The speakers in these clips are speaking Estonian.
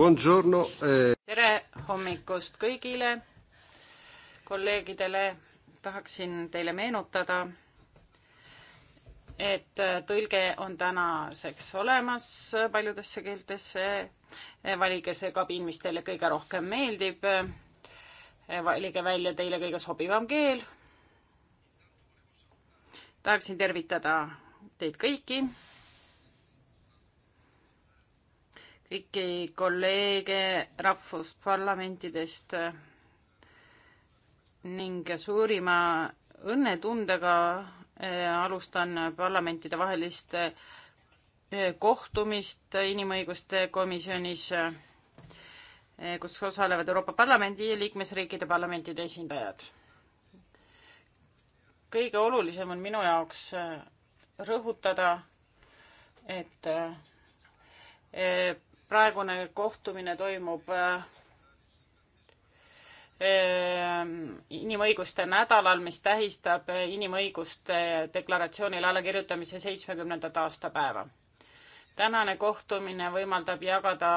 Buongiorno eh.... tere hommikust kõigile kolleegidele. tahaksin teile meenutada, et äh, tõlge on tänaseks olemas paljudesse keeltesse. Eh, valige see kabiin, mis teile kõige rohkem meeldib. Eh, valige välja teile kõige sobivam keel. tahaksin tervitada teid kõiki kõiki kolleege rahvusparlamentidest ning suurima õnnetundega eh, alustan parlamentide vahelist eh, kohtumist inimõiguste komisjonis, eh, kus osalevad Euroopa Parlamendi ja liikmesriikide parlamentide esindajad. kõige olulisem on minu jaoks rõhutada, et praegune kohtumine toimub äh, äh, inimõiguste nädalal, mis tähistab äh, inimõiguste deklaratsioonile allakirjutamise seitsmekümnendat aastapäeva. tänane kohtumine võimaldab jagada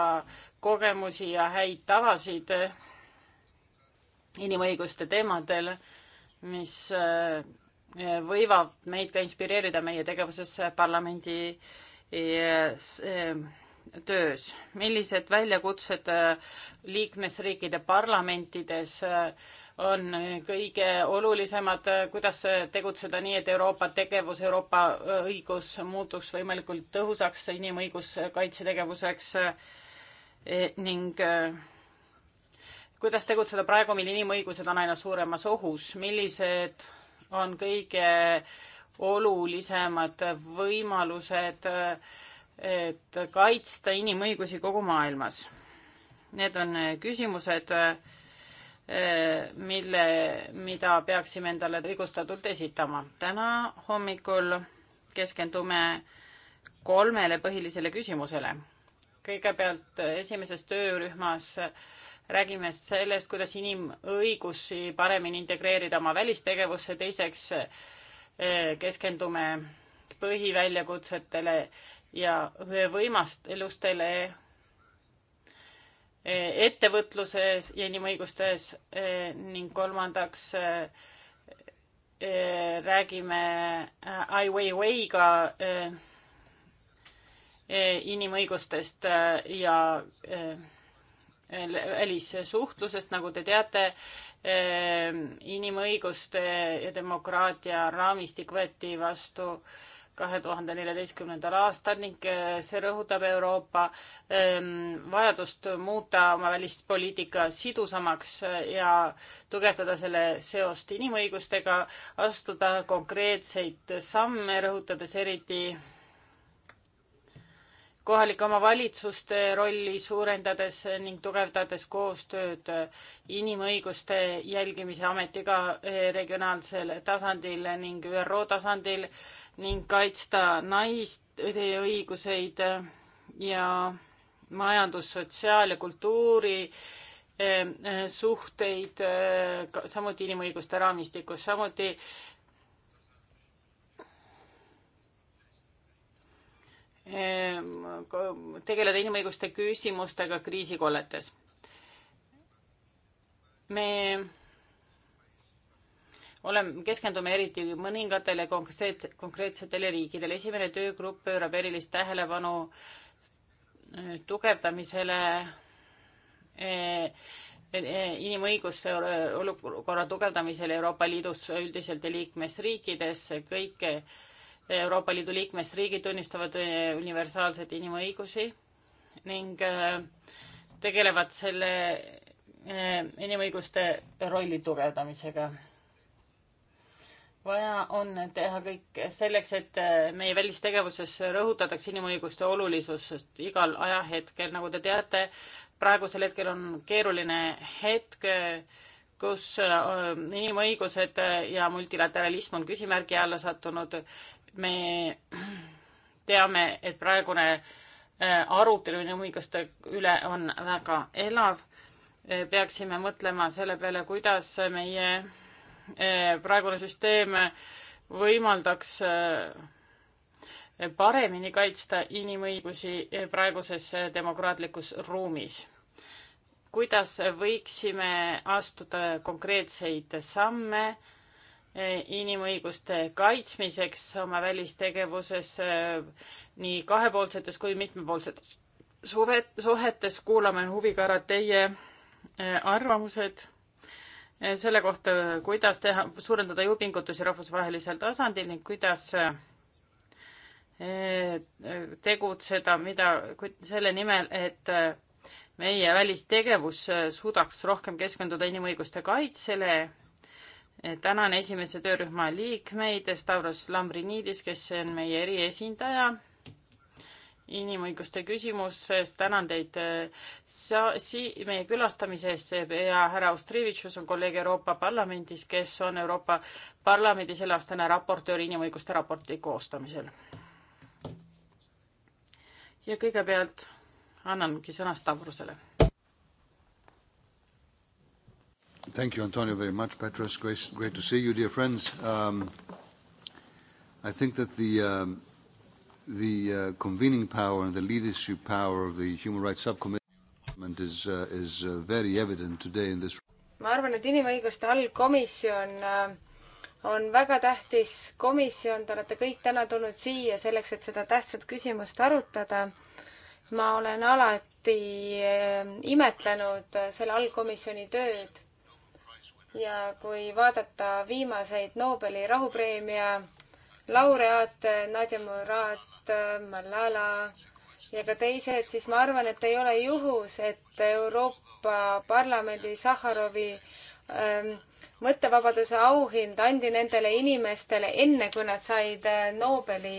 kogemusi ja häid tavasid inimõiguste teemadel, mis võivad meid ka inspireerida meie tegevuses parlamendi töös, millised väljakutsed äh, liikmesriikide parlamentides äh, on kõige olulisemad, äh, kuidas tegutseda nii, et Euroopa tegevus, Euroopa õigus muutuks võimalikult tõhusaks inimõiguskaitsetegevuseks eh, ning kuidas tegutseda praegu, mil inimõigused on aina suuremas ohus, millised on kõige olulisemad võimalused äh, et kaitsta inimõigusi kogu maailmas. Need on äh, küsimused, äh, äh, mille, mida peaksime endale õigustatult esitama. täna hommikul keskendume kolmele põhilisele küsimusele. kõigepealt esimeses töörühmas räägime sellest, kuidas inimõigusi paremini integreerida oma välistegevusse, teiseks keskendume põhiväljakutsetele ja võimast elust teile e, ettevõtluses ja inimõigustes e, ning kolmandaks e, räägime Ai Weiwei'ga inimõigustest ja välissuhtlusest, nagu te teate, inimõiguste ja demokraatia raamistik võeti vastu kahe tuhande neljateistkümnendal aastal ning äh, see rõhutab Euroopa ähm, vajadust muuta oma välispoliitika sidusamaks äh, ja tugevdada selle seost inimõigustega, astuda konkreetseid samme, rõhutades eriti kohalike omavalitsuste rolli suurendades ning tugevdades koostööd inimõiguste jälgimise ametiga äh, regionaalsel tasandil ning ÜRO tasandil ning kaitsta naiste õiguseid ja majandus, sotsiaal ja kultuuri eh, eh, suhteid, eh, samuti inimõiguste raamistikus, samuti tegeleda inimõiguste küsimustega kriisikolletes. me oleme, keskendume eriti mõningatele konkreetse, konkreetsetele riikidele. esimene töögrupp pöörab erilist tähelepanu eh, tugevdamisele eh, eh, inimõiguste olukorra tugevdamisele Euroopa Liidus üldiselt ja liikmesriikides. kõik Euroopa Liidu liikmesriigid tunnistavad universaalseid inimõigusi ning tegelevad selle inimõiguste rolli tugevdamisega vaja on teha kõik selleks, et äh, meie välistegevuses rõhutatakse inimõiguste olulisust igal ajahetkel, nagu te teate, praegusel hetkel on keeruline hetk, kus äh, inimõigused äh, ja multilateralism on küsimärgi alla sattunud. me teame, et praegune arutelu inimõiguste üle on väga elav. peaksime mõtlema selle peale, kuidas meie Eh, praegune süsteem eh, võimaldaks eh, paremini kaitsta inimõigusi praeguses demokraatlikus ruumis. kuidas võiksime astuda konkreetseid samme inimõiguste kaitsmiseks oma välistegevuses nii kahepoolsetes kui mitmepoolsetes suhet, suhetes, kuulame huviga ära teie arvamused Eh, selle kohta, kuidas teha, suurendada jõupingutusi rahvusvahelisel tasandil ning kuidas eh, tegutseda, mida, selle nimel, et eh, meie välistegevus suudaks rohkem keskenduda inimõiguste kaitsele. tänan esimese töörühma liikmeid, Stavros Lambrinidis, kes on meie eriesindaja inimõiguste küsimuses, tänan teid äh, sa-, si-, meie külastamise eest ja härra Ostrivitšus on kolleeg Euroopa Parlamendis, kes on Euroopa Parlamendi selleaastane raportöör inimõiguste raporti koostamisel. ja kõigepealt annangi sõna Stavrusele. Thank you, Antonio, very much, Petros, great to see you, dear friends um,. I think that the um, the uh, convening power and the leadership power of the Human Rights Subcommittee is, uh, is uh, very evident today in this ma arvan, et inimõiguste allkomisjon äh, on väga tähtis komisjon, te olete kõik täna tulnud siia selleks, et seda tähtsat küsimust arutada. ma olen alati äh, imetlenud äh, selle allkomisjoni tööd ja kui vaadata viimaseid Nobeli rahupreemia laureaate Nadja Murad Malala ja ka teised, siis ma arvan, et ei ole juhus, et Euroopa Parlamendi Sahharovi ähm, mõttevabaduse auhind andi nendele inimestele enne, kui nad said äh, Nobeli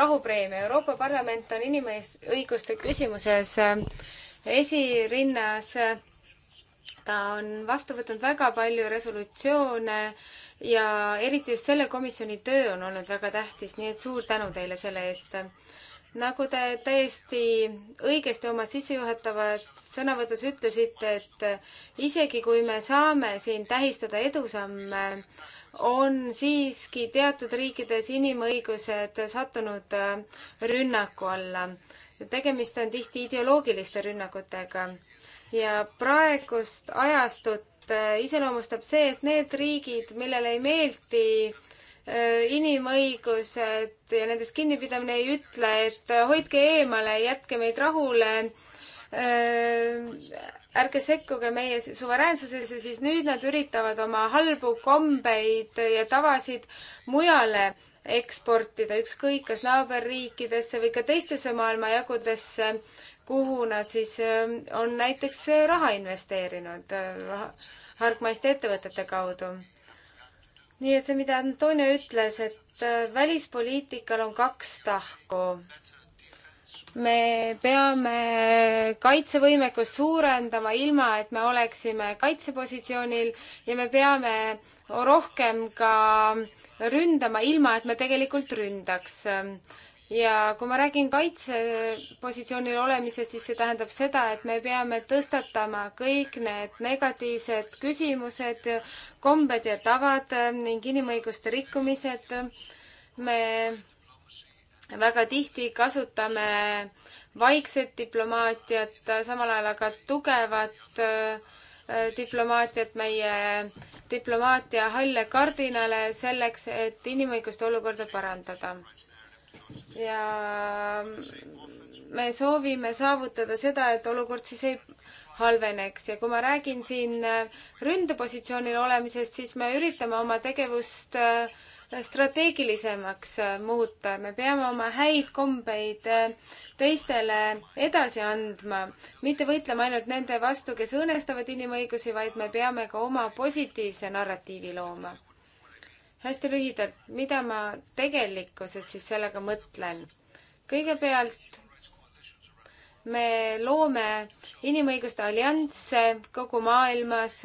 rahupreemia. Euroopa Parlament on inimõiguste küsimuses äh, esirinnas äh, ta on vastu võtnud väga palju resolutsioone ja eriti just selle komisjoni töö on olnud väga tähtis, nii et suur tänu teile selle eest. nagu te täiesti õigesti oma sissejuhatavas sõnavõtus ütlesite, et isegi kui me saame siin tähistada edusamme, on siiski teatud riikides inimõigused sattunud äh, rünnaku alla. tegemist on tihti ideoloogiliste rünnakutega ja praegust ajastut äh, iseloomustab see, et need riigid, millele ei meeldi äh, inimõigused ja nendest kinnipidamine ei ütle, et äh, hoidke eemale, jätke meid rahule, ärge sekkuge meie suveräänsusesse, siis nüüd nad üritavad oma halbu kombeid ja tavasid mujale eksportida, ükskõik kas naaberriikidesse või ka teistesse maailmajagudesse kuhu nad siis ähm, on näiteks äh, raha investeerinud äh, hargmaiste ettevõtete kaudu. nii et see, mida Antonio ütles, et äh, välispoliitikal on kaks tahku. me peame kaitsevõimekust suurendama, ilma et me oleksime kaitsepositsioonil ja me peame rohkem ka ründama, ilma et me tegelikult ründaks ja kui ma räägin kaitsepositsioonil olemisest, siis see tähendab seda, et me peame tõstatama kõik need negatiivsed küsimused, kombed ja tavad ning inimõiguste rikkumised. me väga tihti kasutame vaikset diplomaatiat, samal ajal aga tugevat äh, diplomaatiat, meie diplomaatia halle kardinale selleks, et inimõiguste olukorda parandada ja me soovime saavutada seda, et olukord siis ei halveneks ja kui ma räägin siin ründepositsioonil olemisest, siis me üritame oma tegevust äh, strateegilisemaks äh, muuta, me peame oma häid kombeid äh, teistele edasi andma, mitte võitlema ainult nende vastu, kes õõnestavad inimõigusi, vaid me peame ka oma positiivse narratiivi looma hästi lühidalt, mida ma tegelikkuses siis sellega mõtlen. kõigepealt me loome inimõiguste allianse kogu maailmas,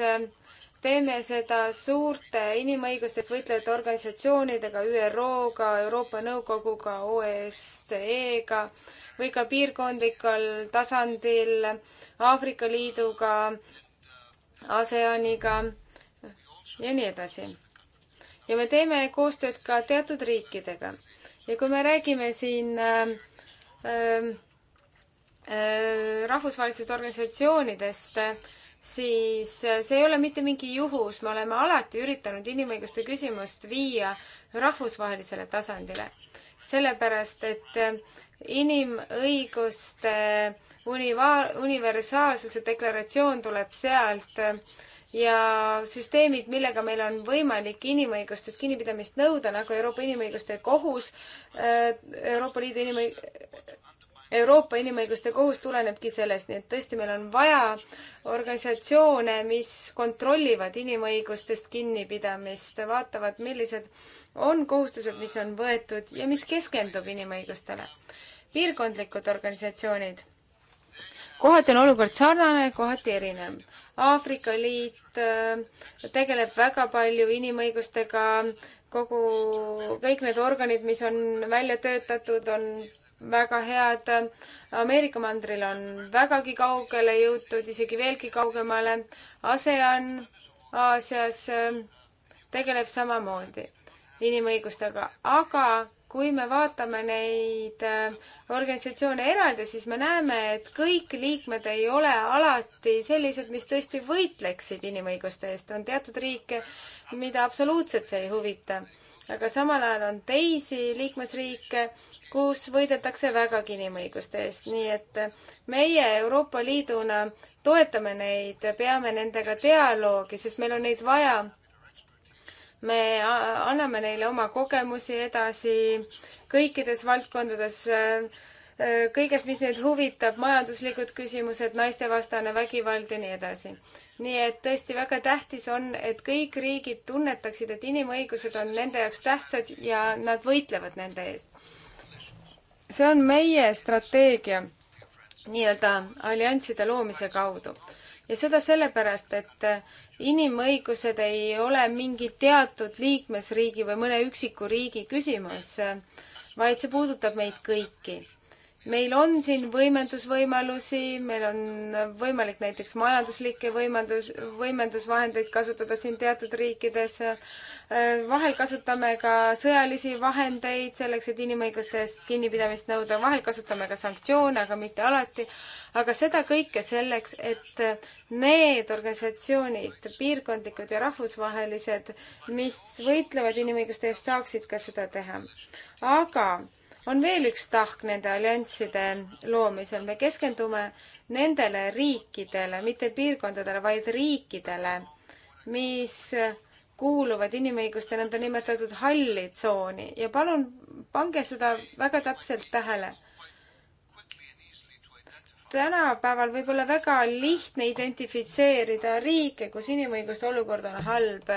teeme seda suurte inimõigustest võitlejate organisatsioonidega, ÜRO-ga, Euroopa Nõukoguga, OSCE-ga või ka piirkondlikul tasandil Aafrika Liiduga, ASEANiga ja nii edasi ja me teeme koostööd ka teatud riikidega. ja kui me räägime siin äh, äh, rahvusvahelistest organisatsioonidest, siis äh, see ei ole mitte mingi juhus, me oleme alati üritanud inimõiguste küsimust viia rahvusvahelisele tasandile. sellepärast, et äh, inimõiguste univa-, universaalsuse deklaratsioon tuleb sealt äh, ja süsteemid, millega meil on võimalik inimõigustest kinnipidamist nõuda, nagu Euroopa Inimõiguste Kohus, äh, Euroopa Liidu inimõig-, Euroopa Inimõiguste Kohus tulenebki sellest, nii et tõesti, meil on vaja organisatsioone, mis kontrollivad inimõigustest kinnipidamist, vaatavad, millised on kohustused, mis on võetud ja mis keskendub inimõigustele. piirkondlikud organisatsioonid kohati on olukord sarnane, kohati erinev. Aafrika Liit äh, tegeleb väga palju inimõigustega, kogu, kõik need organid, mis on välja töötatud, on väga head. Ameerika mandril on vägagi kaugele jõutud, isegi veelgi kaugemale. ASEAN Aasias äh, tegeleb samamoodi inimõigustega, aga kui me vaatame neid äh, organisatsioone eraldi, siis me näeme, et kõik liikmed ei ole alati sellised, mis tõesti võitleksid inimõiguste eest. on teatud riike, mida absoluutselt see ei huvita. aga samal ajal on teisi liikmesriike, kus võideldakse vägagi inimõiguste eest, nii et äh, meie Euroopa Liiduna toetame neid, peame nendega dialoogi, sest meil on neid vaja me anname neile oma kogemusi edasi kõikides valdkondades, äh, äh, kõiges, mis neid huvitab, majanduslikud küsimused, naistevastane vägivald ja nii edasi. nii et tõesti väga tähtis on, et kõik riigid tunnetaksid, et inimõigused on nende jaoks tähtsad ja nad võitlevad nende eest. see on meie strateegia nii-öelda allianside loomise kaudu ja seda sellepärast, et äh, inimõigused ei ole mingi teatud liikmesriigi või mõne üksiku riigi küsimus, äh, vaid see puudutab meid kõiki meil on siin võimendusvõimalusi, meil on võimalik näiteks majanduslikke võimendus, võimendusvahendeid kasutada siin teatud riikides. Äh, vahel kasutame ka sõjalisi vahendeid selleks, et inimõigustest kinnipidamist nõuda, vahel kasutame ka sanktsioone, aga mitte alati. aga seda kõike selleks, et need organisatsioonid, piirkondlikud ja rahvusvahelised, mis võitlevad inimõiguste eest, saaksid ka seda teha. aga on veel üks tahk nende allianside loomisel. me keskendume nendele riikidele, mitte piirkondadele, vaid riikidele, mis kuuluvad inimõiguste nõndanimetatud halli tsooni ja palun pange seda väga täpselt tähele tänapäeval võib olla väga lihtne identifitseerida riike, kus inimõiguste olukord on halb,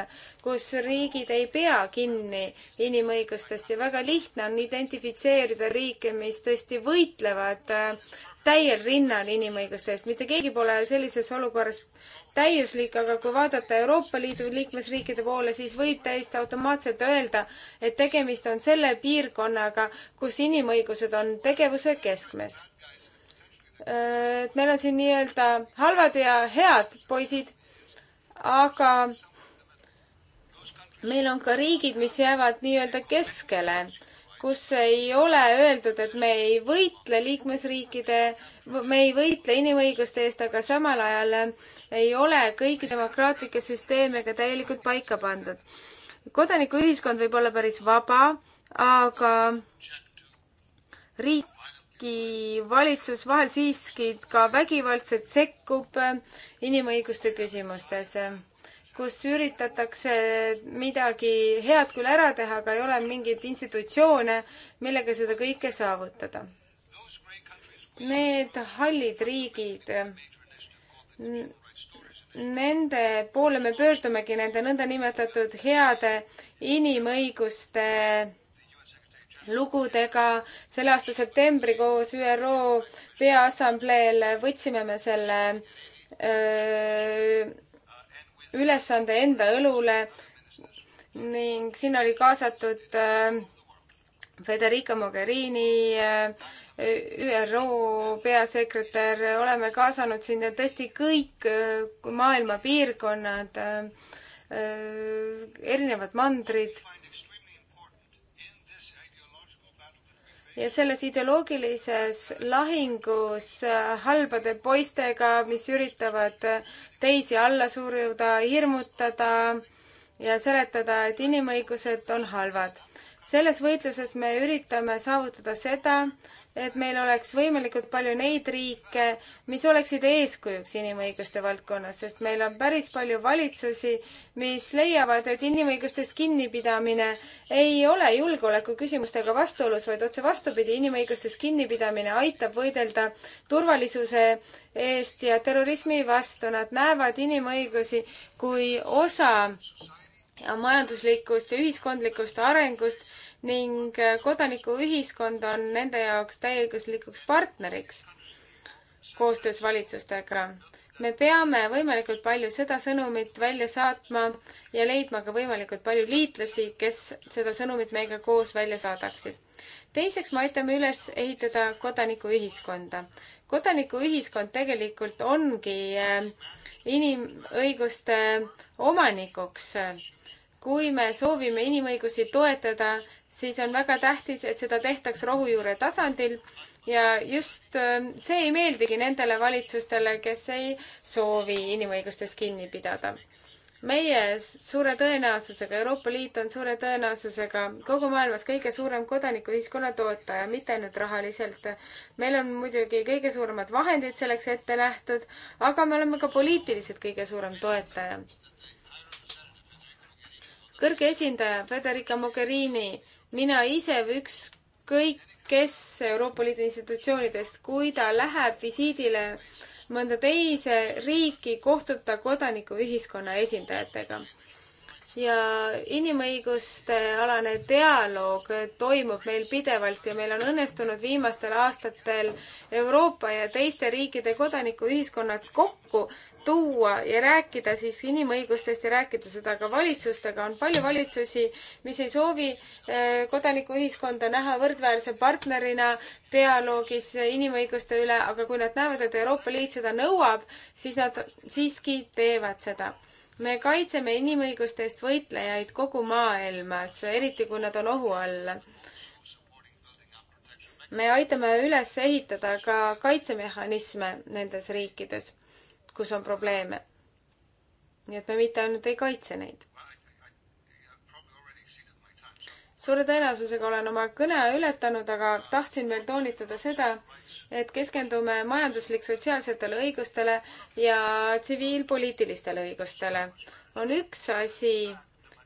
kus riigid ei pea kinni inimõigustest ja väga lihtne on identifitseerida riike, mis tõesti võitlevad äh, täiel rinnal inimõiguste eest. mitte keegi pole sellises olukorras täiuslik, aga kui vaadata Euroopa Liidu liikmesriikide poole, siis võib täiesti automaatselt öelda, et tegemist on selle piirkonnaga, kus inimõigused on tegevuse keskmes Äh, et meil on siin nii-öelda halvad ja head poisid, aga meil on ka riigid, mis jäävad nii-öelda keskele, kus ei ole öeldud, et me ei võitle liikmesriikide, me ei võitle inimõiguste eest, aga samal ajal ei ole kõiki demokraatlikke süsteeme ka täielikult paika pandud. kodanikuühiskond võib olla päris vaba, aga riik Türgi valitsus vahel siiski ka vägivaldselt sekkub äh, inimõiguste küsimustes, äh, kus üritatakse midagi head küll ära teha, aga ei ole mingeid institutsioone, millega seda kõike saavutada. Need hallid riigid, nende poole me pöördumegi nende nõndanimetatud heade inimõiguste lugudega. selle aasta septembrikuus ÜRO Peaassambleel võtsime me selle öö, ülesande enda õlule ning sinna oli kaasatud öö, Federica Mogherini öö, ÜRO peasekretär, oleme kaasanud sinna tõesti kõik maailma piirkonnad, erinevad mandrid ja selles ideoloogilises lahingus äh, halbade poistega, mis üritavad äh, teisi alla suruda, hirmutada ja seletada, et inimõigused on halvad selles võitluses me üritame saavutada seda, et meil oleks võimalikult palju neid riike, mis oleksid eeskujuks inimõiguste valdkonnas, sest meil on päris palju valitsusi, mis leiavad, et inimõigustest kinnipidamine ei ole julgeolekuküsimustega vastuolus, vaid otse vastupidi, inimõigustest kinnipidamine aitab võidelda turvalisuse eest ja terrorismi vastu. Nad näevad inimõigusi kui osa majanduslikust ja ühiskondlikust arengust ning äh, kodanikuühiskond on nende jaoks täieõiguslikuks partneriks koostöös valitsustega. me peame võimalikult palju seda sõnumit välja saatma ja leidma ka võimalikult palju liitlasi, kes seda sõnumit meiega koos välja saadaksid. teiseks me aitame üles ehitada kodanikuühiskonda. kodanikuühiskond tegelikult ongi äh, inimõiguste omanikuks äh, kui me soovime inimõigusi toetada, siis on väga tähtis, et seda tehtaks rohujuure tasandil ja just ähm, see ei meeldigi nendele valitsustele, kes ei soovi inimõigustest kinni pidada. meie suure tõenäosusega, Euroopa Liit on suure tõenäosusega kogu maailmas kõige suurem kodanikuühiskonna toetaja, mitte ainult rahaliselt. meil on muidugi kõige suuremad vahendid selleks ette nähtud, aga me oleme ka poliitiliselt kõige suurem toetaja kõrge esindaja Federica Mogherini, mina ise või ükskõik kes Euroopa Liidu institutsioonidest, kui ta läheb visiidile mõnda teise riiki, kohtub ta kodanikuühiskonna esindajatega ja inimõiguste alane dialoog toimub meil pidevalt ja meil on õnnestunud viimastel aastatel Euroopa ja teiste riikide kodanikuühiskonnad kokku tuua ja rääkida siis inimõigustest ja rääkida seda ka valitsustega. on palju valitsusi, mis ei soovi eh, kodanikuühiskonda näha võrdväärse partnerina dialoogis inimõiguste üle, aga kui nad näevad, et Euroopa Liit seda nõuab, siis nad siiski teevad seda me kaitseme inimõiguste eest võitlejaid kogu maailmas, eriti kui nad on ohu all. me aitame üles ehitada ka kaitsemehhanisme nendes riikides, kus on probleeme. nii et me mitte ainult ei kaitse neid. suure tõenäosusega olen oma kõne ületanud, aga tahtsin veel toonitada seda, et keskendume majanduslik-sotsiaalsetele õigustele ja tsiviilpoliitilistele õigustele. on üks asi,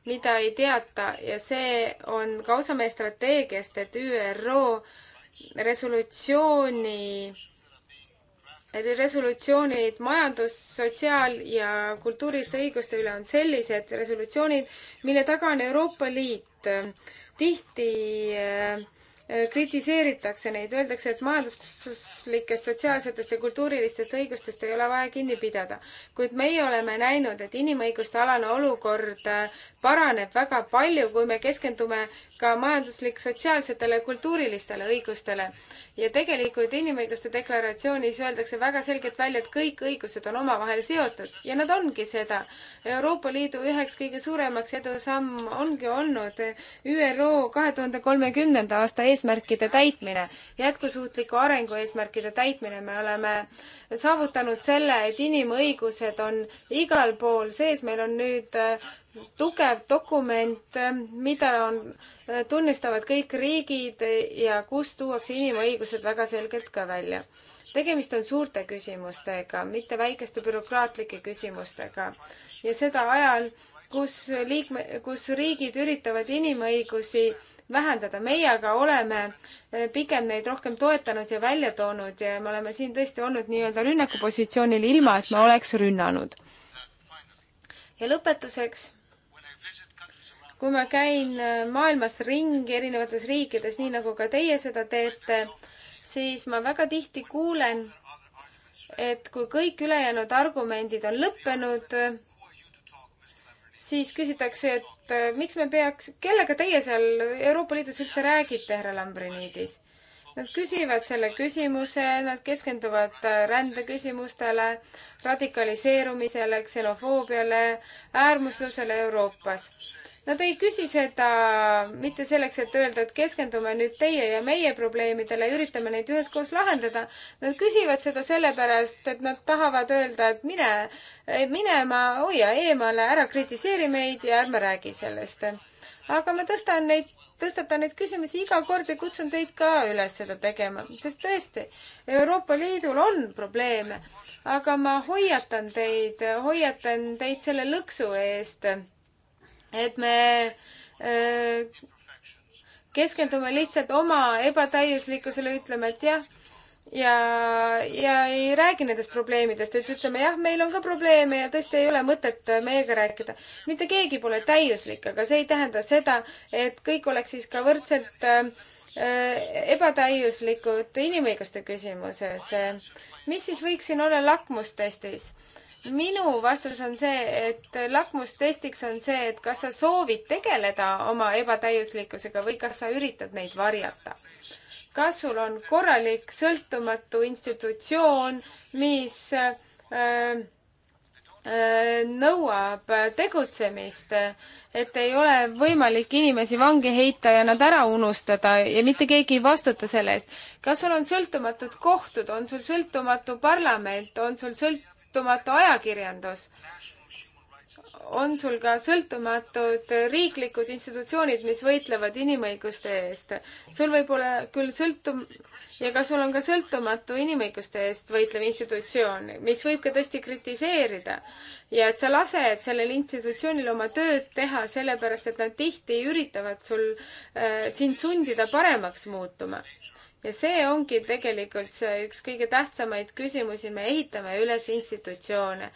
mida ei teata ja see on ka osa meie strateegiast, et ÜRO resolutsiooni resolutsioonid majandus, sotsiaal ja kultuuriliste õiguste üle on sellised resolutsioonid, mille taga on Euroopa Liit. tihti äh, kritiseeritakse neid, öeldakse, et majanduslikest, sotsiaalsetest ja kultuurilistest õigustest ei ole vaja kinni pidada. kuid meie oleme näinud, et inimõiguste alane olukord äh, paraneb väga palju, kui me keskendume ka majanduslik-sotsiaalsetele ja kultuurilistele õigustele ja tegelikult inimõiguste deklaratsioonis öeldakse väga selgelt välja, et kõik õigused on omavahel seotud ja nad ongi seda. Euroopa Liidu üheks kõige suuremaks edusamm ongi olnud ÜRO kahe tuhande kolmekümnenda aasta eesmärkide täitmine, jätkusuutliku arengu eesmärkide täitmine. me oleme saavutanud selle, et inimõigused on igal pool sees, meil on nüüd tugev dokument, eh, mida on, eh, tunnistavad kõik riigid ja kus tuuakse inimõigused väga selgelt ka välja. tegemist on suurte küsimustega, mitte väikeste bürokraatlike küsimustega ja seda ajal, kus liikme, kus riigid üritavad inimõigusi vähendada. meie aga oleme eh, pigem neid rohkem toetanud ja välja toonud ja me oleme siin tõesti olnud nii-öelda rünnakupositsioonil, ilma et me oleks rünnanud. ja lõpetuseks kui ma käin äh, maailmas ringi erinevates riikides, nii nagu ka teie seda teete, siis ma väga tihti kuulen, et kui kõik ülejäänud argumendid on lõppenud, siis küsitakse, et äh, miks me peaks, kellega teie seal Euroopa Liidus üldse räägite, härra Lambriniidis? Nad küsivad selle küsimuse, nad keskenduvad äh, rändeküsimustele, radikaliseerumisele, ksenofoobiale, äärmuslusele Euroopas Nad ei küsi seda mitte selleks, et öelda, et keskendume nüüd teie ja meie probleemidele ja üritame neid üheskoos lahendada. Nad küsivad seda sellepärast, et nad tahavad öelda, et mine, minema, hoia eemale, ära kritiseeri meid ja ärme räägi sellest. aga ma tõstan neid tõstatan neid küsimusi iga kord ja kutsun teid ka üles seda tegema, sest tõesti, Euroopa Liidul on probleeme, aga ma hoiatan teid, hoiatan teid selle lõksu eest, et me öö, äh, keskendume lihtsalt oma ebatäiuslikkusele, ütleme, et jah, ja, ja ei räägi nendest probleemidest, et ütleme jah, meil on ka probleeme ja tõesti ei ole mõtet meiega rääkida. mitte keegi pole täiuslik, aga see ei tähenda seda, et kõik oleks siis ka võrdselt äh, ebatäiuslikud inimõiguste küsimuses. mis siis võiks siin olla lakmustestis? minu vastus on see, et lakmustestiks on see, et kas sa soovid tegeleda oma ebatäiuslikkusega või kas sa üritad neid varjata. kas sul on korralik sõltumatu institutsioon, mis äh, äh, nõuab tegutsemist, et ei ole võimalik inimesi vangi heita ja nad ära unustada ja mitte keegi ei vastuta selle eest. kas sul on sõltumatud kohtud, on sul sõltumatu parlament, on sul sõlt-, sõltumatu ajakirjandus? on sul ka sõltumatud riiklikud institutsioonid, mis võitlevad inimõiguste eest? sul võib olla küll sõltum- ja kas sul on ka sõltumatu inimõiguste eest võitlev institutsioon, mis võib ka tõesti kritiseerida ja et sa lased sellel institutsioonil oma tööd teha, sellepärast et nad tihti üritavad sul äh,, sind sundida paremaks muutuma ja see ongi tegelikult see üks kõige tähtsamaid küsimusi, me ehitame üles institutsioone.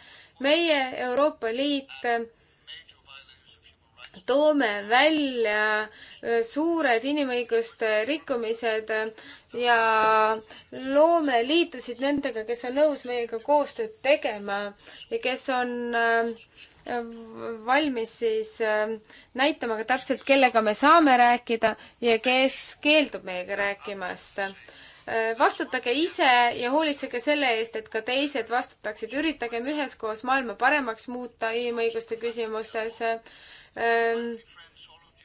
meie, Euroopa Liit, äh, toome välja äh, suured inimõiguste rikkumised äh, ja loome liitusid nendega, kes on nõus meiega koostööd tegema ja kes on äh, valmis siis äh, näitama ka täpselt, kellega me saame rääkida ja kes keeldub meiega rääkimast. Äh, vastutage ise ja hoolitsege selle eest, et ka teised vastutaksid. üritagem üheskoos maailma paremaks muuta inimõiguste küsimustes. Äh,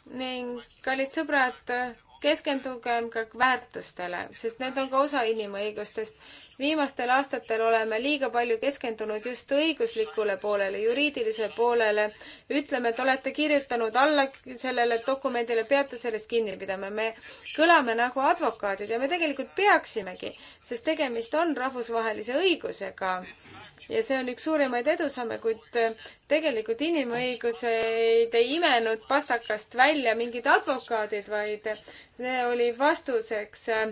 ning kallid sõbrad keskendugem ka väärtustele, sest need on ka osa inimõigustest. viimastel aastatel oleme liiga palju keskendunud just õiguslikule poolele, juriidilisele poolele. ütleme, et olete kirjutanud alla sellele dokumendile, peate sellest kinni pidama. me kõlame nagu advokaadid ja me tegelikult peaksimegi, sest tegemist on rahvusvahelise õigusega ja see on üks suurimaid edusamme, kuid äh, tegelikult inimõiguseid ei imenud pastakast välja mingid advokaadid, vaid see oli vastuseks äh,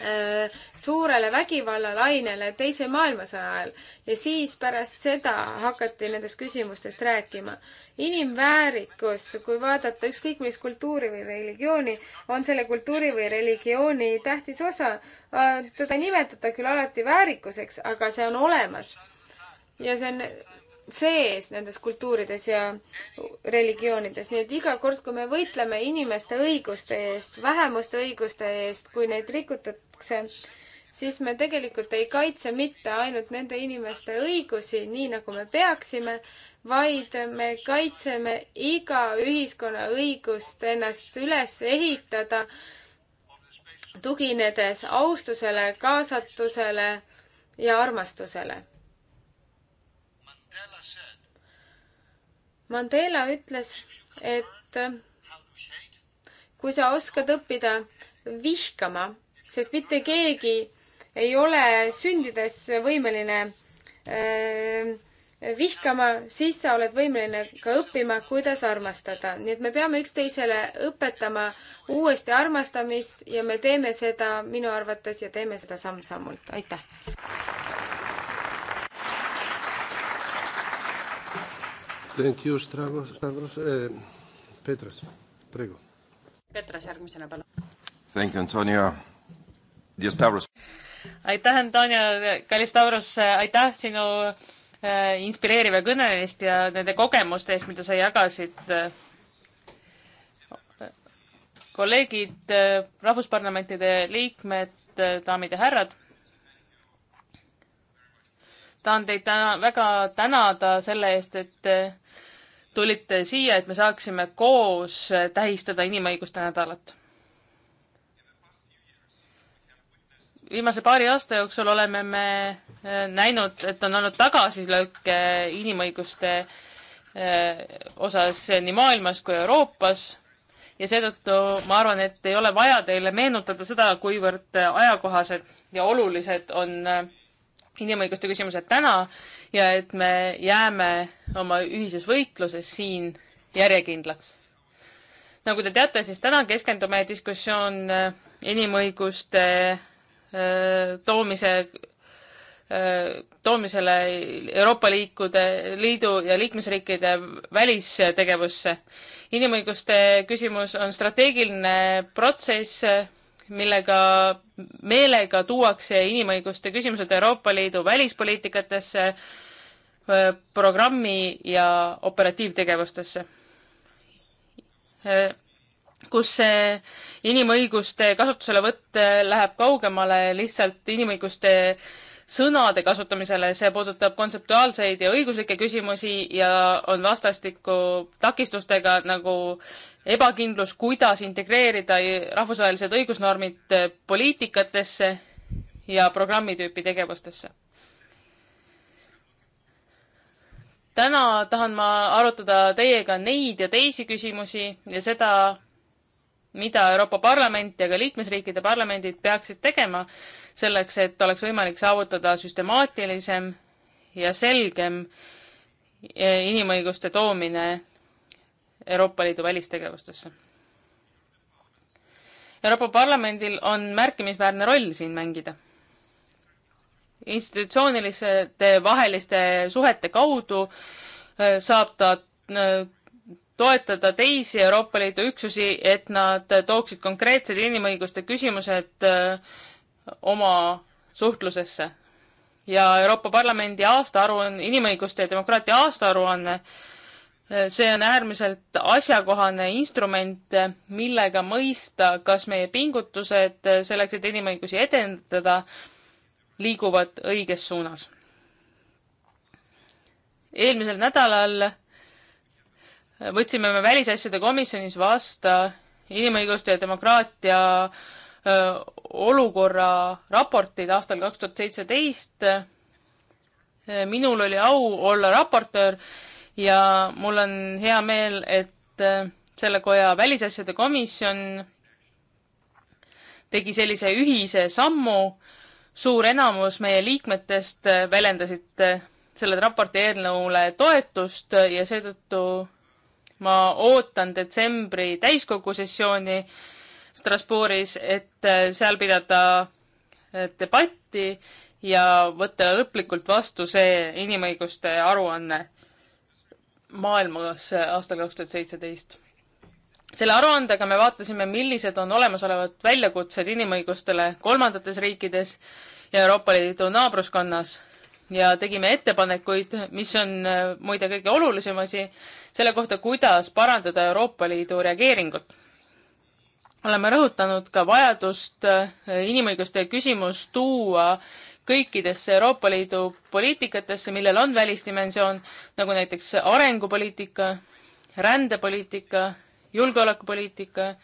Äh, suurele vägivallalainele Teise maailmasõja ajal ja siis pärast seda hakati nendest küsimustest rääkima. inimväärikus, kui vaadata ükskõik millist kultuuri või religiooni, on selle kultuuri või religiooni tähtis osa. Äh, teda ei nimetata küll alati väärikuseks, aga see on olemas. ja see on sees nendes kultuurides ja religioonides, nii et iga kord, kui me võitleme inimeste õiguste eest, vähemuste õiguste eest, kui neid rikutakse, siis me tegelikult ei kaitse mitte ainult nende inimeste õigusi, nii nagu me peaksime, vaid me kaitseme iga ühiskonna õigust ennast üles ehitada, tuginedes austusele, kaasatusele ja armastusele Mandela ütles, et kui sa oskad õppida vihkama, sest mitte keegi ei ole sündides võimeline äh, vihkama, siis sa oled võimeline ka õppima, kuidas armastada. nii et me peame üksteisele õpetama uuesti armastamist ja me teeme seda minu arvates ja teeme seda samm-sammult. aitäh! Thank you, Stavros, Stavros eh,. Petras, praegu. Petras järgmisena, palun. Thank you, Antonio. Dear Stavros. aitäh, Antonio, kallis Stavros, aitäh sinu äh, inspireeriva kõne eest ja nende kogemuste eest, mida sa jagasid äh, kolleegid, eh, rahvusparlamentide liikmed, eh, daamid ja härrad tahan teid täna väga tänada selle eest, et tulite siia, et me saaksime koos tähistada inimõiguste nädalat. viimase paari aasta jooksul oleme me eh, näinud, et on olnud tagasilööke inimõiguste eh, osas nii maailmas kui Euroopas ja seetõttu ma arvan, et ei ole vaja teile meenutada seda, kuivõrd ajakohased ja olulised on äh, inimõiguste küsimused täna ja et me jääme oma ühises võitluses siin järjekindlaks. nagu te teate, siis täna keskendub meie diskussioon äh, inimõiguste äh, toomise, äh, toomisele Euroopa Liikude, Liidu ja liikmesriikide välistegevusse. inimõiguste küsimus on strateegiline protsess, millega meelega tuuakse inimõiguste küsimused Euroopa Liidu välispoliitikatesse, programmi ja operatiivtegevustesse, kus see inimõiguste kasutuselevõtt läheb kaugemale lihtsalt inimõiguste sõnade kasutamisele, see puudutab kontseptuaalseid ja õiguslikke küsimusi ja on vastastikku takistustega nagu ebakindlus, kuidas integreerida rahvusvahelised õigusnormid poliitikatesse ja programmi tüüpi tegevustesse. täna tahan ma arutada teiega neid ja teisi küsimusi ja seda, mida Euroopa Parlament ja ka liikmesriikide parlamendid peaksid tegema selleks, et oleks võimalik saavutada süstemaatilisem ja selgem eh, inimõiguste toomine Euroopa Liidu välistegevustesse. Euroopa Parlamendil on märkimisväärne roll siin mängida. institutsiooniliste vaheliste suhete kaudu eh, saab ta eh, toetada teisi Euroopa Liidu üksusi, et nad tooksid konkreetsed inimõiguste küsimused äh, oma suhtlusesse. ja Euroopa Parlamendi aastaaruanne, inimõiguste ja demokraatia aastaaruanne, äh, see on äärmiselt asjakohane instrument, äh, millega mõista, kas meie pingutused selleks, et inimõigusi edendada, liiguvad õiges suunas. eelmisel nädalal võtsime me välisasjade komisjonis vasta inimõiguste ja demokraatia öö, olukorra raportid aastal kaks tuhat seitseteist. minul oli au olla raportöör ja mul on hea meel, et selle koja välisasjade komisjon tegi sellise ühise sammu. suur enamus meie liikmetest väljendasid selle raporti eelnõule toetust ja seetõttu ma ootan detsembri täiskogu sessiooni Strasbourgis, et äh, seal pidada äh, debatti ja võtta lõplikult vastu see inimõiguste aruanne maailmas äh, aastal kaks tuhat seitseteist. selle aruandega me vaatasime, millised on olemasolevad väljakutsed inimõigustele kolmandates riikides ja Euroopa Liidu naabruskonnas ja tegime ettepanekuid, mis on äh, muide kõige olulisem asi, selle kohta, kuidas parandada Euroopa Liidu reageeringut. oleme rõhutanud ka vajadust äh, inimõiguste küsimus tuua kõikidesse Euroopa Liidu poliitikatesse, millel on välisdimensioon, nagu näiteks arengupoliitika, rändepoliitika, julgeolekupoliitika,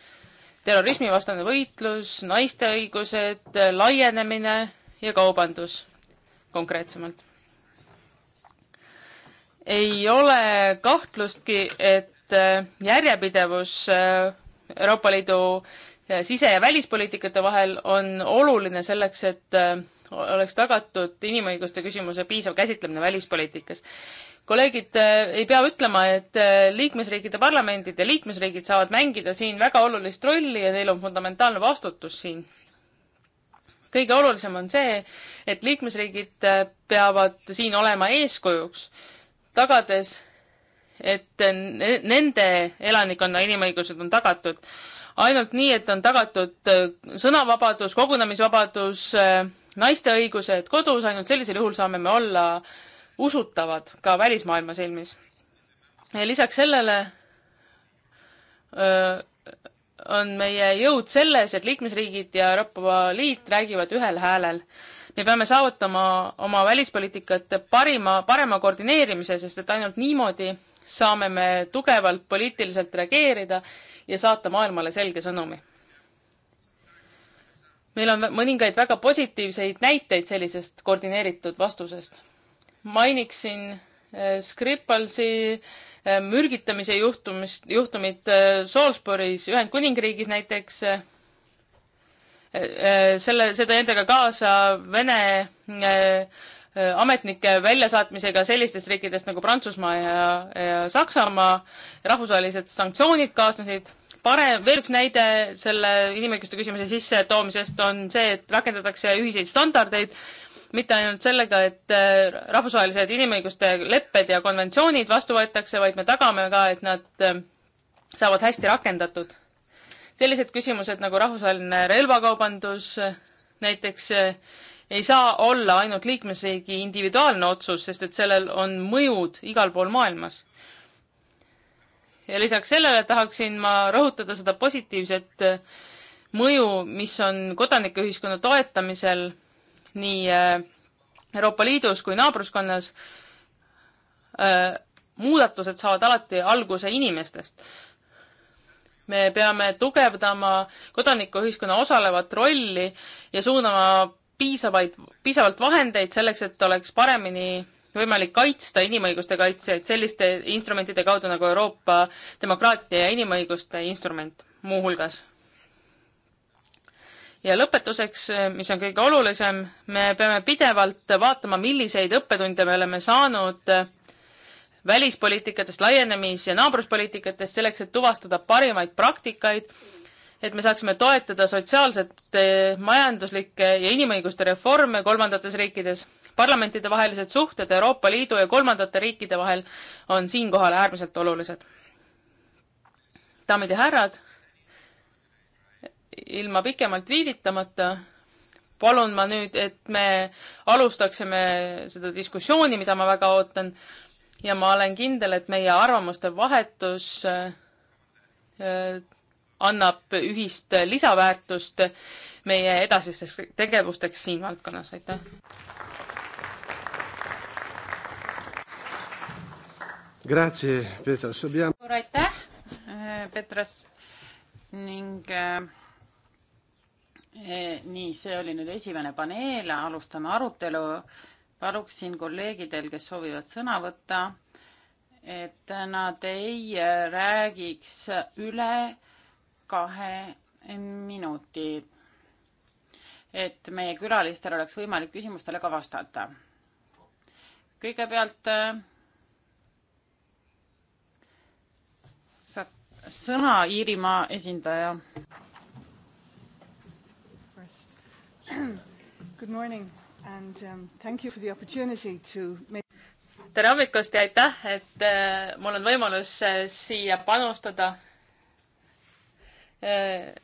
terrorismivastane võitlus, naiste õigused, laienemine ja kaubandus konkreetsemalt. ei ole kahtlustki, et äh, järjepidevus äh, Euroopa Liidu äh, sise- ja välispoliitikate vahel on oluline selleks, et oleks tagatud inimõiguste küsimuse piisav käsitlemine välispoliitikas kolleegid ei pea ütlema, et liikmesriikide parlamendid ja liikmesriigid saavad mängida siin väga olulist rolli ja neil on fundamentaalne vastutus siin kõige olulisem on see, et liikmesriigid äh, peavad siin olema eeskujuks, tagades, et nende elanikkonna inimõigused on tagatud. ainult nii, et on tagatud äh, sõnavabadus, kogunemisvabadus, äh, naiste õigused kodus, ainult sellisel juhul saame me olla usutavad ka välismaailma silmis. lisaks sellele öö, on meie jõud selles, et liikmesriigid ja Euroopa Liit räägivad ühel häälel. me peame saavutama oma välispoliitikat parima, parema koordineerimise, sest et ainult niimoodi saame me tugevalt poliitiliselt reageerida ja saata maailmale selge sõnumi. meil on mõningaid väga positiivseid näiteid sellisest koordineeritud vastusest. mainiksin eh, Skripalsi äh, Äh, mürgitamise juhtumist, juhtumid äh, Salisbury's Ühendkuningriigis näiteks. Äh, selle, see tõi endaga kaasa Vene ametnike väljasaatmisega sellistest riikidest nagu Prantsusmaa ja, ja Saksamaa. rahvusvahelised sanktsioonid kaasnesid parem, veel üks näide selle inimõiguste küsimuse sissetoomisest on see, et rakendatakse ühiseid standardeid mitte ainult sellega, et äh, rahvusvahelised inimõiguste lepped ja konventsioonid vastu võetakse, vaid me tagame ka, et nad äh, saavad hästi rakendatud. sellised küsimused nagu rahvusvaheline relvakaubandus äh, näiteks ei saa olla ainult liikmesriigi individuaalne otsus, sest et sellel on mõjud igal pool maailmas. ja lisaks sellele tahaksin ma rõhutada seda positiivset mõju, mis on kodanikuühiskonna toetamisel nii äh, Euroopa Liidus kui naabruskonnas, äh, muudatused saavad alati alguse inimestest. me peame tugevdama kodanikuühiskonna osalevat rolli ja suunama piisavaid, piisavalt vahendeid selleks, et oleks paremini võimalik kaitsta inimõiguste kaitsjaid selliste instrumentide kaudu nagu Euroopa demokraatia ja inimõiguste instrument muuhulgas ja lõpetuseks, eh, mis on kõige olulisem, me peame pidevalt vaatama, milliseid õppetunde me oleme saanud eh, välispoliitikatest, laienemis- ja naabruspoliitikatest, selleks et tuvastada parimaid praktikaid, et me saaksime toetada sotsiaalsete, eh, majanduslikke ja inimõiguste reforme kolmandates riikides. parlamentidevahelised suhted Euroopa Liidu ja kolmandate riikide vahel on siinkohal äärmiselt olulised. daamid ja härrad ilma pikemalt viivitamata palun ma nüüd, et me alustaksime seda diskussiooni, mida ma väga ootan ja ma olen kindel, et meie arvamuste vahetus äh, annab ühist lisaväärtust meie edasisteks tegevusteks siin valdkonnas, aitäh. Grazie, Petras. suur aitäh, Petras ning äh, E, nii, see oli nüüd esimene paneel, alustame arutelu. paluksin kolleegidel, kes soovivad sõna võtta, et nad ei räägiks üle kahe minuti. et meie külalistel oleks võimalik küsimustele ka vastata. kõigepealt äh, saab sõna Iirimaa esindaja Good morning and um, thank you for the opportunity to make tere hommikust ja aitäh, et äh, mul on võimalus äh, siia panustada äh,.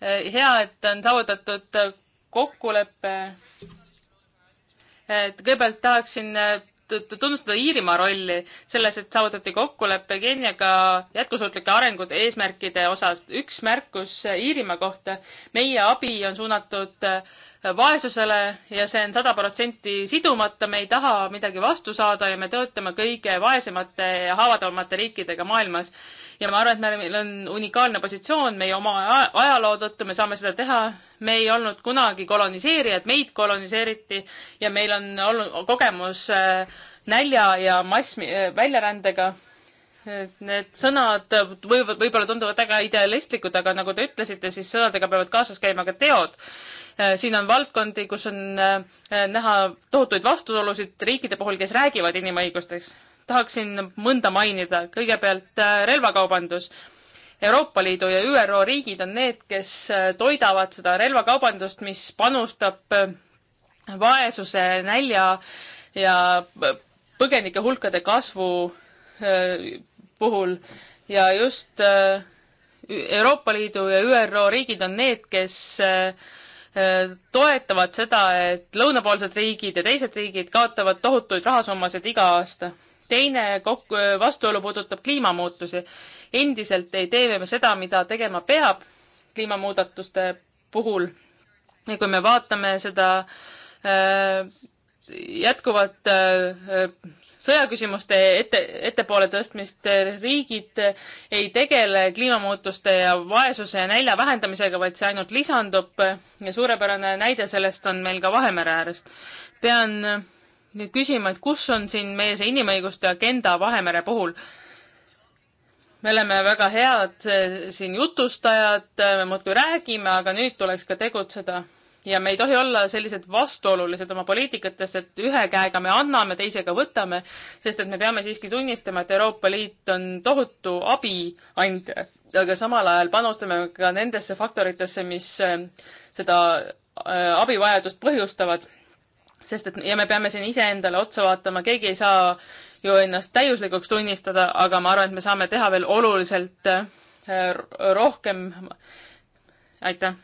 äh hea, et on saavutatud äh, kokkulepe. Äh, et kõigepealt tahaksin tunnustada Iirimaa rolli selles, et saavutati kokkulepe Keeniaga jätkusuutlike arengute eesmärkide osas. üks märkus Iirimaa kohta. meie abi on suunatud vaesusele ja see on sada protsenti sidumata. me ei taha midagi vastu saada ja me töötame kõige vaesemate ja haavatavamate riikidega maailmas ja ma arvan, et meil on unikaalne positsioon meie oma ajaloo tõttu, me saame seda teha. me ei olnud kunagi koloniseerijad, meid koloniseeriti ja meil on olnud kogemus äh, nälja ja mass äh, väljarändega need sõnad võivad, võib-olla tunduvad väga idealistlikud, aga nagu te ütlesite, siis sõnadega peavad kaasas käima ka teod. Äh, siin on valdkondi, kus on näha tohutuid vastuolusid riikide puhul, kes räägivad inimõigustest tahaksin mõnda mainida. kõigepealt äh, relvakaubandus. Euroopa Liidu ja ÜRO riigid on need, kes äh, toidavad seda relvakaubandust, mis panustab äh, vaesuse, nälja ja põgenike hulkade kasvu puhul ja just Euroopa Liidu ja ÜRO riigid on need, kes toetavad seda, et lõunapoolsed riigid ja teised riigid kaotavad tohutuid rahasummasid iga aasta teine kokku, vastuolu puudutab kliimamuutusi. endiselt ei tee me seda, mida tegema peab kliimamuudatuste puhul. ja kui me vaatame seda äh, jätkuvat äh, sõjaküsimuste ette, ettepoole tõstmist, riigid ei tegele kliimamuutuste ja vaesuse ja nälja vähendamisega, vaid see ainult lisandub ja suurepärane näide sellest on meil ka Vahemere äärest. pean nüüd küsima, et kus on siin meie see inimõiguste agenda Vahemere puhul. me oleme väga head eh, siin jutustajad, eh, me muudkui räägime, aga nüüd tuleks ka tegutseda ja me ei tohi olla sellised vastuolulised oma poliitikates, et ühe käega me anname, teisega võtame, sest et me peame siiski tunnistama, et Euroopa Liit on tohutu abiandja, aga samal ajal panustame ka nendesse faktoritesse, mis eh, seda abivajadust põhjustavad sest et ja me peame siin iseendale otsa vaatama, keegi ei saa ju ennast täiuslikuks tunnistada, aga ma arvan, et me saame teha veel oluliselt äh, rohkem. aitäh.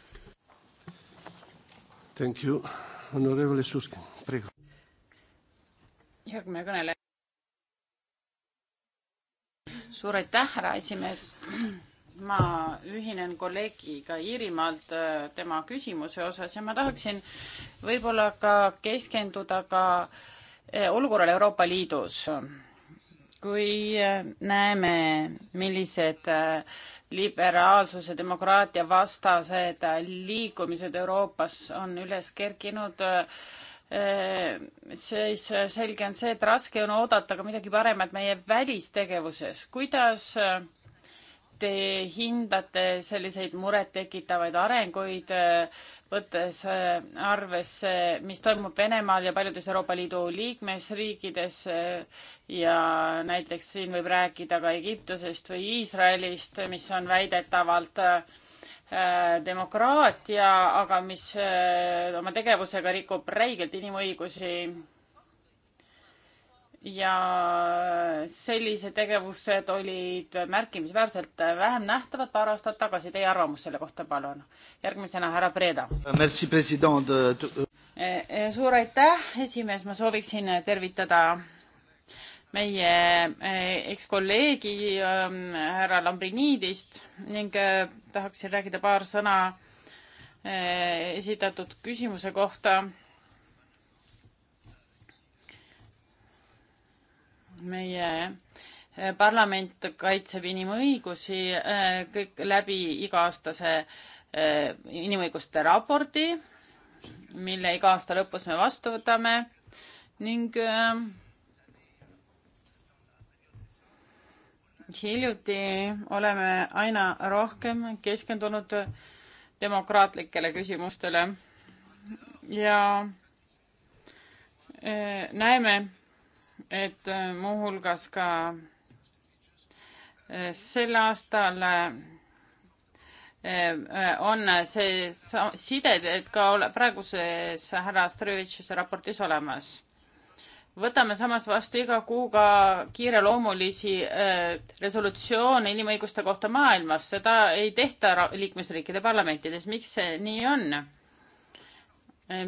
Thank you, honorable Suskin, praegu. järgmine kõneleja. suur aitäh, härra esimees ma ühinen kolleegiga Iirimaalt äh, tema küsimuse osas ja ma tahaksin võib-olla ka keskenduda ka äh, olukorrale Euroopa Liidus. kui äh, näeme, millised liberaalsuse, demokraatia vastased liikumised Euroopas on üles kerkinud, siis selge on see, et raske on oodata ka midagi paremat meie välistegevuses. kuidas äh, te hindate selliseid murettekitavaid arenguid, võttes äh, arvesse, mis toimub Venemaal ja paljudes Euroopa Liidu liikmesriikides äh, ja näiteks siin võib rääkida ka Egiptusest või Iisraelist, mis on väidetavalt äh, demokraatia, aga mis oma tegevusega rikub räigelt inimõigusi ja sellised tegevused olid märkimisväärselt vähem nähtavad paar aastat tagasi. Teie arvamus selle kohta, palun. järgmisena härra Breda. E, e, suur aitäh, esimees, ma sooviksin tervitada meie e, ekskolleegi härra Lambrinidist ning tahaksin rääkida paar sõna esitatud küsimuse kohta meie eh, parlament kaitseb inimõigusi eh, kõik läbi iga-aastase eh, inimõiguste raporti, mille iga aasta lõpus me vastu võtame ning hiljuti oleme aina rohkem keskendunud demokraatlikele küsimustele ja näeme, et äh, muuhulgas ka äh, sel aastal äh, on see sided, et ka praeguses härra Astrevitšuse raportis olemas. võtame samas vastu iga kuu ka kiireloomulisi resolutsioone inimõiguste kohta maailmas, seda ei tehta liikmesriikide parlamentides, miks see nii on?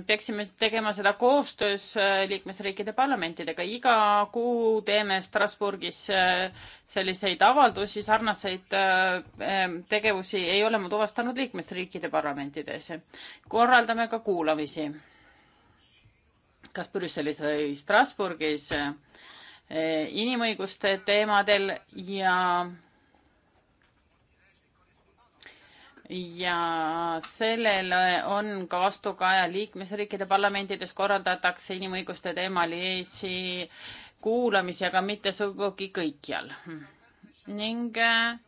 peaksime tegema seda koostöös äh, liikmesriikide parlamentidega. iga kuu teeme Strasbourgis äh, selliseid avaldusi, sarnaseid äh, tegevusi ei ole ma tuvastanud liikmesriikide parlamentides. korraldame ka kuulamisi, kas Brüsselis või Strasbourgis inimõiguste teemadel ja ja sellele on ka vastukaja liikmesriikide parlamentides korraldatakse inimõiguste teemalisi kuulamisi, aga mitte sugugi kõikjal. ning äh,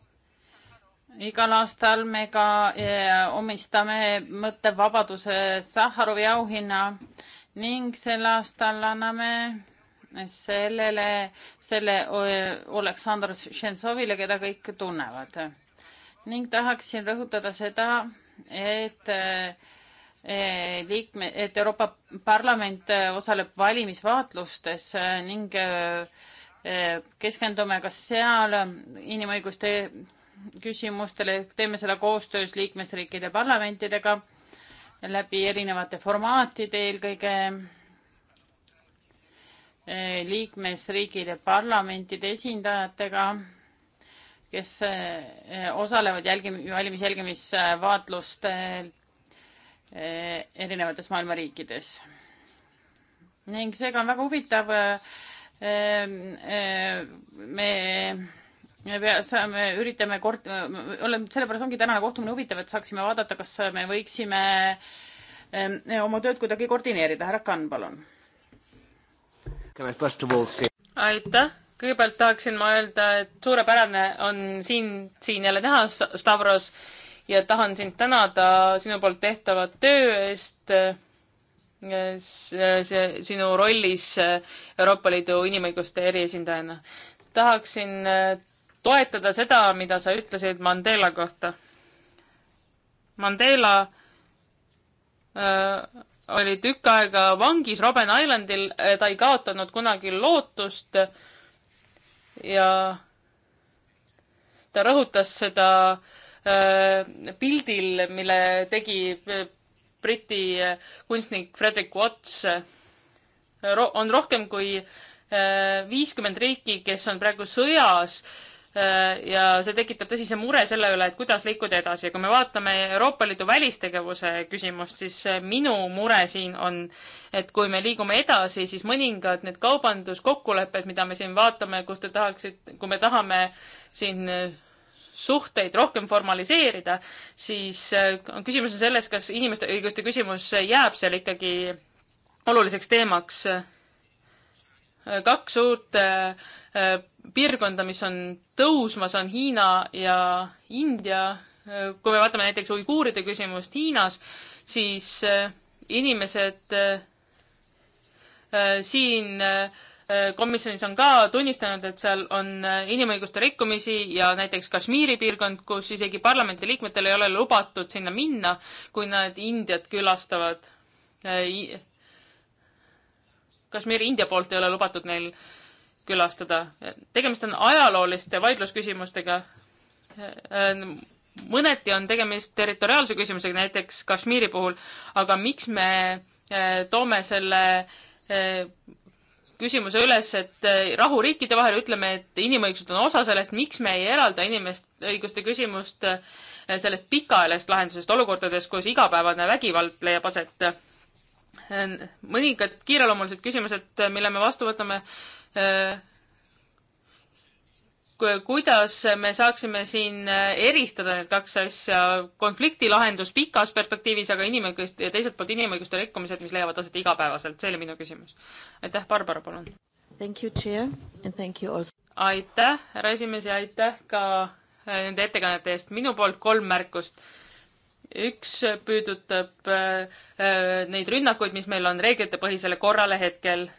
igal aastal me ka äh, omistame mõttevabaduse Sahharovi auhinna ning sel aastal anname sellele, selle äh, Oleksandr Šentsovile, keda kõik tunnevad ning tahaksin rõhutada seda, et eh, liikme, et Euroopa Parlament eh, osaleb valimisvaatlustes eh, ning keskendume ka seal inimõiguste küsimustele, teeme seda koostöös liikmesriikide parlamentidega läbi erinevate formaatide, eelkõige liikmesriikide parlamentide esindajatega kes eh, osalevad jälgim-, valimisjälgimisvaatlustel eh, erinevates maailma riikides. ning seega on väga huvitav, eh, me me pea, saame, üritame kord, oleme, sellepärast ongi tänane kohtumine huvitav, et saaksime vaadata, kas me võiksime oma tööd kuidagi koordineerida. härra Kann, palun. aitäh kõigepealt tahaksin ma öelda, et suurepärane on siin, siin jälle näha, Stavros, ja tahan sind tänada sinu poolt tehtava töö eest see sinu rollis Euroopa Liidu inimõiguste eriesindajana. tahaksin äh, toetada seda, mida sa ütlesid Mandela kohta. Mandela äh, oli tükk aega vangis Robben Islandil, äh, ta ei kaotanud kunagi lootust äh, ja ta rõhutas seda äh, pildil, mille tegi äh, Briti äh, kunstnik Frederick Watts. on rohkem kui viiskümmend riiki, kes on praegu sõjas Äh, ja see tekitab tõsise mure selle üle, et kuidas liikuda edasi ja kui me vaatame Euroopa Liidu välistegevuse küsimust, siis äh, minu mure siin on, et kui me liigume edasi, siis mõningad need kaubanduskokkulepped, mida me siin vaatame, kus te tahaksite, kui me tahame siin äh, suhteid rohkem formaliseerida, siis küsimus on selles, kas inimeste õiguste küsimus jääb seal ikkagi oluliseks teemaks. kaks suurt piirkonda, mis on tõusmas, on Hiina ja India. kui me vaatame näiteks uiguuride küsimust Hiinas, siis eh, inimesed eh, siin eh, komisjonis on ka tunnistanud, et seal on inimõiguste rikkumisi ja näiteks Kashmiri piirkond, kus isegi parlamendi liikmetel ei ole lubatud sinna minna, kui nad Indiat külastavad. Kashmiri India poolt ei ole lubatud neil külastada. tegemist on ajalooliste vaidlusküsimustega. mõneti on tegemist territoriaalse küsimusega, näiteks Kashmiri puhul, aga miks me eh, toome selle eh, küsimuse üles, et eh, rahuriikide vahel ütleme, et inimõigused on osa sellest, miks me ei eralda inimest, õiguste küsimust sellest pikaajalisest lahendusest olukordades, kus igapäevane vägivald leiab aset. mõningad kiireloomulised küsimused, mille me vastu võtame, Äh, kuidas me saaksime siin äh, eristada need kaks asja, konflikti lahendus pikas perspektiivis, aga inimõiguste ja teiselt poolt inimõiguste rikkumised, mis leiavad aset igapäevaselt, see oli minu küsimus. aitäh, Barbara, palun. aitäh, härra esimees ja aitäh ka äh, nende ettekannete eest. minu poolt kolm märkust üks püüdutab äh, neid rünnakuid, mis meil on reeglitepõhisele korrale hetkel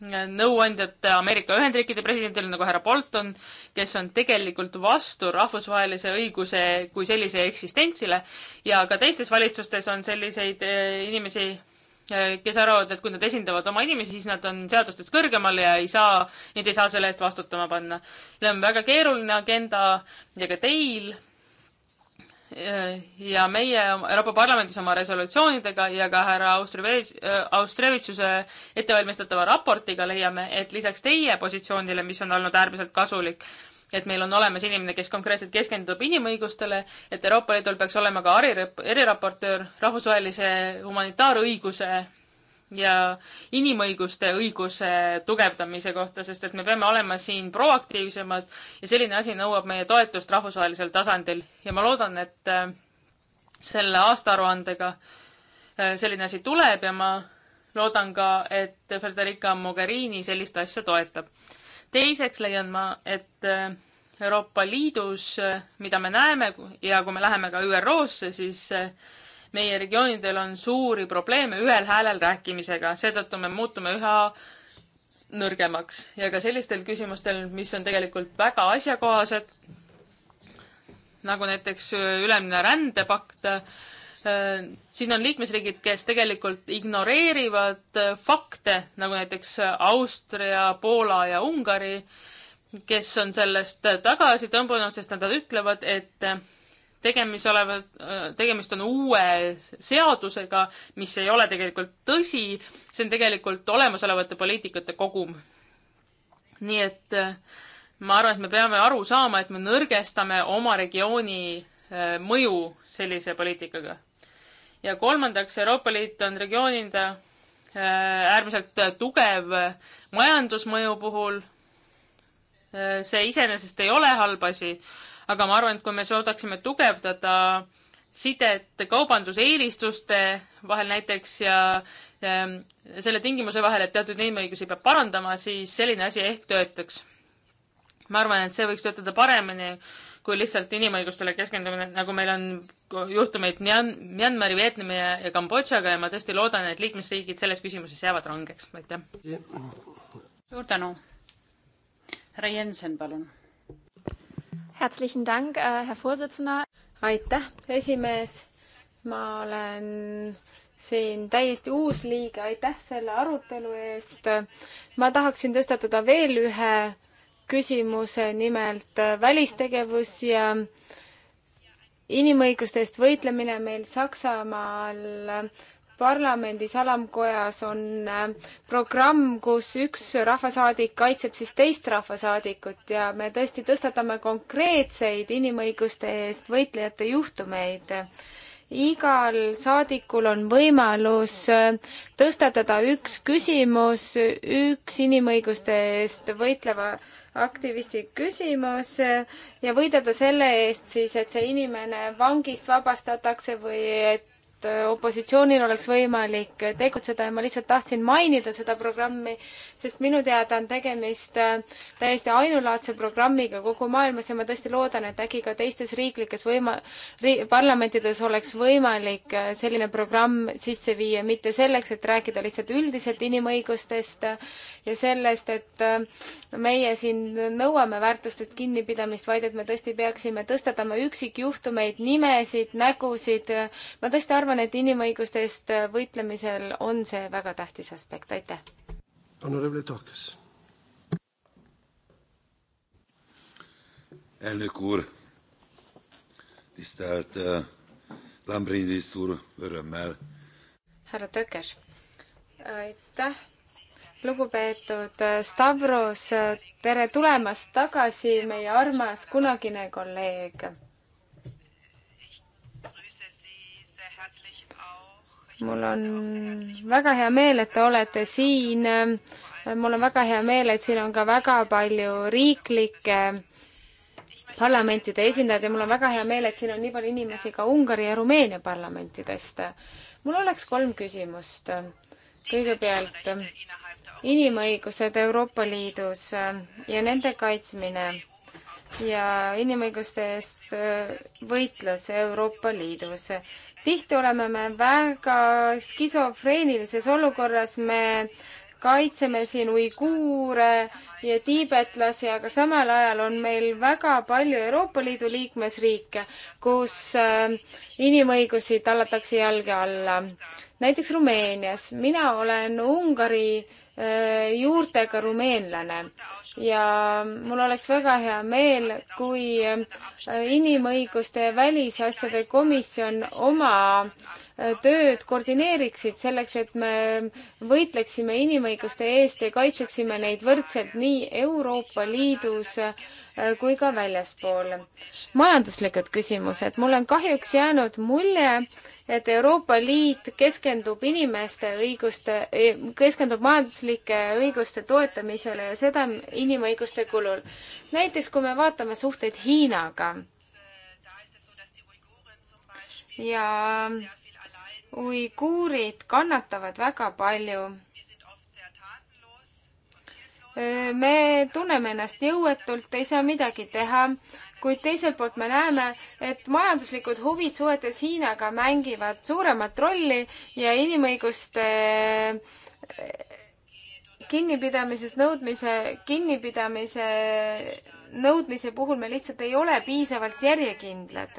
nõuandjat Ameerika Ühendriikide presidendile nagu härra Bolton, kes on tegelikult vastu rahvusvahelise õiguse kui sellise eksistentsile ja ka teistes valitsustes on selliseid eh, inimesi, eh, kes arvavad, et kui nad esindavad oma inimesi, siis nad on seadustest kõrgemal ja ei saa, neid ei saa selle eest vastutama panna. Neil on väga keeruline agenda ja ka teil Äh, ja meie Euroopa Parlamendis oma resolutsioonidega ja ka härra äh, Austrevitšuse ettevalmistatava raportiga leiame, et lisaks teie positsioonile, mis on olnud äärmiselt kasulik, et meil on olemas inimene, kes konkreetselt keskendub inimõigustele, et Euroopa Liidul peaks olema ka erirap-, eriraportöör rahvusvahelise humanitaarõiguse ja inimõiguste õiguse tugevdamise kohta, sest et me peame olema siin proaktiivsemad ja selline asi nõuab meie toetust rahvusvahelisel tasandil ja ma loodan, et äh, selle aastaaruandega äh, selline asi tuleb ja ma loodan ka, et Federica Mogherini sellist asja toetab. teiseks leian ma, et äh, Euroopa Liidus, mida me näeme ja kui me läheme ka ÜRO-sse, siis meie regioonidel on suuri probleeme ühel häälel rääkimisega, seetõttu me muutume üha nõrgemaks ja ka sellistel küsimustel, mis on tegelikult väga asjakohased, nagu näiteks äh, ülemine rändepakt, äh, siin on liikmesriigid, kes tegelikult ignoreerivad äh, fakte, nagu näiteks Austria, Poola ja Ungari, kes on sellest tagasi tõmbunud, sest nad ütlevad, et tegemist oleva, äh, tegemist on uue seadusega, mis ei ole tegelikult tõsi, see on tegelikult olemasolevate poliitikate kogum. nii et äh, ma arvan, et me peame aru saama, et me nõrgestame oma regiooni äh, mõju sellise poliitikaga. ja kolmandaks, Euroopa Liit on regioonide äärmiselt tugev majandusmõju puhul. see iseenesest ei ole halb asi aga ma arvan, et kui me suudaksime tugevdada sidet kaubanduseelistuste vahel näiteks ja ähm, selle tingimuse vahel, et teatud inimõigusi peab parandama, siis selline asi ehk töötaks. ma arvan, et see võiks töötada paremini kui lihtsalt inimõigustele keskendumine, nagu meil on juhtumeid Myanmari, Vietnami ja, ja Kambodžaga ja ma tõesti loodan, et liikmesriigid selles küsimuses jäävad rangeks. aitäh. suur tänu. härra Jensen, palun Herzlichen Dank, äh, Herr Vorsitzender. aitäh, esimees. ma olen siin täiesti uus liige, aitäh selle arutelu eest. ma tahaksin tõstatada veel ühe küsimuse, nimelt äh, välistegevus ja inimõiguste eest võitlemine meil Saksamaal parlamendis alamkojas on äh, programm, kus üks rahvasaadik kaitseb siis teist rahvasaadikut ja me tõesti tõstatame konkreetseid inimõiguste eest võitlejate juhtumeid. igal saadikul on võimalus äh, tõstatada üks küsimus, üks inimõiguste eest võitleva aktivisti küsimus äh, ja võidelda selle eest siis, et see inimene vangist vabastatakse või et et äh, opositsioonil oleks võimalik tegutseda ja ma lihtsalt tahtsin mainida seda programmi, sest minu teada on tegemist äh, täiesti ainulaadse programmiga kogu maailmas ja ma tõesti loodan, et äkki ka teistes riiklikes võima- ri,, parlamentides oleks võimalik äh, selline programm sisse viia, mitte selleks, et rääkida lihtsalt üldiselt inimõigustest ja sellest, et meie siin nõuame väärtustest kinnipidamist, vaid et me tõesti peaksime tõstatama üksikjuhtumeid, nimesid, nägusid, ma tõesti arvan, arvan, et inimõiguste eest võitlemisel on see väga tähtis aspekt, aitäh. Honorable Tokas. elnök úr, tisztelt uh, eh, Lambrindis úr, örömmel. härra Tökes, aitäh lugupeetud eh, Stavros, eh, tere tulemast tagasi, meie armas kunagine kolleeg. mul on väga hea meel, et te olete siin. mul on väga hea meel, et siin on ka väga palju riiklikke parlamentide esindajad ja mul on väga hea meel, et siin on nii palju inimesi ka Ungari ja Rumeenia parlamentidest. mul oleks kolm küsimust. kõigepealt inimõigused Euroopa Liidus ja nende kaitsmine ja inimõiguste eest võitlus Euroopa Liidus tihti oleme me väga skisofreenilises olukorras, me kaitseme siin uiguure ja tiibetlasi, aga samal ajal on meil väga palju Euroopa Liidu liikmesriike, kus äh, inimõigusi tallatakse jalge alla. näiteks Rumeenias. mina olen Ungari Äh, juurtega rumeenlane ja mul oleks väga hea meel, kui äh, inimõiguste ja välisasjade komisjon oma äh, tööd koordineeriksid selleks, et me võitleksime inimõiguste eest ja kaitseksime neid võrdselt nii Euroopa Liidus Äh, kui ka väljaspool. majanduslikud küsimused. mul on kahjuks jäänud mulje, et Euroopa Liit keskendub inimeste õiguste, e, keskendub majanduslike õiguste toetamisele ja seda inimõiguste kulul. näiteks kui me vaatame suhteid Hiinaga ja uiguurid kannatavad väga palju me tunneme ennast jõuetult, ei saa midagi teha, kuid teiselt poolt me näeme, et majanduslikud huvid suhetes Hiinaga mängivad suuremat rolli ja inimõiguste eh, kinnipidamisest nõudmise, kinnipidamise nõudmise puhul me lihtsalt ei ole piisavalt järjekindlad.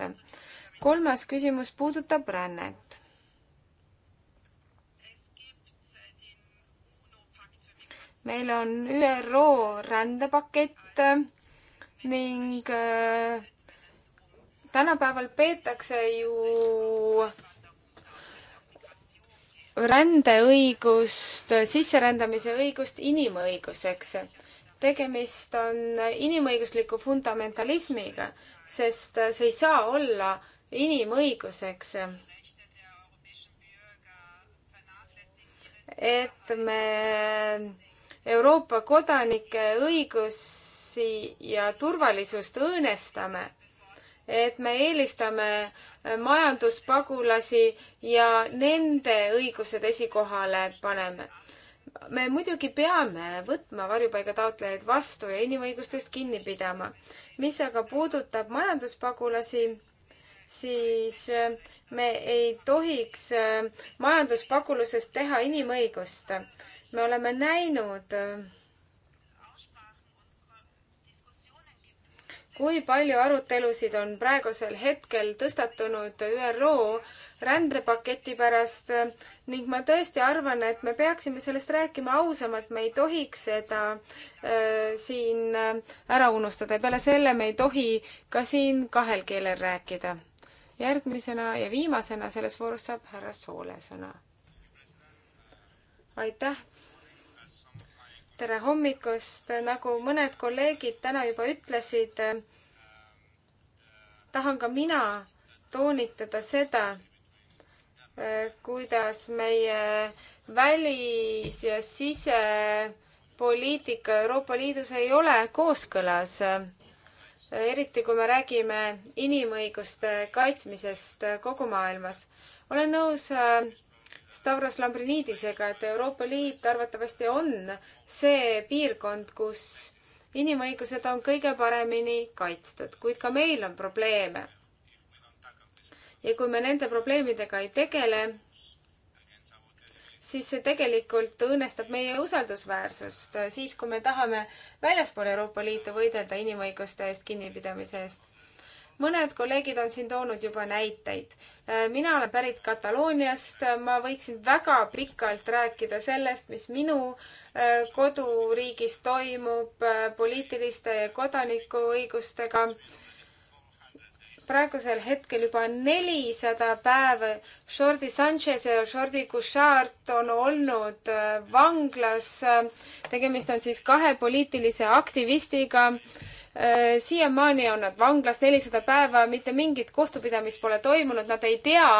kolmas küsimus puudutab rännet meil on ÜRO rändepakett äh, ning äh, tänapäeval peetakse ju rändeõigust, sisserändamise õigust inimõiguseks. tegemist on inimõigusliku fundamentalismiga, sest äh, see ei saa olla inimõiguseks. et me Euroopa kodanike õigusi ja turvalisust õõnestame, et me eelistame majanduspagulasi ja nende õigused esikohale paneme. me muidugi peame võtma varjupaigataotlejaid vastu ja inimõigustest kinni pidama. mis aga puudutab majanduspagulasi, siis eh, me ei tohiks eh, majanduspagulusest teha inimõigust me oleme näinud, kui palju arutelusid on praegusel hetkel tõstatunud ÜRO rändepaketi pärast ning ma tõesti arvan, et me peaksime sellest rääkima ausamalt, me ei tohiks seda äh, siin äh, ära unustada ja peale selle me ei tohi ka siin kahel keelel rääkida. järgmisena ja viimasena selles voorus saab härra Soole sõna. aitäh tere hommikust, nagu mõned kolleegid täna juba ütlesid, tahan ka mina toonitada seda, kuidas meie välis- ja sisepoliitika Euroopa Liidus ei ole kooskõlas. eriti kui me räägime inimõiguste kaitsmisest kogu maailmas. olen nõus äh, Stavros Lambrinidisega, et Euroopa Liit arvatavasti on see piirkond, kus inimõigused on kõige paremini kaitstud, kuid ka meil on probleeme. ja kui me nende probleemidega ei tegele, siis see tegelikult õõnestab meie usaldusväärsust, siis kui me tahame väljaspool Euroopa Liitu võidelda inimõiguste eest kinnipidamise eest mõned kolleegid on siin toonud juba näiteid. mina olen pärit Katalooniast, ma võiksin väga pikalt rääkida sellest, mis minu äh, koduriigis toimub äh, poliitiliste ja kodanikuõigustega. praegusel hetkel juba nelisada päeva Jordi Sanchez ja Jordi Couchard on olnud äh, vanglas. tegemist on siis kahe poliitilise aktivistiga Äh, siiamaani on nad vanglas nelisada päeva, mitte mingit kohtupidamist pole toimunud, nad ei tea,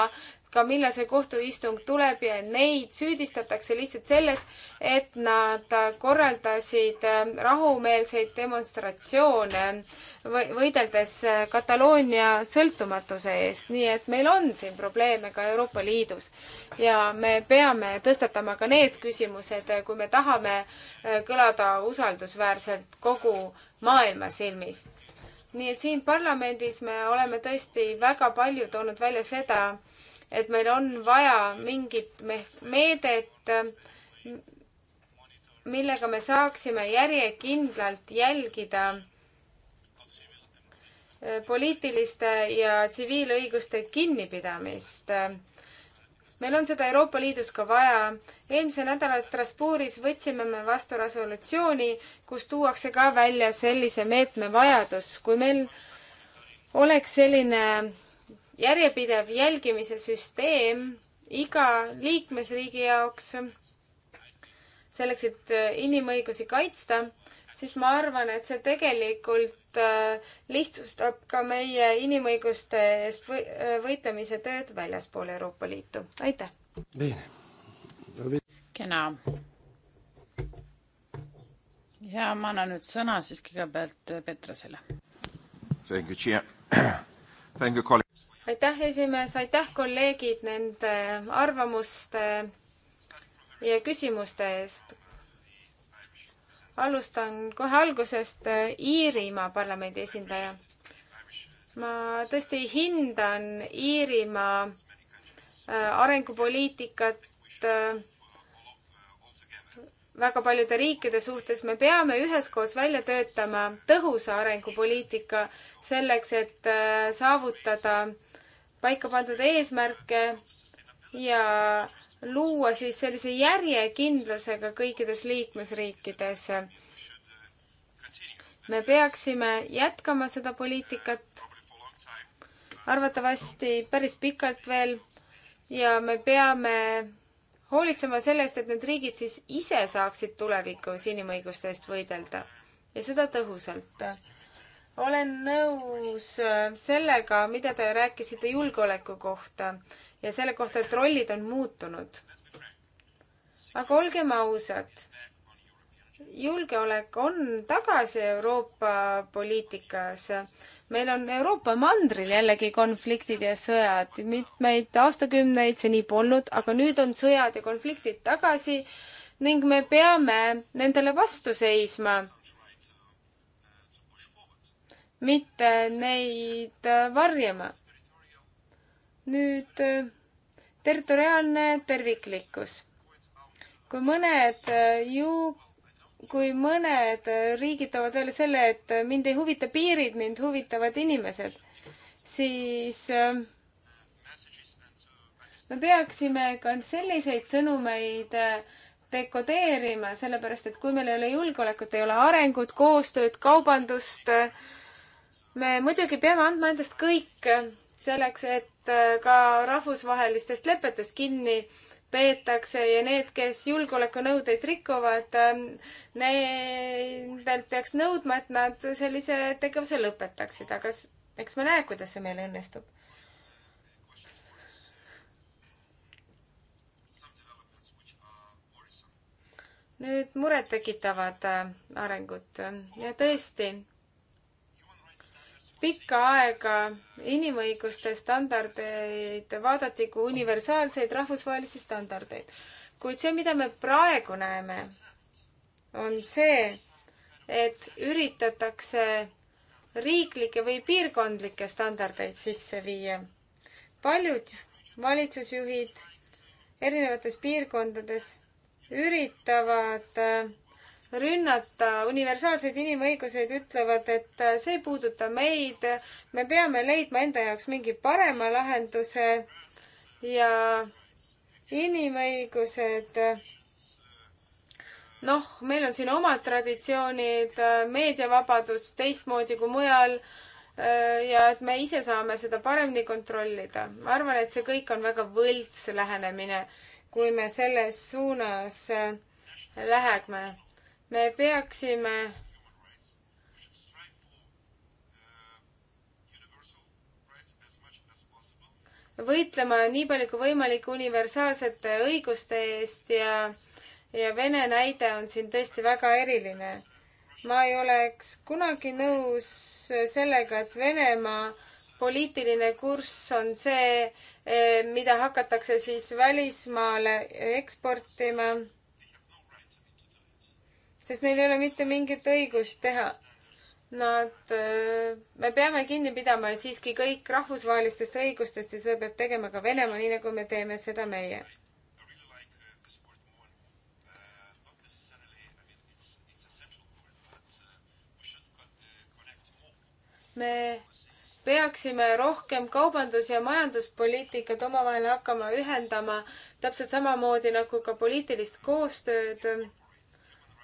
ka millal see kohtuistung tuleb ja neid süüdistatakse lihtsalt selles, et nad korraldasid ähm, rahumeelseid demonstratsioone või võideldes äh, Kataloonia sõltumatuse eest, nii et meil on siin probleeme ka Euroopa Liidus. ja me peame tõstatama ka need küsimused, äh, kui me tahame äh, kõlada usaldusväärselt kogu maailma silmis nii et siin parlamendis me oleme tõesti väga palju toonud välja seda, et meil on vaja mingit me meedet, millega me saaksime järjekindlalt jälgida äh, poliitiliste ja tsiviilõiguste kinnipidamist meil on seda Euroopa Liidus ka vaja. eelmisel nädalal Strasbourgis võtsime me vastu resolutsiooni, kus tuuakse ka välja sellise meetme vajadus. kui meil oleks selline järjepidev jälgimise süsteem iga liikmesriigi jaoks, selleks, et äh, inimõigusi kaitsta, siis ma arvan, et see tegelikult äh, lihtsustab ka meie inimõiguste eest või, äh, võitlemise tööd väljaspool Euroopa Liitu. aitäh! kena. ja ma annan nüüd sõna siis kõigepealt Petrasele. Thank you, Chair. Thank you, colleague aitäh, esimees, aitäh, kolleegid, nende arvamuste ja küsimuste eest. alustan kohe algusest, äh, Iirimaa parlamendi esindaja. ma tõesti hindan Iirimaa äh, arengupoliitikat äh, väga paljude riikide suhtes, me peame üheskoos välja töötama tõhusa arengupoliitika selleks, et saavutada paika pandud eesmärke ja luua siis sellise järjekindlusega kõikides liikmesriikides. me peaksime jätkama seda poliitikat arvatavasti päris pikalt veel ja me peame hoolitsema sellest, et need riigid siis ise saaksid tulevikus inimõiguste eest võidelda ja seda tõhusalt olen nõus äh, sellega, mida te rääkisite julgeoleku kohta ja selle kohta, et rollid on muutunud. aga olgem ausad, julgeolek on tagasi Euroopa poliitikas. meil on Euroopa mandril jällegi konfliktid ja sõjad, mitmeid aastakümneid see nii polnud, aga nüüd on sõjad ja konfliktid tagasi ning me peame nendele vastu seisma mitte neid äh, varjama. nüüd äh, territoriaalne terviklikkus. kui mõned äh, ju, kui mõned riigid toovad välja selle, et mind ei huvita piirid, mind huvitavad inimesed, siis me peaksime ka selliseid sõnumeid dekodeerima, sellepärast et kui meil ei ole julgeolekut, ei ole arengut, koostööd, kaubandust äh,, me muidugi peame andma endast kõik selleks, et äh, ka rahvusvahelistest lepetest kinni peetakse ja need, kes julgeolekunõudeid rikuvad, ähm, nendelt peaks nõudma, et nad sellise tegevuse lõpetaksid, aga eks me näe, kuidas see meil õnnestub. nüüd murettekitavad äh, arengud ja tõesti pikka aega inimõiguste standardeid vaadati kui universaalseid rahvusvahelisi standardeid. kuid see, mida me praegu näeme, on see, et üritatakse riiklikke või piirkondlikke standardeid sisse viia. paljud valitsusjuhid erinevates piirkondades üritavad äh, rünnata universaalseid inimõiguseid, ütlevad, et see ei puuduta meid, me peame leidma enda jaoks mingi parema lahenduse ja inimõigused, noh, meil on siin omad traditsioonid, meediavabadus teistmoodi kui mujal eh, ja et me ise saame seda paremini kontrollida. ma arvan, et see kõik on väga võlts lähenemine, kui me selles suunas eh, läheme me peaksime võitlema nii palju kui võimalik universaalsete õiguste eest ja, ja Vene näide on siin tõesti väga eriline. ma ei oleks kunagi nõus sellega, et Venemaa poliitiline kurss on see, eh, mida hakatakse siis välismaale eksportima sest neil ei ole mitte mingit õigust teha. Nad, me peame kinni pidama siiski kõik rahvusvahelistest õigustest ja seda peab tegema ka Venemaa, nii nagu me teeme seda meie me peaksime rohkem kaubandus- ja majanduspoliitikat omavahel hakkama ühendama, täpselt samamoodi nagu ka poliitilist koostööd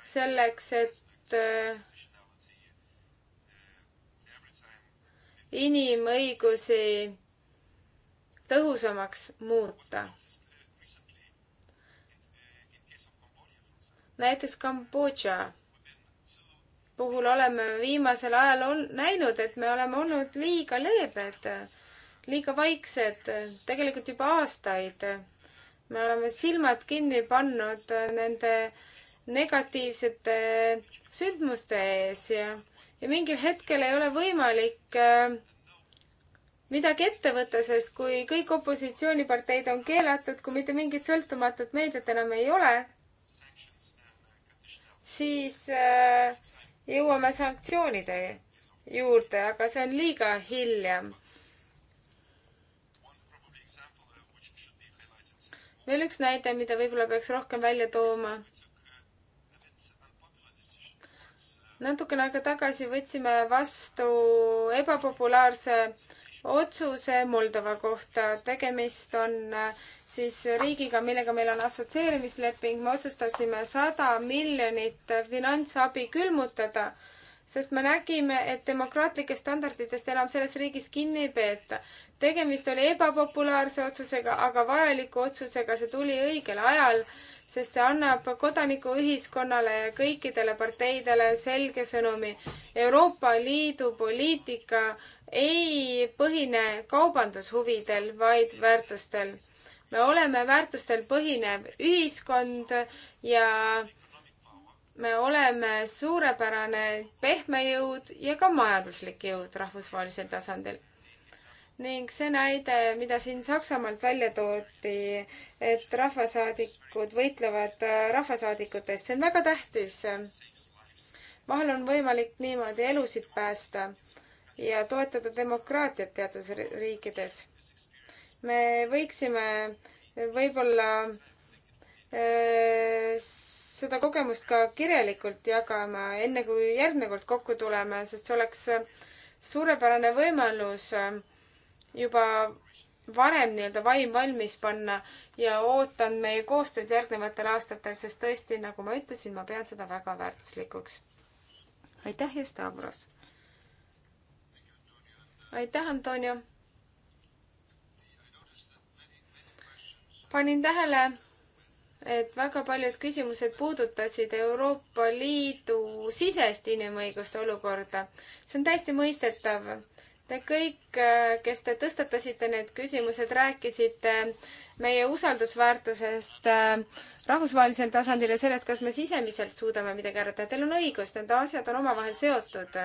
selleks, et äh, inimõigusi tõhusamaks muuta. näiteks Kambodža puhul oleme viimasel ajal on, näinud, et me oleme olnud liiga leebed, liiga vaiksed, tegelikult juba aastaid. me oleme silmad kinni pannud nende äh, negatiivsete sündmuste ees ja, ja mingil hetkel ei ole võimalik äh, midagi ette võtta, sest kui kõik opositsiooniparteid on keelatud, kui mitte mingit sõltumatut meediat enam ei ole, siis äh, jõuame sanktsioonide juurde, aga see on liiga hilja veel üks näide, mida võib-olla peaks rohkem välja tooma, natukene aega tagasi võtsime vastu ebapopulaarse otsuse Moldova kohta. tegemist on äh, siis riigiga, millega meil on assotsieerimisleping. me otsustasime sada miljonit finantsabi külmutada sest me nägime, et demokraatlikest standarditest enam selles riigis kinni ei peeta. tegemist oli ebapopulaarse otsusega, aga vajaliku otsusega, see tuli õigel ajal, sest see annab kodanikuühiskonnale ja kõikidele parteidele selge sõnumi. Euroopa Liidu poliitika ei põhine kaubandushuvidel, vaid väärtustel. me oleme väärtustel põhinev ühiskond ja me oleme suurepärane pehme jõud ja ka majanduslik jõud rahvusvahelisel tasandil. ning see näide, mida siin Saksamaalt välja toodi, et rahvasaadikud võitlevad äh, rahvasaadikute eest, see on väga tähtis. vahel on võimalik niimoodi elusid päästa ja toetada demokraatiat teatud riikides. me võiksime võib-olla Äh, seda kogemust ka kirjalikult jagama, enne kui järgmine kord kokku tuleme, sest see oleks suurepärane võimalus äh, juba varem nii-öelda vaim valmis panna ja ootan meie koostööd järgnevatel aastatel, sest tõesti, nagu ma ütlesin, ma pean seda väga väärtuslikuks. aitäh ja Stavros! aitäh, Antonio! panin tähele, et väga paljud küsimused puudutasid Euroopa Liidu sisest inimõiguste olukorda. see on täiesti mõistetav. Te kõik, kes te tõstatasite need küsimused, rääkisite meie usaldusväärtusest äh, rahvusvahelisel tasandil ja sellest, kas me sisemiselt suudame midagi ära teha. Teil on õigus, need asjad on omavahel seotud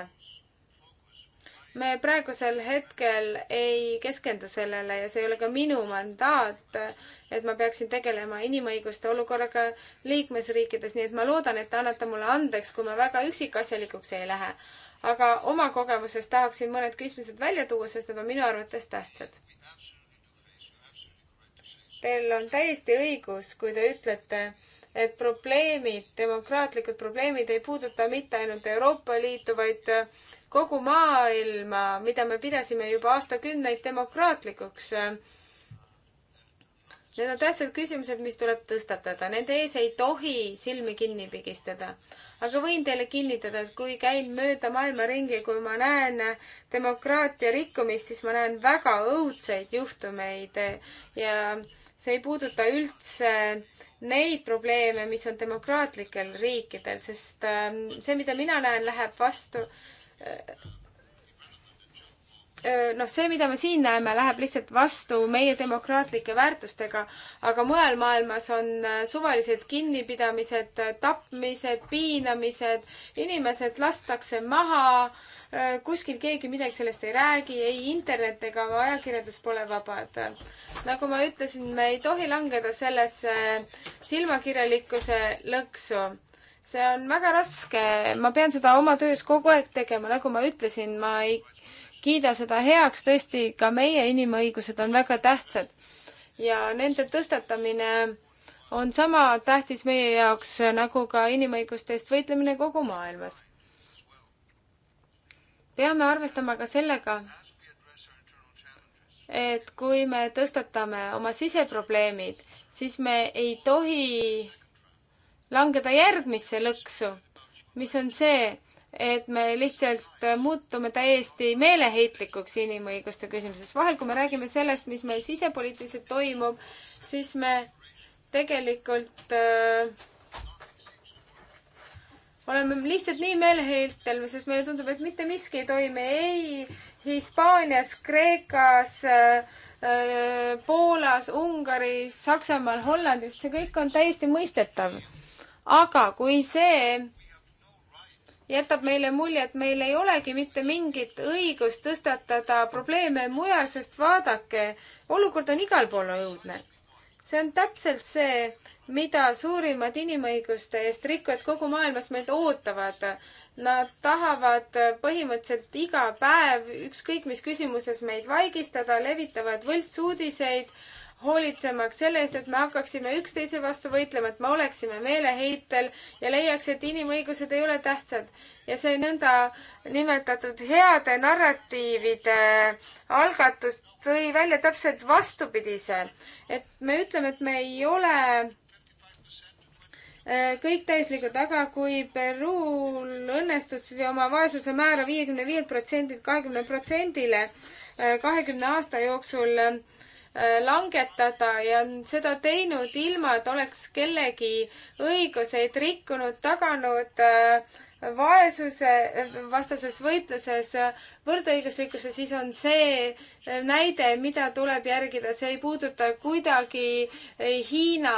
me praegusel hetkel ei keskendu sellele ja see ei ole ka minu mandaat, et ma peaksin tegelema inimõiguste olukorraga liikmesriikides, nii et ma loodan, et te annate mulle andeks, kui ma väga üksikasjalikuks ei lähe. aga oma kogemusest tahaksin mõned küsimused välja tuua, sest need on minu arvates tähtsad. Teil on täiesti õigus, kui te ütlete, et probleemid, demokraatlikud probleemid ei puuduta mitte ainult Euroopa Liitu, vaid kogu maailma, mida me pidasime juba aastakümneid demokraatlikuks. Need on tähtsad küsimused, mis tuleb tõstatada, nende ees ei tohi silmi kinni pigistada. aga võin teile kinnitada, et kui käin mööda maailma ringi, kui ma näen demokraatia rikkumist, siis ma näen väga õudseid juhtumeid ja see ei puuduta üldse neid probleeme, mis on demokraatlikel riikidel, sest ähm, see, mida mina näen, läheb vastu äh, noh, see, mida me siin näeme, läheb lihtsalt vastu meie demokraatlike väärtustega, aga mujal maailmas on äh, suvalised kinnipidamised, tapmised, piinamised, inimesed lastakse maha, äh, kuskil keegi midagi sellest ei räägi, ei internet ega ajakirjandus pole vabad. nagu ma ütlesin, me ei tohi langeda sellesse silmakirjalikkuse lõksu see on väga raske, ma pean seda oma töös kogu aeg tegema, nagu ma ütlesin, ma ei kiida seda heaks, tõesti, ka meie inimõigused on väga tähtsad. ja nende tõstatamine on sama tähtis meie jaoks nagu ka inimõiguste eest võitlemine kogu maailmas. peame arvestama ka sellega, et kui me tõstatame oma siseprobleemid, siis me ei tohi langeda järgmisse lõksu, mis on see, et me lihtsalt muutume täiesti meeleheitlikuks inimõiguste küsimuses. vahel, kui me räägime sellest, mis meil sisepoliitiliselt toimub, siis me tegelikult öö, äh, oleme lihtsalt nii meeleheitel, sest meile tundub, et mitte miski ei toimi ei Hispaanias, Kreekas äh,, äh Poolas, Ungaris, Saksamaal, Hollandis, see kõik on täiesti mõistetav aga kui see jätab meile mulje, et meil ei olegi mitte mingit õigust tõstatada probleeme mujal, sest vaadake, olukord on igal pool õudne. see on täpselt see, mida suurimad inimõiguste eest rikkujad kogu maailmas meilt ootavad. Nad tahavad põhimõtteliselt iga päev ükskõik mis küsimuses meid vaigistada, levitavad võltsuudiseid hoolitsemaks selle eest, et me hakkaksime üksteise vastu võitlema, et me oleksime meeleheitel ja leiaks, et inimõigused ei ole tähtsad. ja see nõndanimetatud heade narratiivide algatus tõi välja täpselt vastupidise, et me ütleme, et me ei ole äh, kõik täislikud, aga kui Peruul õnnestus oma vaesuse määra viiekümne viielt protsendilt kahekümne protsendile äh, kahekümne aasta jooksul langetada ja on seda teinud ilma, et oleks kellegi õiguseid rikkunud, taganud äh, vaesuse vastases võitluses võrdõiguslikkuse, siis on see äh, näide, mida tuleb järgida, see ei puuduta kuidagi äh, Hiina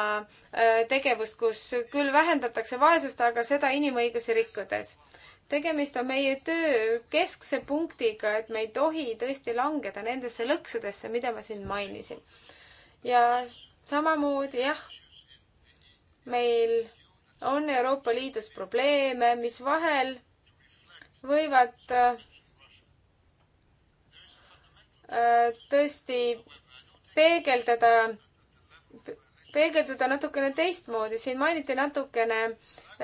tegevust, kus küll vähendatakse vaesust, aga seda inimõigusi rikkudes tegemist on meie töö keskse punktiga, et me ei tohi tõesti langeda nendesse lõksudesse, mida ma siin mainisin. ja samamoodi jah, meil on Euroopa Liidus probleeme, mis vahel võivad äh, tõesti peegeldada, peegelduda natukene teistmoodi. siin mainiti natukene äh,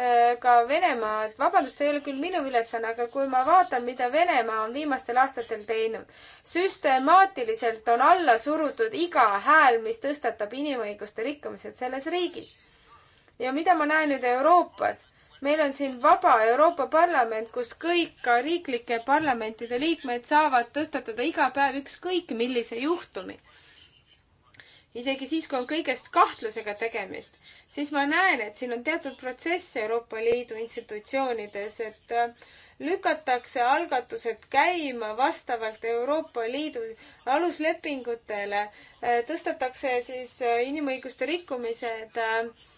Äh, ka Venemaad. vabandust, see ei ole küll minu ülesanne, aga kui ma vaatan, mida Venemaa on viimastel aastatel teinud, süstemaatiliselt on alla surutud iga hääl, mis tõstatab inimõiguste rikkumised selles riigis. ja mida ma näen nüüd Euroopas? meil on siin vaba Euroopa Parlament, kus kõik ka riiklike parlamentide liikmed saavad tõstatada iga päev ükskõik millise juhtumi isegi siis, kui on kõigest kahtlusega tegemist, siis ma näen, et siin on teatud protsess Euroopa Liidu institutsioonides, et äh, lükatakse algatused käima vastavalt Euroopa Liidu aluslepingutele, äh, tõstetakse siis äh, inimõiguste rikkumised äh,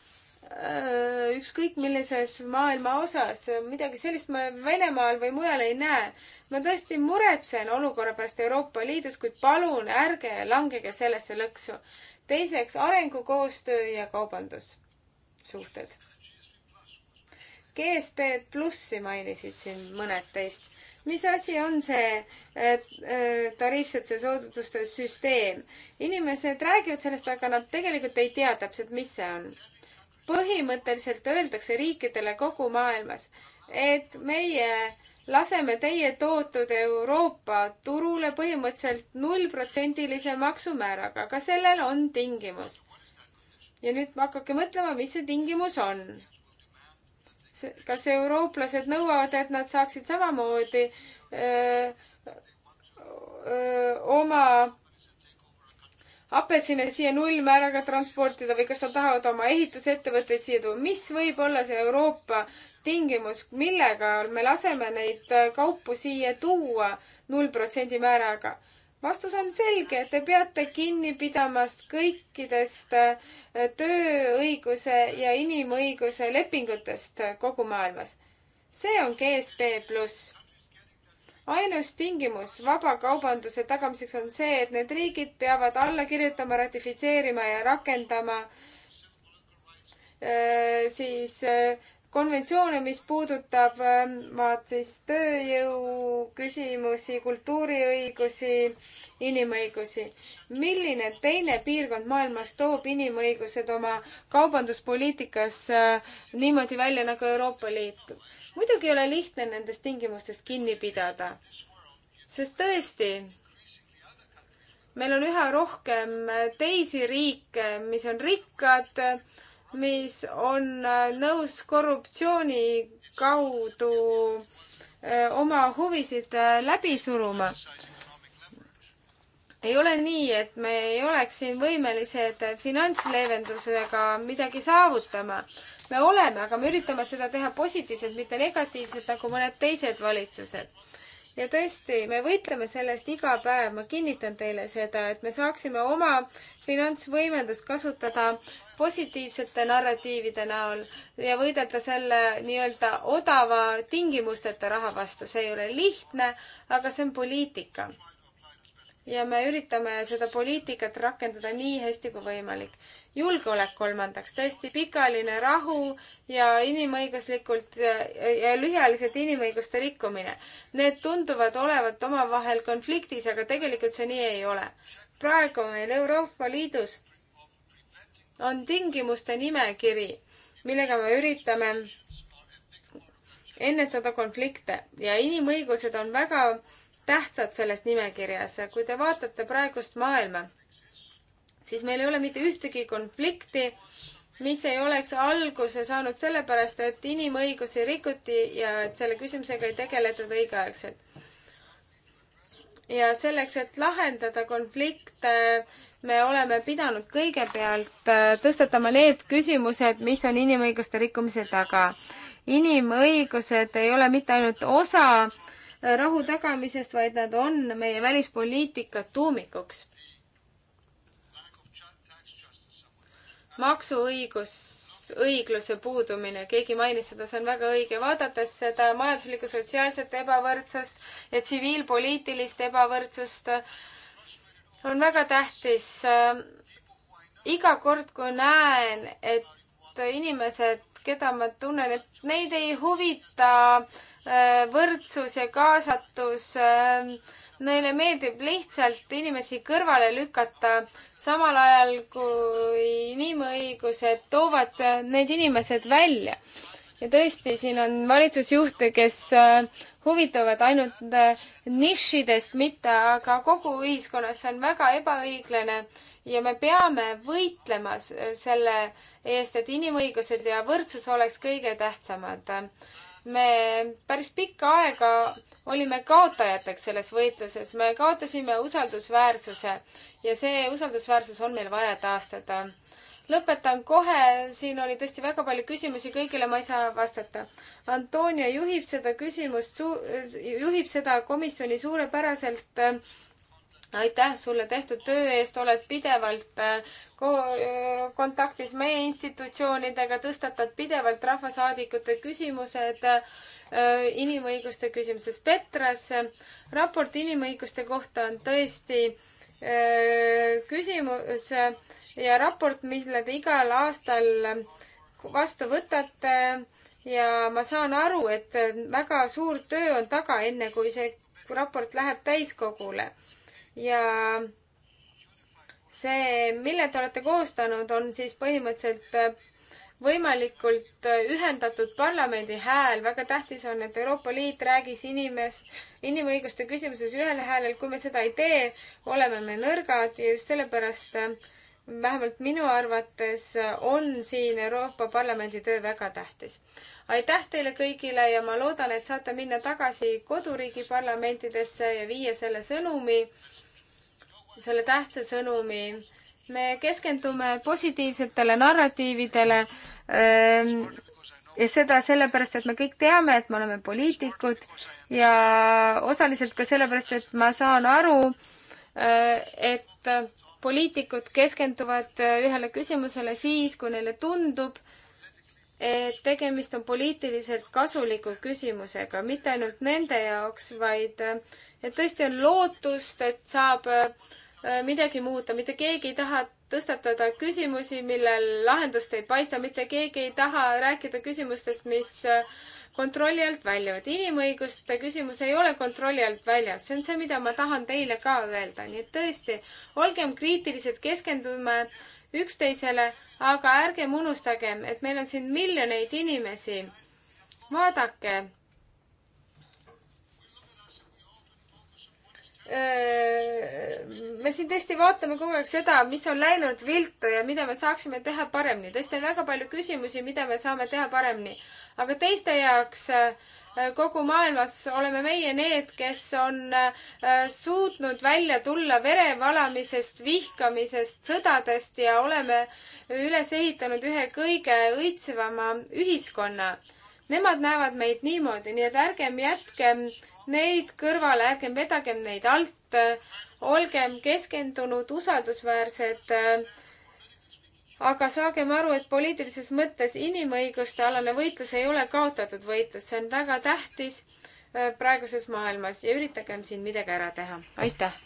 Äh, ükskõik millises maailma osas, midagi sellist ma Venemaal või mujal ei näe. ma tõesti muretsen olukorra pärast Euroopa Liidus, kuid palun ärge langege sellesse lõksu. teiseks arengukoostöö ja kaubandussuhted. GSP plussi mainisid siin mõned teist. mis asi on see äh, tariifsete soodustuste süsteem? inimesed räägivad sellest, aga nad tegelikult ei tea täpselt, mis see on põhimõtteliselt öeldakse riikidele kogu maailmas, et meie laseme teie tootud Euroopa turule põhimõtteliselt nullprotsendilise maksumääraga, aga sellel on tingimus. ja nüüd hakake mõtlema, mis see tingimus on. kas eurooplased nõuavad, et nad saaksid samamoodi öö, öö, oma apelsine siia nullmääraga transportida või kas nad tahavad oma ehitusettevõtteid siia tuua, mis võib olla see Euroopa tingimus, millega me laseme neid äh, kaupu siia tuua null protsendi määraga? vastus on selge, te peate kinni pidamast kõikidest äh, tööõiguse ja inimõiguse lepingutest kogu maailmas. see on GSP pluss ainus tingimus vabakaubanduse tagamiseks on see, et need riigid peavad alla kirjutama, ratifitseerima ja rakendama äh, siis äh, konventsioone, mis puudutavad äh, siis tööjõu küsimusi, kultuuriõigusi, inimõigusi. milline teine piirkond maailmas toob inimõigused oma kaubanduspoliitikas niimoodi välja nagu Euroopa Liit? muidugi ei ole lihtne nendest tingimustest kinni pidada, sest tõesti, meil on üha rohkem teisi riike, mis on rikkad, mis on nõus korruptsiooni kaudu eh, oma huvisid eh, läbi suruma. ei ole nii, et me ei oleks siin võimelised finantsleevendusega midagi saavutama me oleme, aga me üritame seda teha positiivselt, mitte negatiivselt, nagu mõned teised valitsused. ja tõesti, me võitleme selle eest iga päev, ma kinnitan teile seda, et me saaksime oma finantsvõimendust kasutada positiivsete narratiivide näol ja võidelda selle nii-öelda odava tingimusteta raha vastu. see ei ole lihtne, aga see on poliitika ja me üritame seda poliitikat rakendada nii hästi kui võimalik. julgeolek kolmandaks, tõesti pikaline rahu ja inimõiguslikult ja, ja lühiajaliselt inimõiguste rikkumine. Need tunduvad olevat omavahel konfliktis, aga tegelikult see nii ei ole. praegu meil Euroopa Liidus on tingimuste nimekiri, millega me üritame ennetada konflikte ja inimõigused on väga tähtsad selles nimekirjas. kui te vaatate praegust maailma, siis meil ei ole mitte ühtegi konflikti, mis ei oleks alguse saanud sellepärast, et inimõigusi rikuti ja et selle küsimusega ei tegeletud õigeaegselt. ja selleks, et lahendada konflikte, me oleme pidanud kõigepealt äh, tõstatama need küsimused, mis on inimõiguste rikkumise taga. inimõigused ei ole mitte ainult osa rahu tagamisest, vaid nad on meie välispoliitika tuumikuks. maksuõigus, õigluse puudumine, keegi mainis seda, see on väga õige, vaadates seda majanduslikku, sotsiaalset ebavõrdsust ja tsiviilpoliitilist ebavõrdsust, on väga tähtis äh, iga kord, kui näen, et inimesed, keda ma tunnen, et neid ei huvita Äh, võrdsus ja kaasatus. Äh, neile meeldib lihtsalt inimesi kõrvale lükata, samal ajal kui inimõigused toovad need inimesed välja. ja tõesti, siin on valitsusjuhte, kes äh, huvituvad ainult nišidest, mitte aga kogu ühiskonnas, see on väga ebaõiglane ja me peame võitlema selle eest, et inimõigused ja võrdsus oleks kõige tähtsamad me päris pikka aega olime kaotajateks selles võitluses, me kaotasime usaldusväärsuse ja see usaldusväärsus on meil vaja taastada. lõpetan kohe, siin oli tõesti väga palju küsimusi, kõigile ma ei saa vastata. Antonia juhib seda küsimust, juhib seda komisjoni suurepäraselt äh, aitäh sulle tehtud töö eest, oled pidevalt äh, ko-, äh, kontaktis meie institutsioonidega, tõstatad pidevalt rahvasaadikute küsimused äh, inimõiguste küsimuses. Petras, raport inimõiguste kohta on tõesti küsimus ja raport, mille te igal aastal vastu võtate ja ma saan aru, et väga suur töö on taga, enne kui see raport läheb täiskogule ja see, mille te olete koostanud, on siis põhimõtteliselt äh, võimalikult äh, ühendatud parlamendi hääl. väga tähtis on, et Euroopa Liit räägiks inimes, inimõiguste küsimuses ühel häälel. kui me seda ei tee, oleme me nõrgad ja just sellepärast äh, vähemalt minu arvates on siin Euroopa Parlamendi töö väga tähtis. aitäh teile kõigile ja ma loodan, et saate minna tagasi koduriigi parlamentidesse ja viia selle sõnumi selle tähtsa sõnumi. me keskendume positiivsetele narratiividele ähm, ja seda sellepärast, et me kõik teame, et me oleme poliitikud ja osaliselt ka sellepärast, et ma saan aru, äh, et poliitikud keskenduvad äh, ühele küsimusele siis, kui neile tundub, et tegemist on poliitiliselt kasuliku küsimusega, mitte ainult nende jaoks, vaid äh, et tõesti on lootust, et saab Äh, midagi muuta, mitte keegi ei taha tõstatada küsimusi, millel lahendust ei paista, mitte keegi ei taha rääkida küsimustest, mis äh, kontrolli alt väljuvad. inimõiguste küsimus ei ole kontrolli alt väljas, see on see, mida ma tahan teile ka öelda, nii et tõesti, olgem kriitilised, keskendume üksteisele, aga ärgem unustagem, et meil on siin miljoneid inimesi. vaadake Äh, me siin tõesti vaatame kogu aeg seda, mis on läinud viltu ja mida me saaksime teha paremini. tõesti on väga palju küsimusi, mida me saame teha paremini. aga teiste jaoks äh, kogu maailmas oleme meie need, kes on äh, suutnud välja tulla verevalamisest, vihkamisest, sõdadest ja oleme üles ehitanud ühe kõige õitsevama ühiskonna nemad näevad meid niimoodi, nii et ärgem jätkem neid kõrvale, ärgem vedagem neid alt, olgem keskendunud, usaldusväärsed, aga saagem aru, et poliitilises mõttes inimõiguste alane võitlus ei ole kaotatud võitlus, see on väga tähtis äh, praeguses maailmas ja üritagem siin midagi ära teha. aitäh!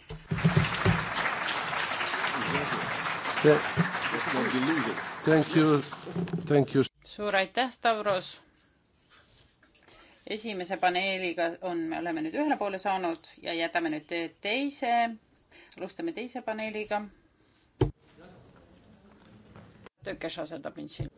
suur aitäh, Stavros! esimese paneeliga on, me oleme nüüd ühele poole saanud ja jätame nüüd teise, alustame teise paneeliga. töö, kes asendab mind siin.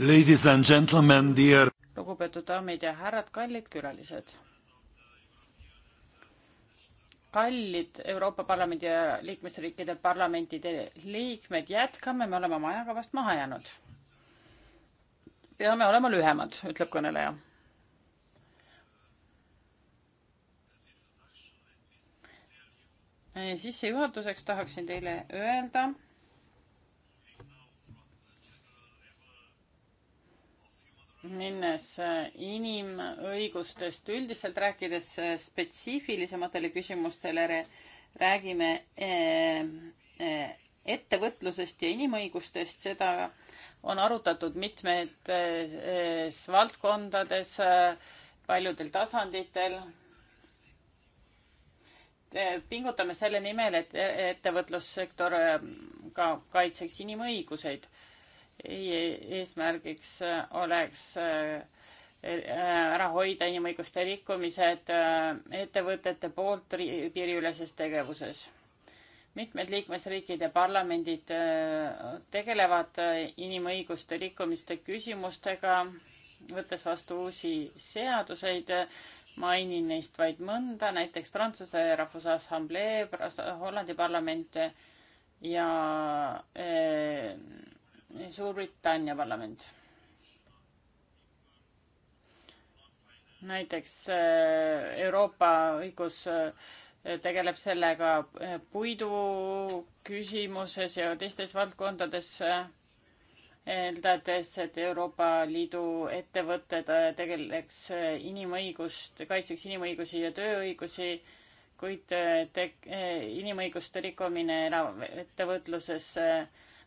Ladies and gentlemen, dear. lugupeetud daamid ja härrad, kallid külalised. kallid Euroopa Parlamendi ja liikmesriikide parlamentide liikmed, jätkame, me oleme oma ajaga vast maha jäänud. peame olema lühemad, ütleb kõneleja sissejuhatuseks tahaksin teile öelda, õigustest üldiselt rääkides spetsiifilisematele küsimustele räägime eh, eh, ettevõtlusest ja inimõigustest, seda on arutatud mitmetes eh, valdkondades, paljudel tasanditel. pingutame selle nimel, et e-, ettevõtlussektor ka kaitseks inimõiguseid. E-, eesmärgiks oleks Er-, äh, ära hoida inimõiguste rikkumised äh, ettevõtete poolt piiriüleses tegevuses. mitmed liikmesriikide parlamendid äh, tegelevad inimõiguste rikkumiste küsimustega, võttes vastu uusi seaduseid. mainin neist vaid mõnda, näiteks Prantsuse Rahvusassamblee, Hollandi parlament ja Suurbritannia parlament näiteks äh, Euroopa õigus äh, tegeleb sellega äh, puidu küsimuses ja teistes valdkondades, eeldades, et Euroopa Liidu ettevõtted tegeleks inimõigust, kaitseks inimõigusi ja tööõigusi, kuid te-, inimõiguste rikkumine eraettevõtluses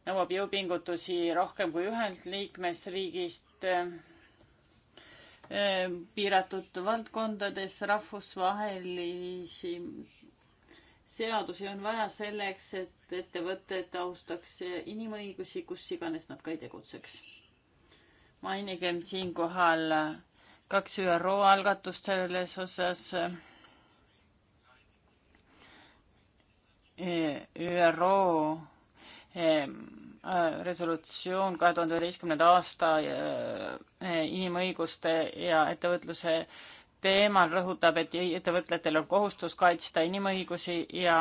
nõuab jõupingutusi rohkem kui ühelt liikmesriigist Äh, piiratud valdkondades rahvusvahelisi seadusi on vaja selleks, et ettevõtted austaks inimõigusi, kus iganes nad ka ei tegutseks. mainigem siinkohal kaks ÜRO algatust selles osas. Äh, ÜRO Ehm, äh, resolutsioon kahe tuhande üheteistkümnenda aasta äh, äh, inimõiguste ja ettevõtluse teemal rõhutab, et e-, ettevõtletel on kohustus kaitsta inimõigusi ja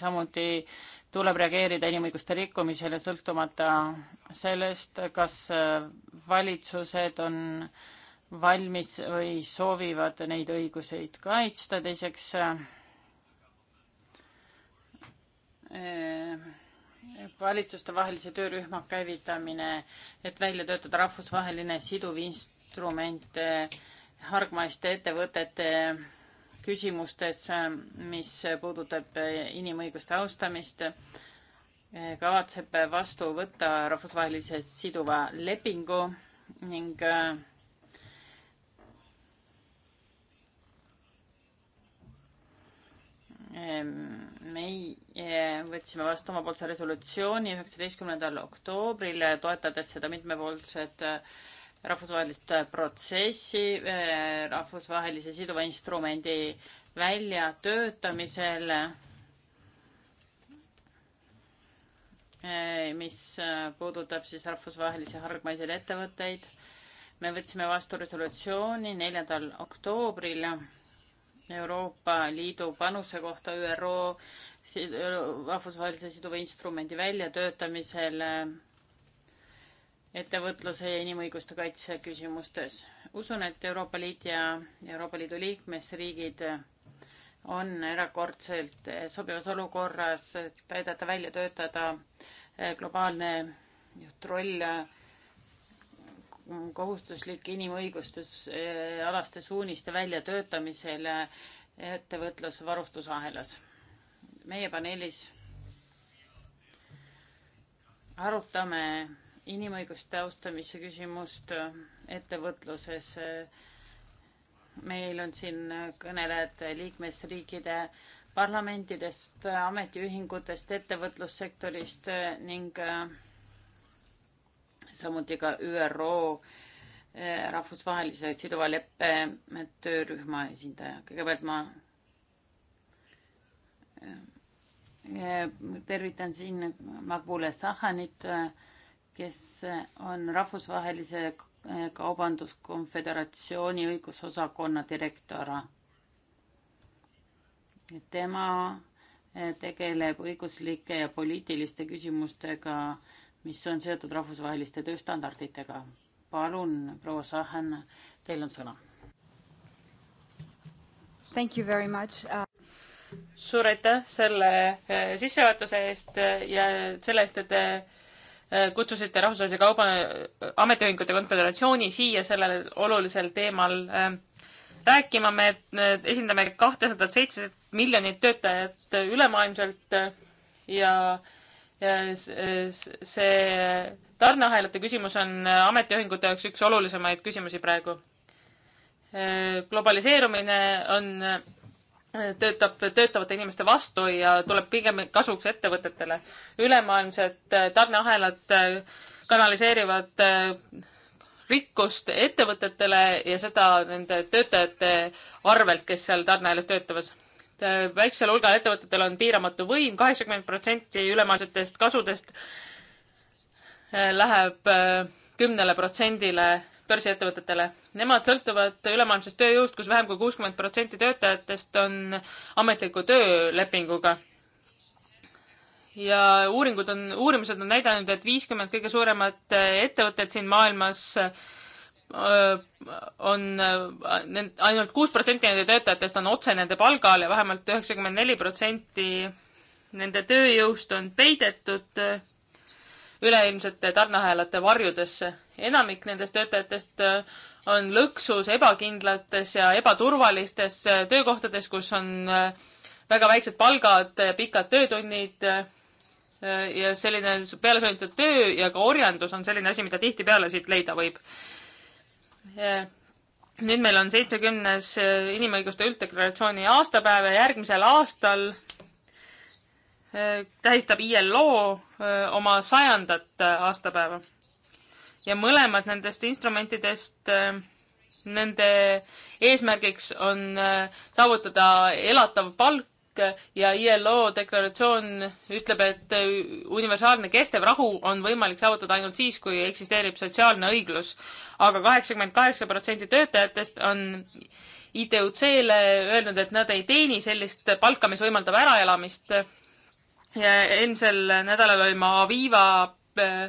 samuti tuleb reageerida inimõiguste rikkumisele, sõltumata sellest, kas valitsused on valmis või soovivad neid õiguseid kaitsta. teiseks Äh, valitsustevahelise töörühma käivitamine, et välja töötada rahvusvaheline siduv instrument äh, hargmaiste ettevõtete küsimustes, äh, mis puudutab inimõiguste austamist, kavatseb vastu võtta rahvusvahelise siduva lepingu ning Ehm, meie eh, võtsime vastu omapoolse resolutsiooni üheksateistkümnendal oktoobril, toetades seda mitmepoolset eh, rahvusvahelist eh, protsessi rahvusvahelise siduva instrumendi väljatöötamisel, mis puudutab siis rahvusvahelisi hargmaiseid ettevõtteid. me võtsime vastu resolutsiooni neljandal oktoobril Euroopa Liidu panuse kohta ÜRO rahvusvahelise siduva instrumendi väljatöötamisel eh, ettevõtluse ja inimõiguste kaitse küsimustes. usun, et Euroopa Liit ja Euroopa Liidu liikmesriigid on erakordselt eh, sobivas olukorras, et aidata välja töötada eh, globaalne roll kohustuslik inimõiguste alaste suuniste väljatöötamisele ettevõtlusvarustusahelas. meie paneelis arutame inimõiguste austamise küsimust ettevõtluses. meil on siin kõnelejad liikmesriikide parlamentidest, ametiühingutest, ettevõtlussektorist ning äh, samuti ka ÜRO eh, rahvusvahelise siduva leppe eh, töörühma esindaja. kõigepealt ma eh, tervitan siin Magbule Sahanit, kes on rahvusvahelise kaubanduskonföderatsiooni õigusosakonna direktor. tema tegeleb õiguslike ja poliitiliste küsimustega mis on seotud rahvusvaheliste tööstandarditega. palun, proua Sahen, teil on sõna. Thank you very much uh suur aitäh selle eh, sissejuhatuse eest ja selle eest, et te eh, kutsusite Rahvusvahelise Kauba eh, Ametiühingute Konföderatsiooni siia sellel olulisel teemal rääkima. me esindame kahtesadat seitset miljonit töötajat ülemaailmselt ja see tarneahelate küsimus on ametiühingute jaoks üks olulisemaid küsimusi praegu. globaliseerumine on, töötab töötavate inimeste vastu ja tuleb pigem kasuks ettevõtetele. ülemaailmsed tarneahelad kanaliseerivad rikkust ettevõtetele ja seda nende töötajate arvelt, kes seal tarneahelas töötavad Äh, väiksel hulgal ettevõtetel on piiramatu võim, kaheksakümmend protsenti ülemaailmsetest kasudest äh, läheb äh, kümnele protsendile börsiettevõtetele. Nemad sõltuvad ülemaailmsest tööjõust, kus vähem kui kuuskümmend protsenti töötajatest on ametliku töölepinguga. ja uuringud on, uurimused on näidanud, et viiskümmend kõige suuremat ettevõtet siin maailmas on äh, ainult kuus protsenti nende töötajatest on otse nende palgal ja vähemalt üheksakümmend neli protsenti nende tööjõust on peidetud äh, üleilmsete tarneahelate varjudesse. enamik nendest töötajatest äh, on lõksus, ebakindlates ja ebaturvalistes töökohtades, kus on väga väiksed palgad, pikad töötunnid ja selline pealesunnitud töö ja ka orjandus on selline asi, mida tihtipeale siit leida võib nüüd meil on seitsmekümnes eh, inimõiguste ülddeklaratsiooni aastapäev ja järgmisel aastal eh, tähistab ILO eh, oma sajandat aastapäeva. ja mõlemad nendest instrumentidest, nende eesmärgiks on saavutada elatav palk kõik ja ILO deklaratsioon ütleb, et universaalne kestev rahu on võimalik saavutada ainult siis, kui eksisteerib sotsiaalne õiglus aga. aga kaheksakümmend kaheksa protsenti töötajatest on ITUC-le öelnud, et nad ei teeni sellist palka, mis võimaldab äraelamist. ja eelmisel nädalal olin ma Aviva äh,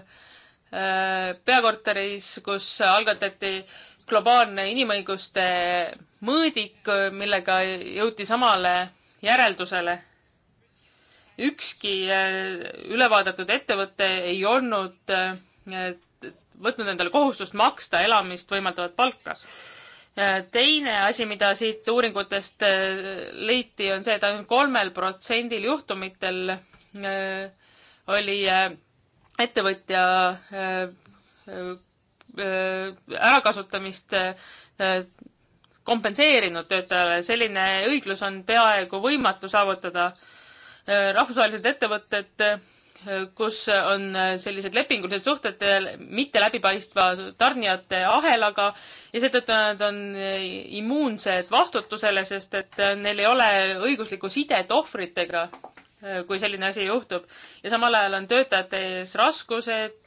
äh, peakorteris, kus algatati globaalne inimõiguste mõõdik, millega jõuti samale järeldusele. ükski äh, ülevaadatud ettevõte ei olnud äh, võtnud endale kohustust maksta elamist võimaldavat palka. Äh, teine asi, mida siit uuringutest leiti, on see, et ainult kolmel protsendil juhtumitel oli ettevõtja ärakasutamist kompenseerinud töötajale, selline õiglus on peaaegu võimatu saavutada. Äh, rahvusvahelised ettevõtted, äh, kus on äh, sellised lepingulised suhted mitte läbipaistva tarnijate ahelaga ja seetõttu nad on immuunsed vastutusele, sest et neil ei ole õiguslikku sidet ohvritega kui selline asi juhtub. ja samal ajal on töötajate ees raskused,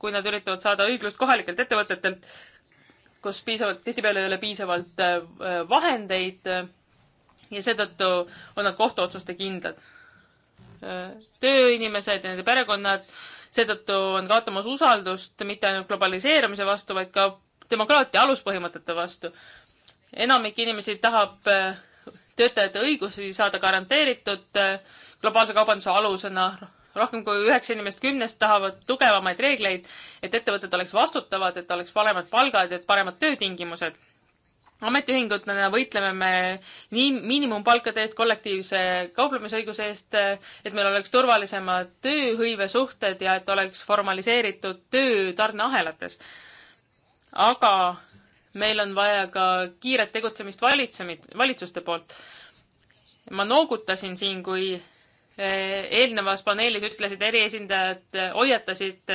kui nad üritavad saada õiglust kohalikelt ettevõtetelt, kus piisavalt, tihtipeale ei ole piisavalt äh, äh, vahendeid äh, ja seetõttu on nad kohtuotsuste kindlad. tööinimesed ja nende perekonnad seetõttu on kaotamas usaldust mitte ainult globaliseerumise vastu, vaid ka demokraatia aluspõhimõtete vastu. enamik inimesi tahab töötajate õigusi saada garanteeritud globaalse kaubanduse alusena rohkem kui üheksa inimest kümnest tahavad tugevamaid reegleid, et ettevõtted oleks vastutavad, et oleks paremad palgad, et paremad töötingimused. ametiühingutena võitleme me nii miinimumpalkade eest, kollektiivse kauplemisõiguse eest, et meil oleks turvalisemad tööhõivesuhted ja et oleks formaliseeritud töö tarneahelates. aga meil on vaja ka kiiret tegutsemist valitsemid, valitsuste poolt. ma noogutasin siin, kui eelnevas paneelis ütlesid eriesindajad, hoiatasid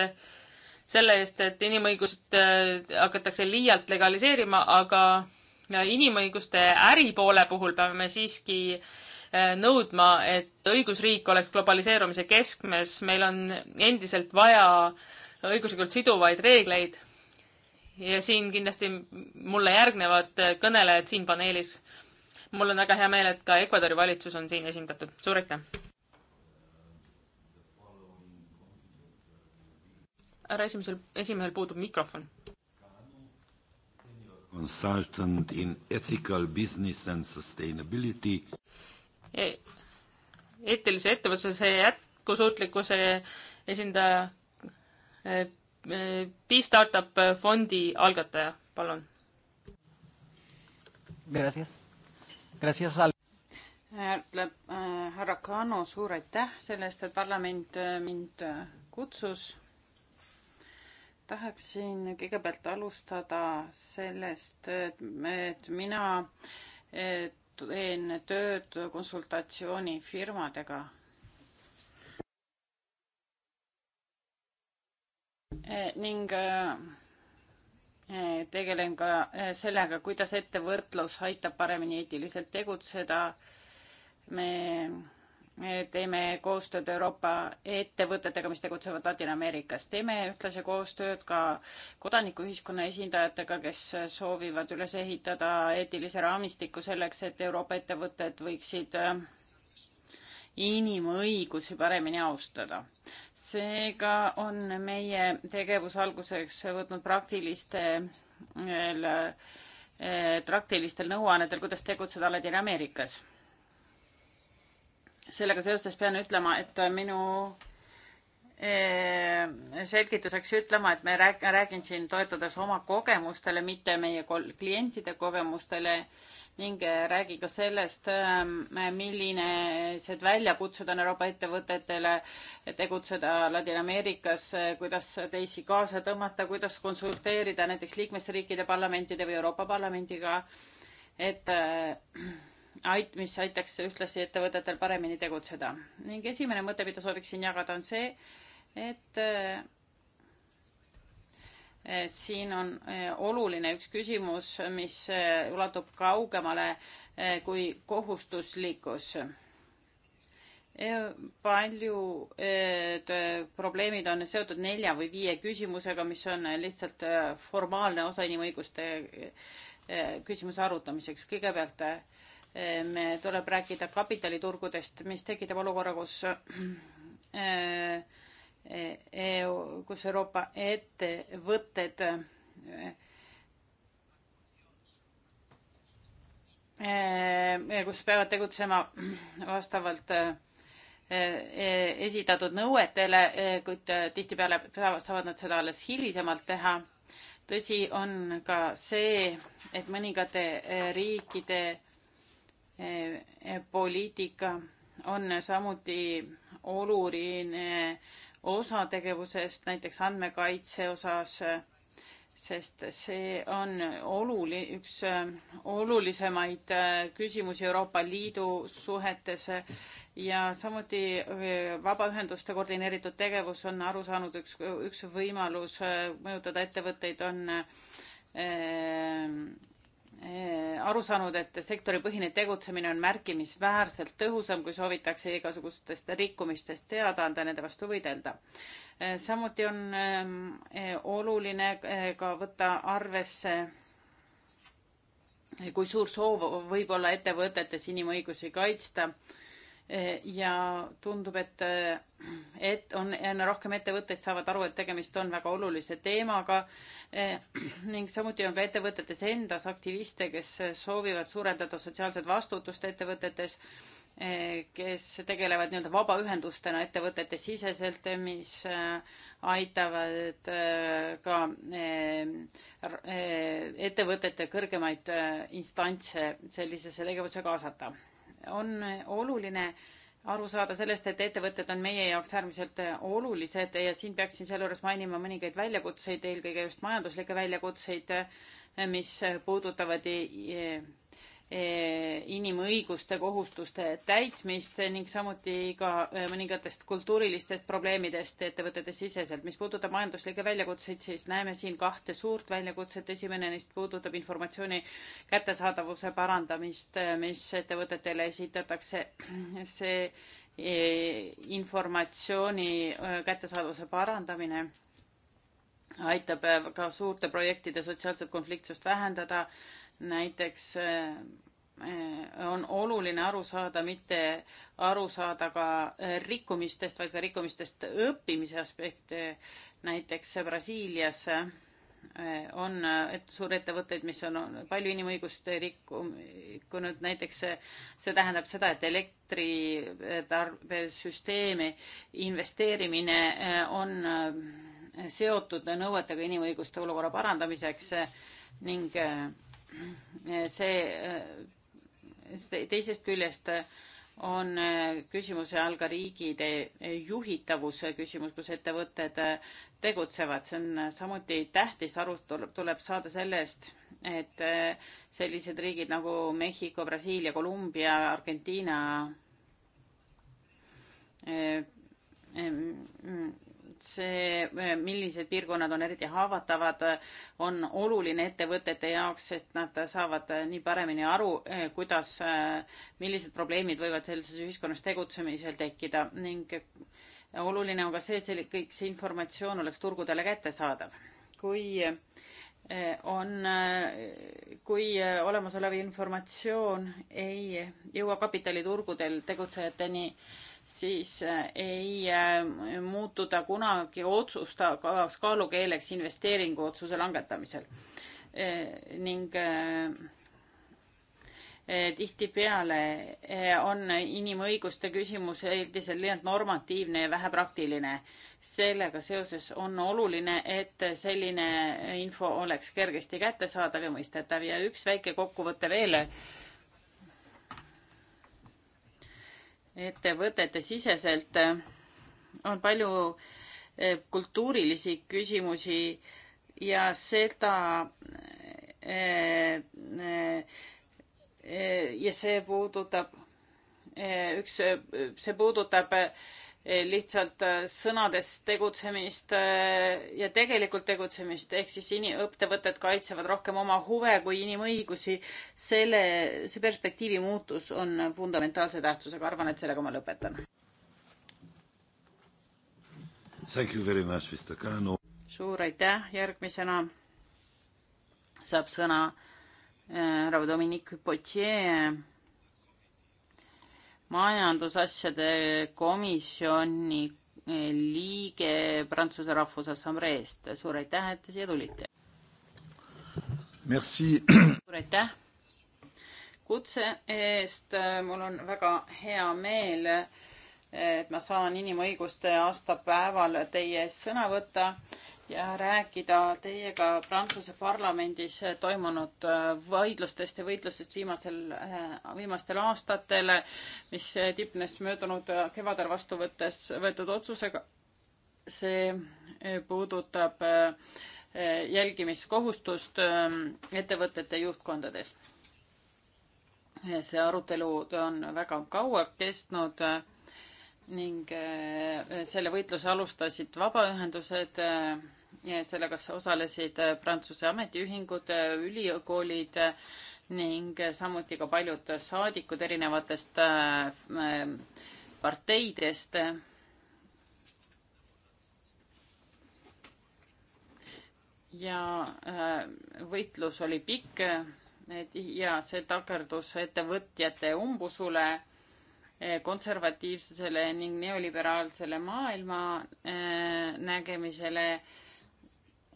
selle eest, et inimõigust äh, hakatakse liialt legaliseerima, aga inimõiguste äripoole puhul peame siiski äh, nõudma, et õigusriik oleks globaliseerumise keskmes, meil on endiselt vaja õiguslikult siduvaid reegleid. ja siin kindlasti mulle järgnevad äh, kõnelejad siin paneelis. mul on väga hea meel, et ka Ecuadori valitsus on siin esindatud. suur aitäh! härra esimesel, esimehel puudub mikrofon. Consultant in ethical business and sustainability e. eetilise ettevõtluse jätkusuutlikkuse esindaja e, e- B-Startup fondi algataja, palun. Gracias. Gracias al- ütleb äh, härra Kano, suur aitäh selle eest, et parlament äh, mind äh, kutsus tahaksin kõigepealt alustada sellest, et mina e, teen tööd konsultatsioonifirmadega. E, ning e, tegelen ka sellega, kuidas ettevõtlus aitab paremini eetiliselt tegutseda. me teeme koostööd Euroopa ettevõtetega, mis tegutsevad Ladina-Ameerikas. teeme ühtlasi koostööd ka kodanikuühiskonna esindajatega, kes soovivad üles ehitada eetilise raamistiku selleks, et Euroopa ettevõtted võiksid äh, inimõigusi paremini austada. seega on meie tegevus alguseks võtnud praktilistel äh, praktilistel nõuannetel, kuidas tegutseda Ladina-Ameerikas sellega seoses pean ütlema, et minu eh, selgituseks ütlema, et me räägin, räägin siin toetades oma kogemustele, mitte meie klientide kogemustele ning eh, räägi ka sellest, eh, millised väljakutsed on Euroopa ettevõtetele tegutseda Ladina-Ameerikas, kuidas teisi kaasa tõmmata, kuidas konsulteerida näiteks liikmesriikide parlamentide või Euroopa Parlamendiga, et ait-, mis aitaks ühtlasi ettevõtetel paremini tegutseda. ning esimene mõte, mida sooviksin jagada, on see, et eh, siin on eh, oluline üks küsimus, mis eh, ulatub kaugemale kui kohustuslikkus. palju probleemid on seotud nelja või viie küsimusega, mis on lihtsalt formaalne osa inimõiguste küsimuse arutamiseks. kõigepealt me tuleb rääkida kapitaliturgudest, mis tekitab olukorra, kus äh, äh, kus Euroopa ettevõtted äh, kus peavad tegutsema vastavalt esitatud nõuetele, kuid tihtipeale saavad nad seda alles hilisemalt teha. tõsi on ka see, et mõningate riikide Eh, poliitika on samuti oluline osa tegevusest, näiteks andmekaitse osas, sest see on oluli-, üks eh, olulisemaid eh, küsimusi Euroopa Liidu suhetes ja samuti vabaühenduste koordineeritud tegevus on aru saanud, üks, üks võimalus mõjutada ettevõtteid on Eh, aru saanud, et sektoripõhine tegutsemine on märkimisväärselt tõhusam, kui soovitakse igasugustest rikkumistest teada anda, nende vastu võidelda. Eh, samuti on eh, oluline ka võtta arvesse kui suur soov võib olla ettevõtetes inimõigusi kaitsta Eh, ja tundub, et, eh, et on, on rohkem ettevõtteid saavad aru, et tegemist on väga olulise teemaga eh, ning samuti on ka ettevõtetes endas aktiviste, kes soovivad suurendada sotsiaalset vastutust ettevõtetes eh,, kes tegelevad nii-öelda vabaühendustena ettevõtete siseselt, mis eh, aitavad ka eh, ettevõtete kõrgemaid instantse sellisesse tegevusse kaasata on oluline aru saada sellest, et ettevõtted on meie jaoks äärmiselt olulised ja siin peaksin sealjuures mainima mõningaid väljakutseid, eelkõige just majanduslikke väljakutseid, mis puudutavad Eh, inimõiguste kohustuste täitmist ning samuti ka eh, mõningatest kultuurilistest probleemidest ettevõtete siseselt. mis puudutab majanduslikke väljakutseid, siis näeme siin kahte suurt väljakutset. esimene neist puudutab informatsiooni kättesaadavuse parandamist, eh, mis ettevõtetele esitatakse. see informatsiooni kättesaadavuse parandamine aitab ka suurte projektide sotsiaalset konfliktsust vähendada näiteks eh, on oluline aru saada, mitte aru saada ka eh, rikkumistest, vaid ka rikkumistest õppimise aspekte. Eh, näiteks Brasiilias on et suurettevõtteid, mis on palju inimõigust rikkunud, näiteks see tähendab seda, et elektritarbesüsteemi investeerimine on seotud nõuetega inimõiguste olukorra parandamiseks ning see teisest küljest on küsimuse all ka riigide juhitavuse küsimus, kus ettevõtted tegutsevad, see on samuti tähtis, aru tuleb saada sellest, et sellised riigid nagu Mehhiko, Brasiilia, Kolumbia, Argentiina see, eh, millised piirkonnad on eriti haavatavad, eh, on oluline ettevõtete jaoks, sest nad saavad eh, nii paremini aru, kuidas, millised probleemid võivad sellises ühiskonnas tegutsemisel tekkida ning oluline on ka see, et see kõik see informatsioon oleks turgudele kättesaadav. kui on, kui olemasolev informatsioon ei jõua kapitaliturgudel tegutsejateni, siis eh, ei eh, muutu ta kunagi otsustavaks kaalukeeleks investeeringuotsuse langetamisel. Eh, ning tihtipeale on inimõiguste küsimus üldiselt liialt normatiivne ja vähepraktiline. sellega seoses on oluline, et selline info oleks kergesti kättesaadav ja mõistetav ja üks väike kokkuvõte veel ettevõtete siseselt äh, on palju äh, kultuurilisi küsimusi ja seda äh, ja see puudutab üks, see puudutab lihtsalt äh, sõnadest tegutsemist äh, ja tegelikult tegutsemist, ehk siis inimõppevõtted kaitsevad rohkem oma huve kui inimõigusi. selle, see perspektiivi muutus on fundamentaalse tähtsusega, arvan, et sellega ma lõpetan. suur aitäh, järgmisena saab sõna äh, härra Dominic Potier majandusasjade komisjoni liige Prantsuse Rahvusassambleest. suur aitäh, et te siia tulite. suur aitäh kutse eest. mul on väga hea meel, et ma saan inimõiguste aastapäeval teie ees sõna võtta ja rääkida teiega Prantsuse parlamendis toimunud äh, vaidlustest ja võitlustest viimasel, äh, viimastel aastatel, mis tipnes möödunud äh, kevadel vastu võttes, võetud otsusega. see puudutab jälgimiskohustust ettevõtete juhtkondades. see arutelu on väga kaua kestnud ning selle võitluse alustasid vabaühendused sellega osalesid äh, Prantsuse ametiühingud, äh, ülikoolid äh, ning samuti ka paljud saadikud erinevatest parteidest ja võitlus oli pikk et ja see takerdus ettevõtjate umbusule, konservatiivsusele ning neoliberaalsele maailma nägemisele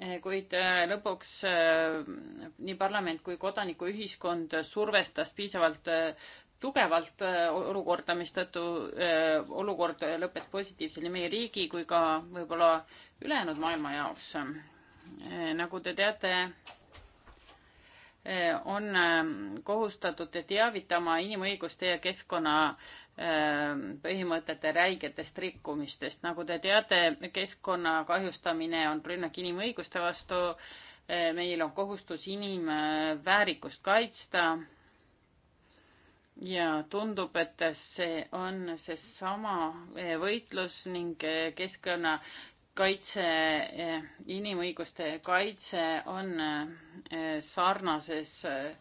Eh, kuid eh, lõpuks eh, nii parlament kui kodanikuühiskond survestas piisavalt tugevalt olukorda, mistõttu olukord lõppes positiivselt nii meie riigi kui ka võib-olla ülejäänud maailma jaoks. nagu te teate, Eh, on ehm, kohustatud teavitama inimõiguste ja keskkonna ehm, põhimõtete räigetest rikkumistest. nagu te teate, keskkonna kahjustamine on rünnak inimõiguste vastu. Eh, meil on kohustus inimväärikust eh, kaitsta. ja tundub, et see on seesama võitlus ning keskkonna kaitse, inimõiguste kaitse on eh, sarnases eh,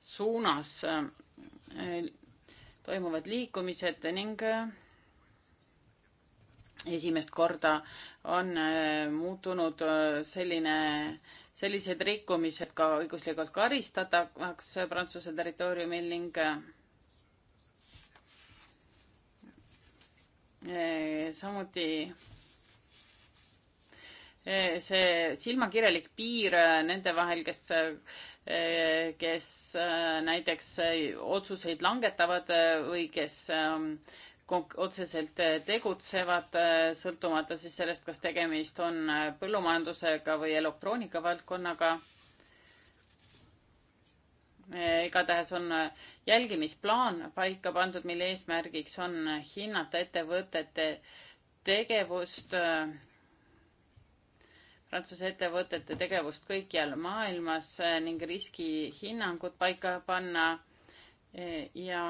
suunas eh, toimuvad liikumised ning esimest korda on muutunud selline, sellised rikkumised ka õiguslikult karistatavaks Prantsuse territooriumil ning samuti Eh, see silmakirjalik piir eh, nende vahel, kes, eh, kes näiteks otsuseid langetavad või kes ehm, otseselt tegutsevad, sõltumata siis sellest, kas tegemist on põllumajandusega või elektroonika valdkonnaga. igatahes on jälgimisplaan paika pandud, mille eesmärgiks on hinnata ettevõtete tegevust äh, Prantsuse ettevõtete tegevust kõikjal maailmas eh, ning riskihinnangud paika panna eh, ja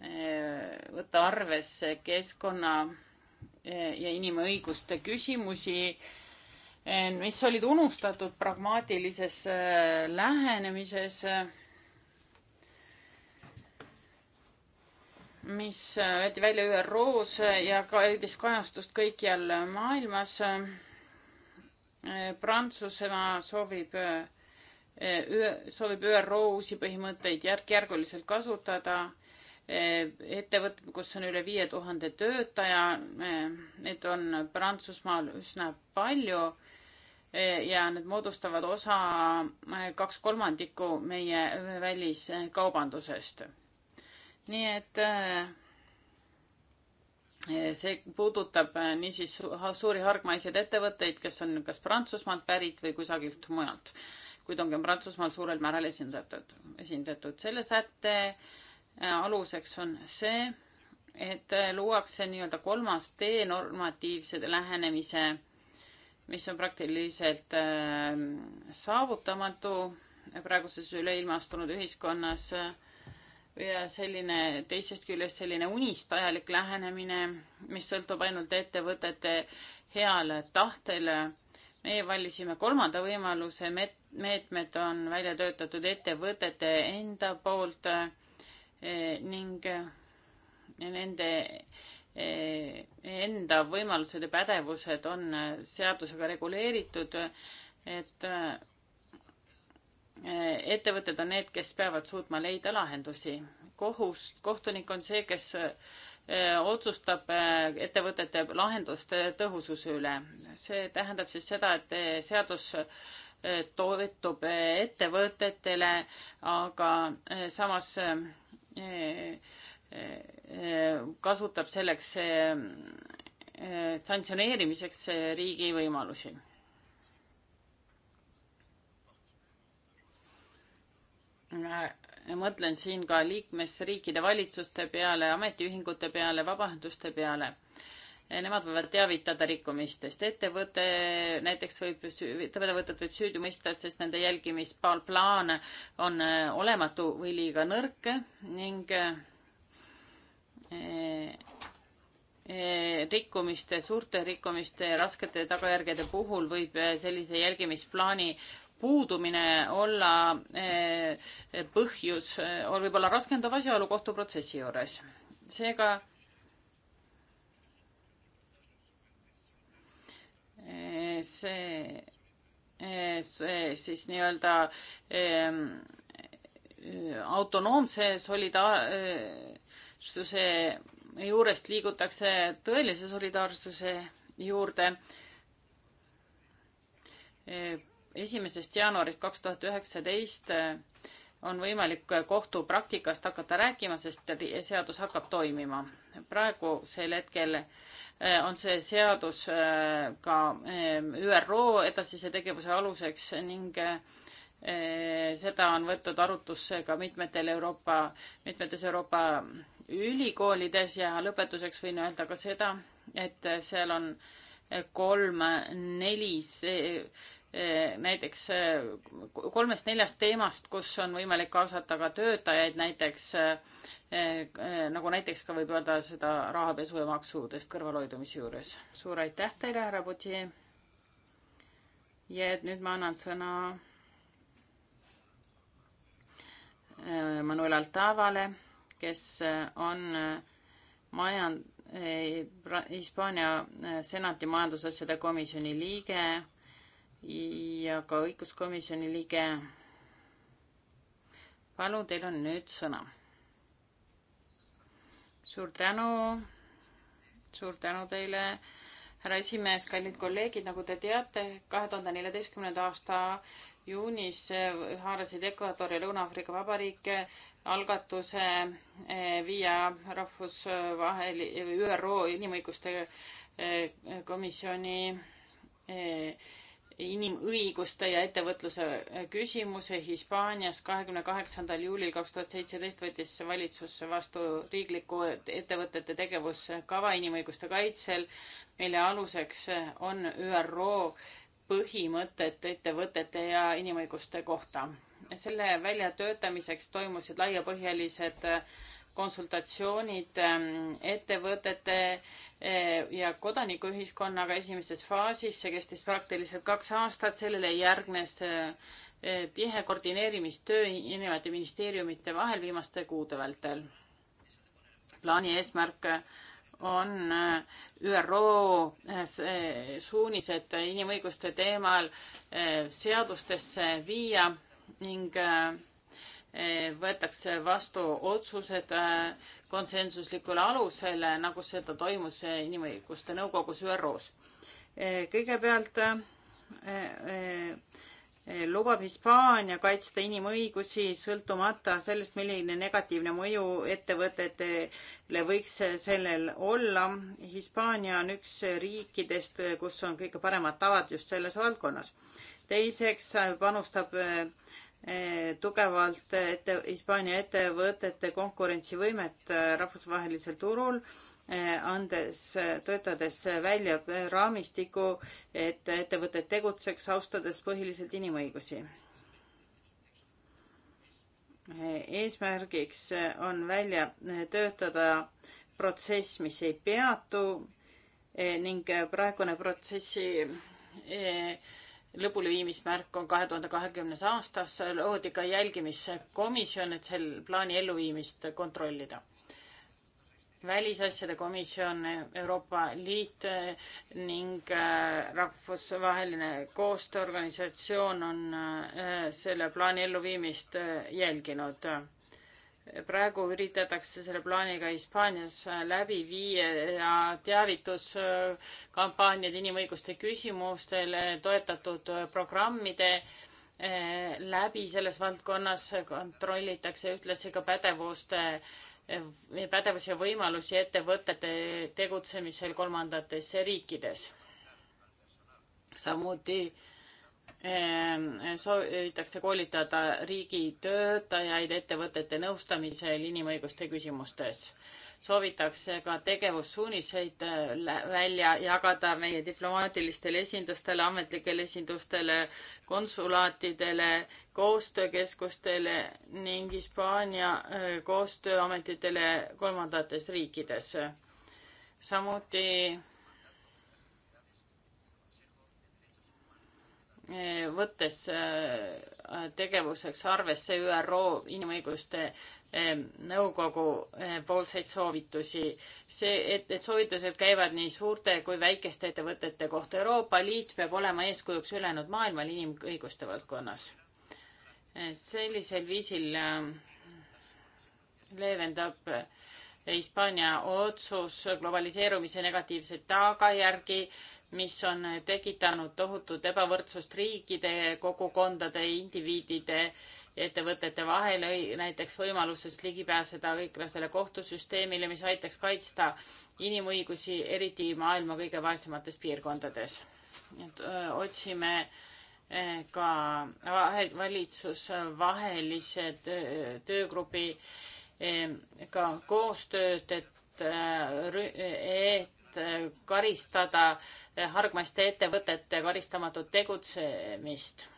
eh, võtta arvesse keskkonna ja inimõiguste küsimusi, mis olid unustatud pragmaatilises lähenemises, mis öeldi välja ÜRO-s ja leidis kajastust kõikjal maailmas Eh, Prantsusmaa soovib, eh, soovib ÜRO uusi põhimõtteid järk-järguliselt kasutada. Eh, ettevõtted, kus on üle viie tuhande töötaja, need on Prantsusmaal üsna palju ja need moodustavad osa kaks kolmandikku meie väliskaubandusest. nii et äh, see puudutab äh, niisiis suuri hargmaiseid ettevõtteid, kes on kas Prantsusmaalt pärit või kusagilt mujalt, kuid ongi Prantsusmaal suurel määral esindatud, esindatud. selle sätte äh, aluseks on see, et äh, luuakse nii-öelda kolmas tee normatiivse lähenemise, mis on praktiliselt saavutamatu praeguses üleilmastunud ühiskonnas ja selline teisest küljest selline unistajalik lähenemine, mis sõltub ainult ettevõtete heale tahtele. meie valisime kolmanda võimaluse, meetmed on välja töötatud ettevõtete enda poolt e, ning nende e, enda võimalused ja pädevused on seadusega reguleeritud, et ettevõtted on need, kes peavad suutma leida lahendusi. kohus, kohtunik on see, kes eh, otsustab eh, ettevõtete lahenduste tõhususe üle. see tähendab siis seda, et eh, seadus toetub ettevõtetele, aga samas kasutab selleks sanktsioneerimiseks riigi võimalusi ma mõtlen siin ka liikmesriikide valitsuste peale, ametiühingute peale, vabaühenduste peale. Nemad võivad teavitada rikkumistest. ettevõte näiteks võib, ettevõtet võib süüdi mõista, sest nende jälgimisplaan on äh, olematu või liiga nõrk ning äh, äh, rikkumiste, suurte rikkumiste ja raskete tagajärgede puhul võib sellise jälgimisplaani puudumine olla eh, põhjus, eh, võib olla raskendav asjaolu kohtuprotsessi juures. seega eh, see, see siis nii-öelda autonoomse solidaarsuse juurest liigutakse tõelise solidaarsuse juurde esimesest jaanuarist kaks tuhat üheksateist eh, on võimalik kohtupraktikast hakata rääkima, sest seadus hakkab toimima. praegusel hetkel eh, on see seadus eh, ka ÜRO edasise tegevuse aluseks ning seda on võetud arutusse ka mitmetel Euroopa, mitmetes Euroopa ülikoolides ja lõpetuseks võin öelda ka seda, et seal on kolm-neli Eh, näiteks eh, kolmest-neljast teemast, kus on võimalik kaasata ka töötajaid, näiteks eh, nagu näiteks ka võib öelda seda rahapesu ja maksudest kõrvalhoidumise juures. suur aitäh teile, härra Putsi. ja et nüüd ma annan sõna Manuel Altavale, kes on majan-, Hispaania senati majandusasjade komisjoni liige ja ka õiguskomisjoni liige. palun, teil on nüüd sõna. suur tänu, suur tänu teile, härra esimees, kallid kolleegid, nagu te teate, kahe tuhande neljateistkümnenda aasta juunis eh, haarasid Ecuador ja Lõuna-Aafrika Vabariik eh, algatuse eh, viia rahvusvahel ÜRO inimõiguste komisjoni inimõiguste ja ettevõtluse küsimuse Hispaanias kahekümne kaheksandal juulil kaks tuhat seitseteist võttis valitsus vastu riikliku ettevõtete tegevuskava inimõiguste kaitsel, mille aluseks on ÜRO põhimõtted ettevõtete ja inimõiguste kohta. selle väljatöötamiseks toimusid laiapõhjalised konsultatsioonid ähm, ettevõtete äh, ja kodanikuühiskonnaga esimeses faasis, see kestis praktiliselt kaks aastat, sellele järgnes äh, äh, tihe koordineerimistöö erinevate ministeeriumite vahel viimaste kuude vältel. plaani eesmärk on ÜRO suunised inimõiguste teemal seadustesse viia ning Eh, võetakse vastu otsused eh, konsensuslikule alusele, eh, nagu seda toimus Inimõiguste Nõukogus ÜRO-s. kõigepealt lubab Hispaania kaitsta inimõigusi sõltumata sellest, milline negatiivne mõju ettevõtetele võiks sellel olla. Hispaania on üks riikidest, kus on kõige paremad tavad just selles valdkonnas. teiseks panustab Eh, tugevalt eh, ette, Hispaania ettevõtete konkurentsivõimet eh, rahvusvahelisel turul, andes, töötades välja raamistiku, et ettevõtted tegutseks, austades põhiliselt inimõigusi. eesmärgiks on välja töötada protsess, mis ei peatu ning praegune protsessi lõpuleviimismärk on kahe tuhande kahekümnes aastas, loodi ka jälgimiskomisjon, et sel plaani elluviimist kontrollida. välisasjade komisjon, Euroopa Liit ning äh, rahvusvaheline koostööorganisatsioon on äh, selle plaani elluviimist äh, jälginud praegu üritatakse selle plaaniga Hispaanias läbi viia teavituskampaaniad inimõiguste küsimustele toetatud programmide eh, läbi selles valdkonnas kontrollitakse ühtlasi ka pädevuste, eh, pädevusi ja võimalusi ettevõtete tegutsemisel kolmandates riikides. samuti Ehm, soovitakse koolitada riigitöötajaid ettevõtete nõustamisel inimõiguste küsimustes. soovitakse ka tegevussuuniseid äh, välja jagada meie diplomaatilistele esindustele, ametlikele esindustele, konsulaatidele, koostöökeskustele ning Hispaania äh, koostööametitele kolmandates riikides. samuti võttes äh, tegevuseks arvesse ÜRO Inimõiguste äh, Nõukogu äh, poolseid soovitusi. see, et need soovitused käivad nii suurte kui väikeste ettevõtete kohta. Euroopa Liit peab olema eeskujuks ülejäänud maailmal inimõiguste valdkonnas. sellisel viisil leevendab Hispaania otsus globaliseerumise negatiivseid tagajärgi mis on tekitanud tohutut ebavõrdsust riikide, kogukondade, indiviidide, ettevõtete vahel, näiteks võimalusest ligi pääseda õiglasele kohtusüsteemile, mis aitaks kaitsta inimõigusi, eriti maailma kõige vaesemates piirkondades. et otsime ka valitsusvahelise töögrupi ka koostööd, et, et et eh, karistada eh, hargmaiste ettevõtete karistamatut tegutsemist.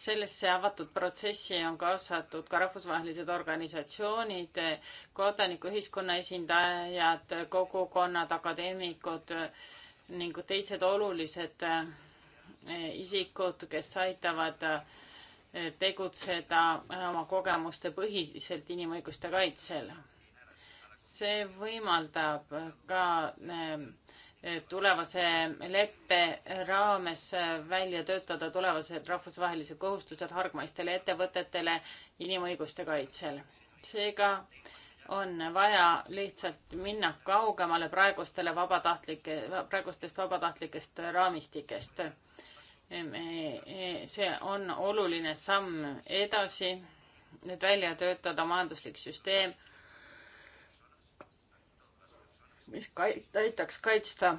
sellesse avatud protsessi on kaasatud ka rahvusvahelised organisatsioonid, kodanikuühiskonna esindajad, kogukonnad, akadeemikud ning teised olulised eh, isikud, kes aitavad tegutseda oma kogemuste põhiselt inimõiguste kaitsel see võimaldab ka ähm, tulevase leppe raames välja töötada tulevased rahvusvahelised kohustused hargmaistele ettevõtetele inimõiguste kaitsel. seega on vaja lihtsalt minna kaugemale praegustele vabatahtlike, praegustest vabatahtlikest raamistikest. E, e, see on oluline samm edasi, et välja töötada majanduslik süsteem mis kait-, aitaks kaitsta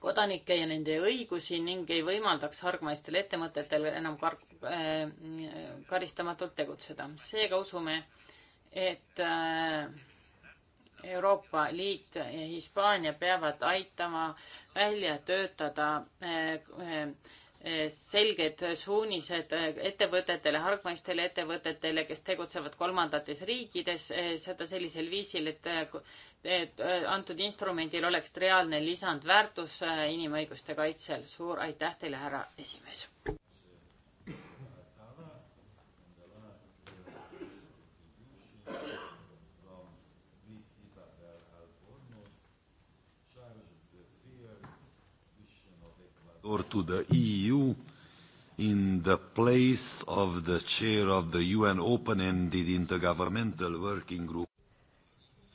kodanikke ja nende õigusi ning ei võimaldaks hargmaistel ettevõtetel enam kar-, äh, karistamatult tegutseda. seega usume, et äh, Euroopa Liit ja Hispaania peavad aitama välja töötada äh, selged suunised ettevõtetele, hargmaistele ettevõtetele, kes tegutsevad kolmandates riikides, eh, seda sellisel viisil, et, et antud instrumendil oleks reaalne lisandväärtus eh, inimõiguste kaitsel. suur aitäh teile, härra esimees! or to the EU in the place of the chair of the UN open-ended intergovernmental working group.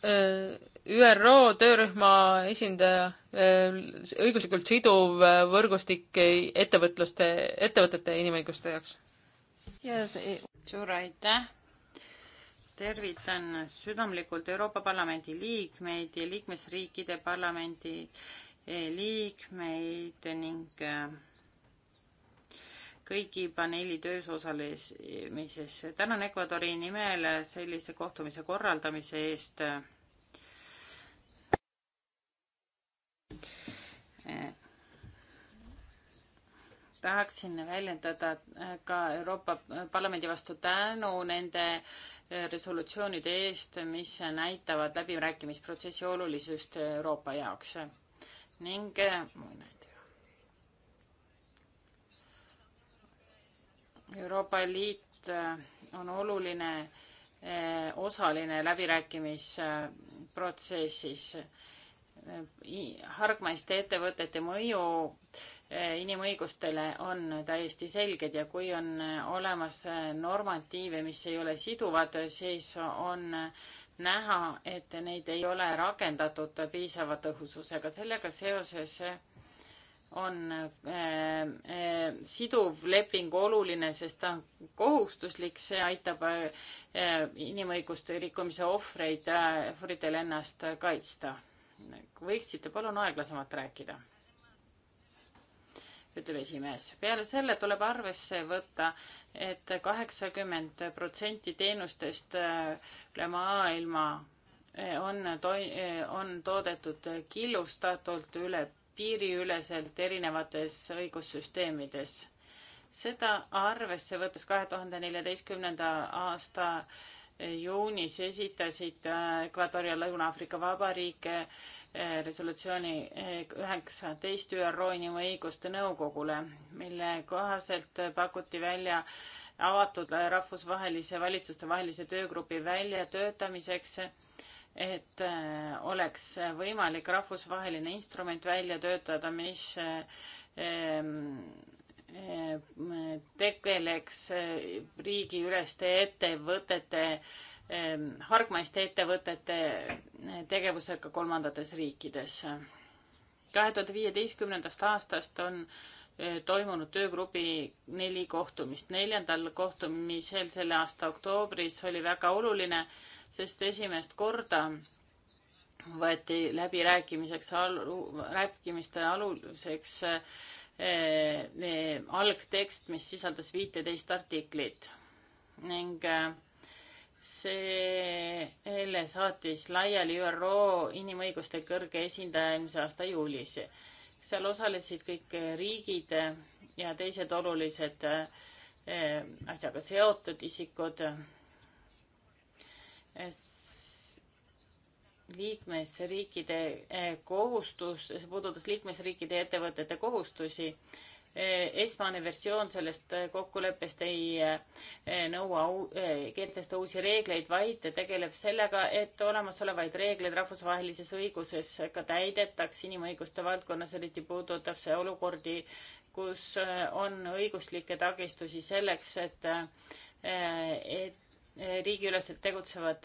Äh, ÜRO töörühma esindaja, äh, õiguslikult siduv äh, võrgustik ettevõtluste, ettevõtete inimõiguste jaoks. E-, suur aitäh. tervitan südamlikult Euroopa Parlamendi liikmeid ja liikmesriikide parlamendi äh, liikmeid ning äh, kõigi paneeli töös osalemises. tänan Ecuadori nimel sellise kohtumise korraldamise eest. tahaksin väljendada ka Euroopa Parlamendi vastu tänu nende resolutsioonide eest, mis näitavad läbirääkimisprotsessi olulisust Euroopa jaoks ning äh, muinaid. Euroopa Liit äh, on oluline äh, osaline läbirääkimisprotsessis. hargmaiste ettevõtete mõju inimõigustele on täiesti selged ja kui on olemas normatiive, mis ei ole siduvad, siis on näha, et neid ei ole rakendatud piisava tõhususega. sellega seoses on äh, äh, siduv leping oluline, sest ta on kohustuslik, see aitab äh, inimõiguste rikkumise ohvreid, äh, ohvritel ennast kaitsta. võiksite palun aeglasemalt rääkida? ütleb esimees. peale selle tuleb arvesse võtta et, et kaheksakümmend protsenti teenustest üle maailma eh, on toi-, eh, on toodetud killustatult üle piiriüleselt erinevates õigussüsteemides. seda arvesse võttes kahe tuhande neljateistkümnenda aasta juunis esitasid äh, Ekvadori ja Lõuna-Aafrika Vabariik äh, resolutsiooni äh, üheksateist ÜRO Inimõiguste Nõukogule, mille kohaselt pakuti välja avatud rahvusvahelise valitsustevahelise töögrupi väljatöötamiseks, et oleks võimalik rahvusvaheline instrument välja töötada, mis tegeleks eh, riigiüleste ettevõtete, eh, hargmaiste ettevõtete eh, tegevusega kolmandates riikides. kahe tuhande viieteistkümnendast aastast on toimunud töögrupi neli kohtumist. neljandal kohtumisel selle aasta oktoobris oli väga oluline, sest esimest korda võeti läbirääkimiseks, rääkimiste aluseks Eh, eh, algtekst, mis sisaldas viiteist artiklit ning eh, see jälle saatis laiali ÜRO inimõiguste kõrge esindaja eelmise aasta juulis. seal osalesid kõik riigid ja teised olulised asjaga seotud isikud liikmesriikide eh, kohustus, see puudutas liikmesriikide ettevõtete kohustusi. Eh, esmane versioon sellest eh, kokkuleppest ei nõua kehtesta uusi reegleid, vaid tegeleb sellega, et olemasolevaid reegleid rahvusvahelises õiguses ka täidetaks inimõiguste valdkonnas, eriti puudutab see olukordi, kus on õiguslikke takistusi selleks, et, et riigiüleselt tegutsevad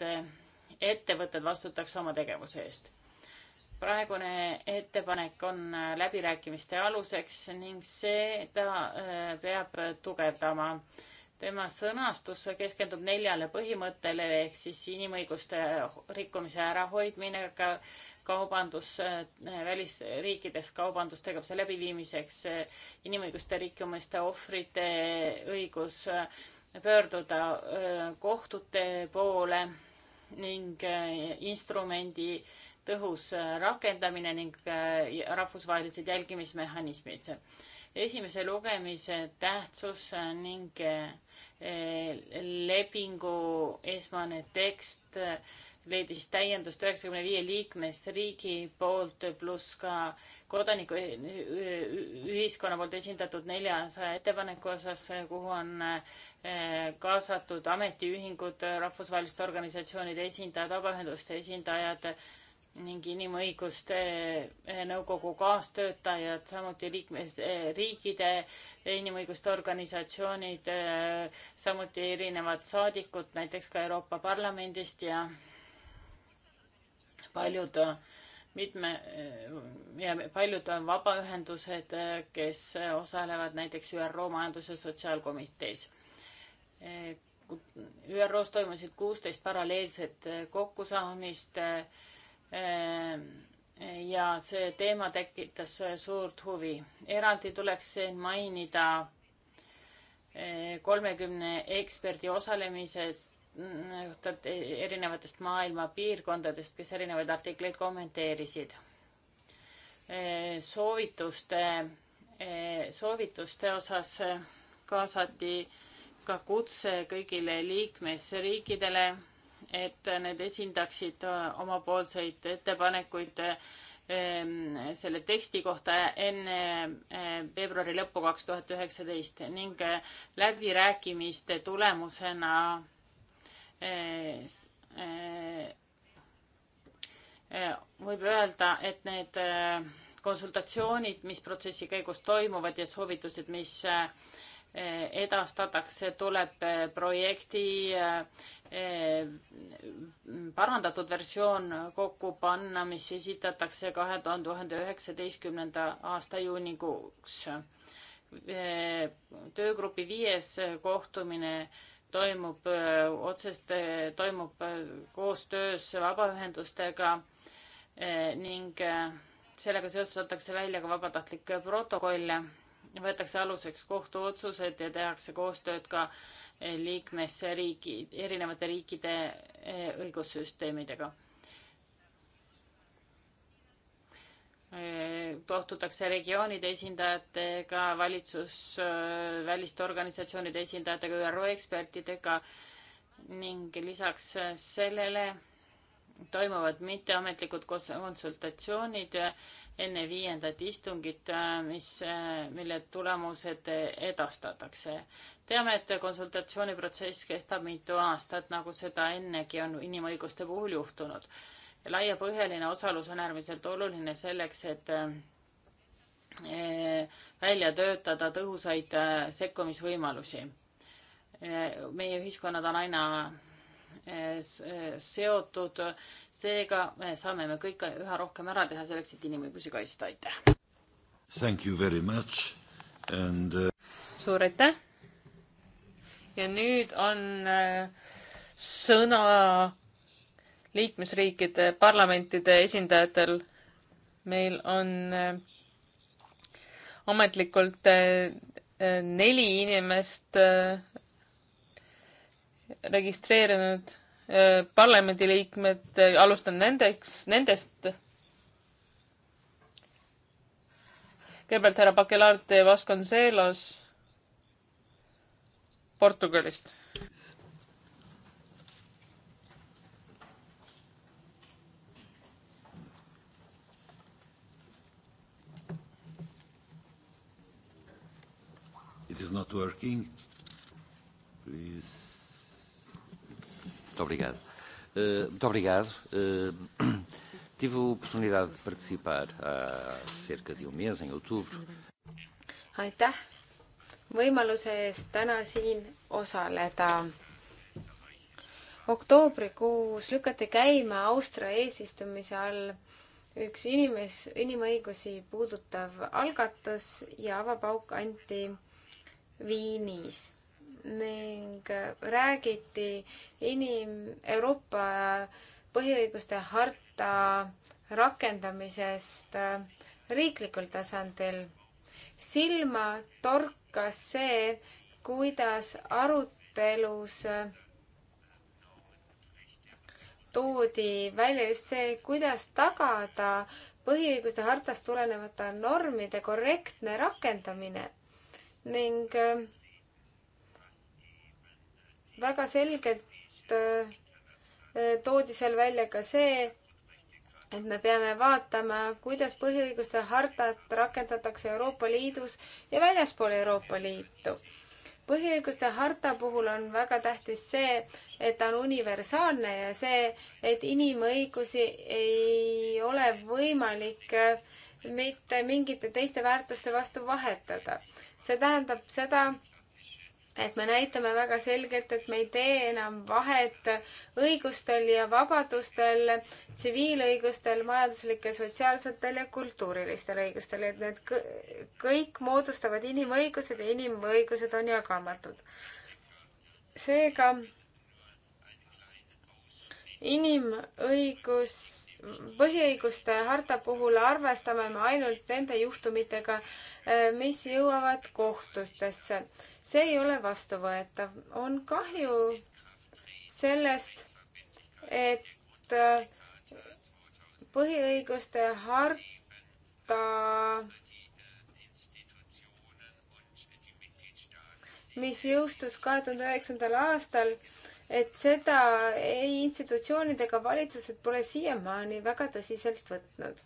ettevõtted vastutaks oma tegevuse eest. praegune ettepanek on äh, läbirääkimiste aluseks ning seda äh, peab tugevdama. tema sõnastus keskendub neljale põhimõttele ehk siis inimõiguste rikkumise ärahoidmine, ka kaubandus äh, välisriikides kaubandustegevuse läbiviimiseks, inimõiguste rikkumiste ohvrite õigus pöörduda kohtute poole ning eh, instrumendi tõhus eh, rakendamine ning eh, rahvusvahelised jälgimismehhanismid. esimese lugemise tähtsus ning lepingu esmane tekst leidis täiendust üheksakümne viie liikmesriigi poolt pluss ka kodanikuühiskonna e- e- e- poolt esindatud neljasaja ettepaneku osas, kuhu on kaasatud ametiühingud, rahvusvaheliste organisatsioonide esindajad, vabaühenduste esindajad ning inimõiguste nõukogu kaastöötajad, samuti liikmesriikide inimõiguste organisatsioonid, samuti erinevad saadikud, näiteks ka Euroopa Parlamendist ja paljud mitme ja paljud on vabaühendused, kes osalevad näiteks ÜRO Majandus- ja Sotsiaalkomitees. ÜRO-s toimusid kuusteist paralleelset kokkusaamist ja see teema tekitas suurt huvi. eraldi tuleks siin mainida kolmekümne eksperdi osalemisest juhtad erinevatest maailma piirkondadest, kes erinevaid artikleid kommenteerisid. soovituste, soovituste osas kaasati ka kutse kõigile liikmesriikidele, et need esindaksid omapoolseid ettepanekuid ehm, selle teksti kohta enne ehm, veebruari lõppu kaks tuhat üheksateist ning läbirääkimiste tulemusena võib öelda, et need konsultatsioonid, mis protsessi käigus toimuvad ja soovitused, mis edastatakse, tuleb projekti parandatud versioon kokku panna, mis esitatakse kahe tuhande üheksateistkümnenda aasta juunikuuks. töögrupi viies kohtumine toimub otseste, toimub koostöös vabaühendustega ning sellega seoses antakse välja ka vabatahtlikke protokolle, võetakse aluseks kohtuotsused ja tehakse koostööd ka liikmesriigi, erinevate riikide õigussüsteemidega kohtutakse regioonide esindajatega, valitsusväliste äh, organisatsioonide esindajatega, ÜRO ekspertidega ning lisaks sellele toimuvad mitteametlikud konsultatsioonid enne viiendat istungit, äh, mis, äh, mille tulemused edastatakse. teame, et konsultatsiooniprotsess kestab mitu aastat, nagu seda ennegi on inimõiguste puhul juhtunud laiapõhjaline osalus on äärmiselt oluline selleks, et eh, välja töötada tõhusaid eh, sekkumisvõimalusi. Eh, meie ühiskonnad on aina seotud, seega me saame me kõik üha rohkem ära teha selleks, et inimõigusi kaitsta, aitäh! Thank you very much and uh... suur aitäh! ja nüüd on sõna liikmesriikide parlamentide esindajatel. meil on äh, ametlikult äh, neli inimest äh, registreerinud parlamendiliikmed, alustan nendeks, nendest. kõigepealt härra Bacelarte Vasconcelos Portugalist. is not working. Please. Muito obrigado. Uh, muito obrigado. Uh, tive a oportunidade de participar há cerca de um mês, em outubro. Aitäh võimaluse eest täna siin osaleda. oktoobrikuus lükati käima Austria eesistumise all üks inimes, inimõigusi puudutav algatus ja avapauk anti Viinis ning räägiti inim-, Euroopa põhiõiguste harta rakendamisest äh, riiklikul tasandil. silma torkas see, kuidas arutelus äh, toodi välja just see, kuidas tagada põhiõiguste hartast tulenevate normide korrektne rakendamine ning äh, väga selgelt äh, äh, toodi seal välja ka see, et me peame vaatama, kuidas põhiõiguste hartat rakendatakse Euroopa Liidus ja väljaspool Euroopa Liitu põhiõiguste harta puhul on väga tähtis see, et ta on universaalne ja see, et inimõigusi ei ole võimalik mitte mingite teiste väärtuste vastu vahetada see tähendab seda, et me näitame väga selgelt, et me ei tee enam vahet õigustel ja vabadustel, tsiviilõigustel, majanduslikel, sotsiaalsetel ja kultuurilistel õigustel, et need kõik moodustavad inimõigused ja inimõigused on jagamatud. seega inimõigust põhiõiguste harta puhul arvestame me ainult nende juhtumitega, äh, mis jõuavad kohtutesse. see ei ole vastuvõetav. on kahju sellest, et äh, põhiõiguste harta mis jõustus kahe tuhande üheksandal aastal et seda ei institutsioonid ega valitsused pole siiamaani väga tõsiselt võtnud.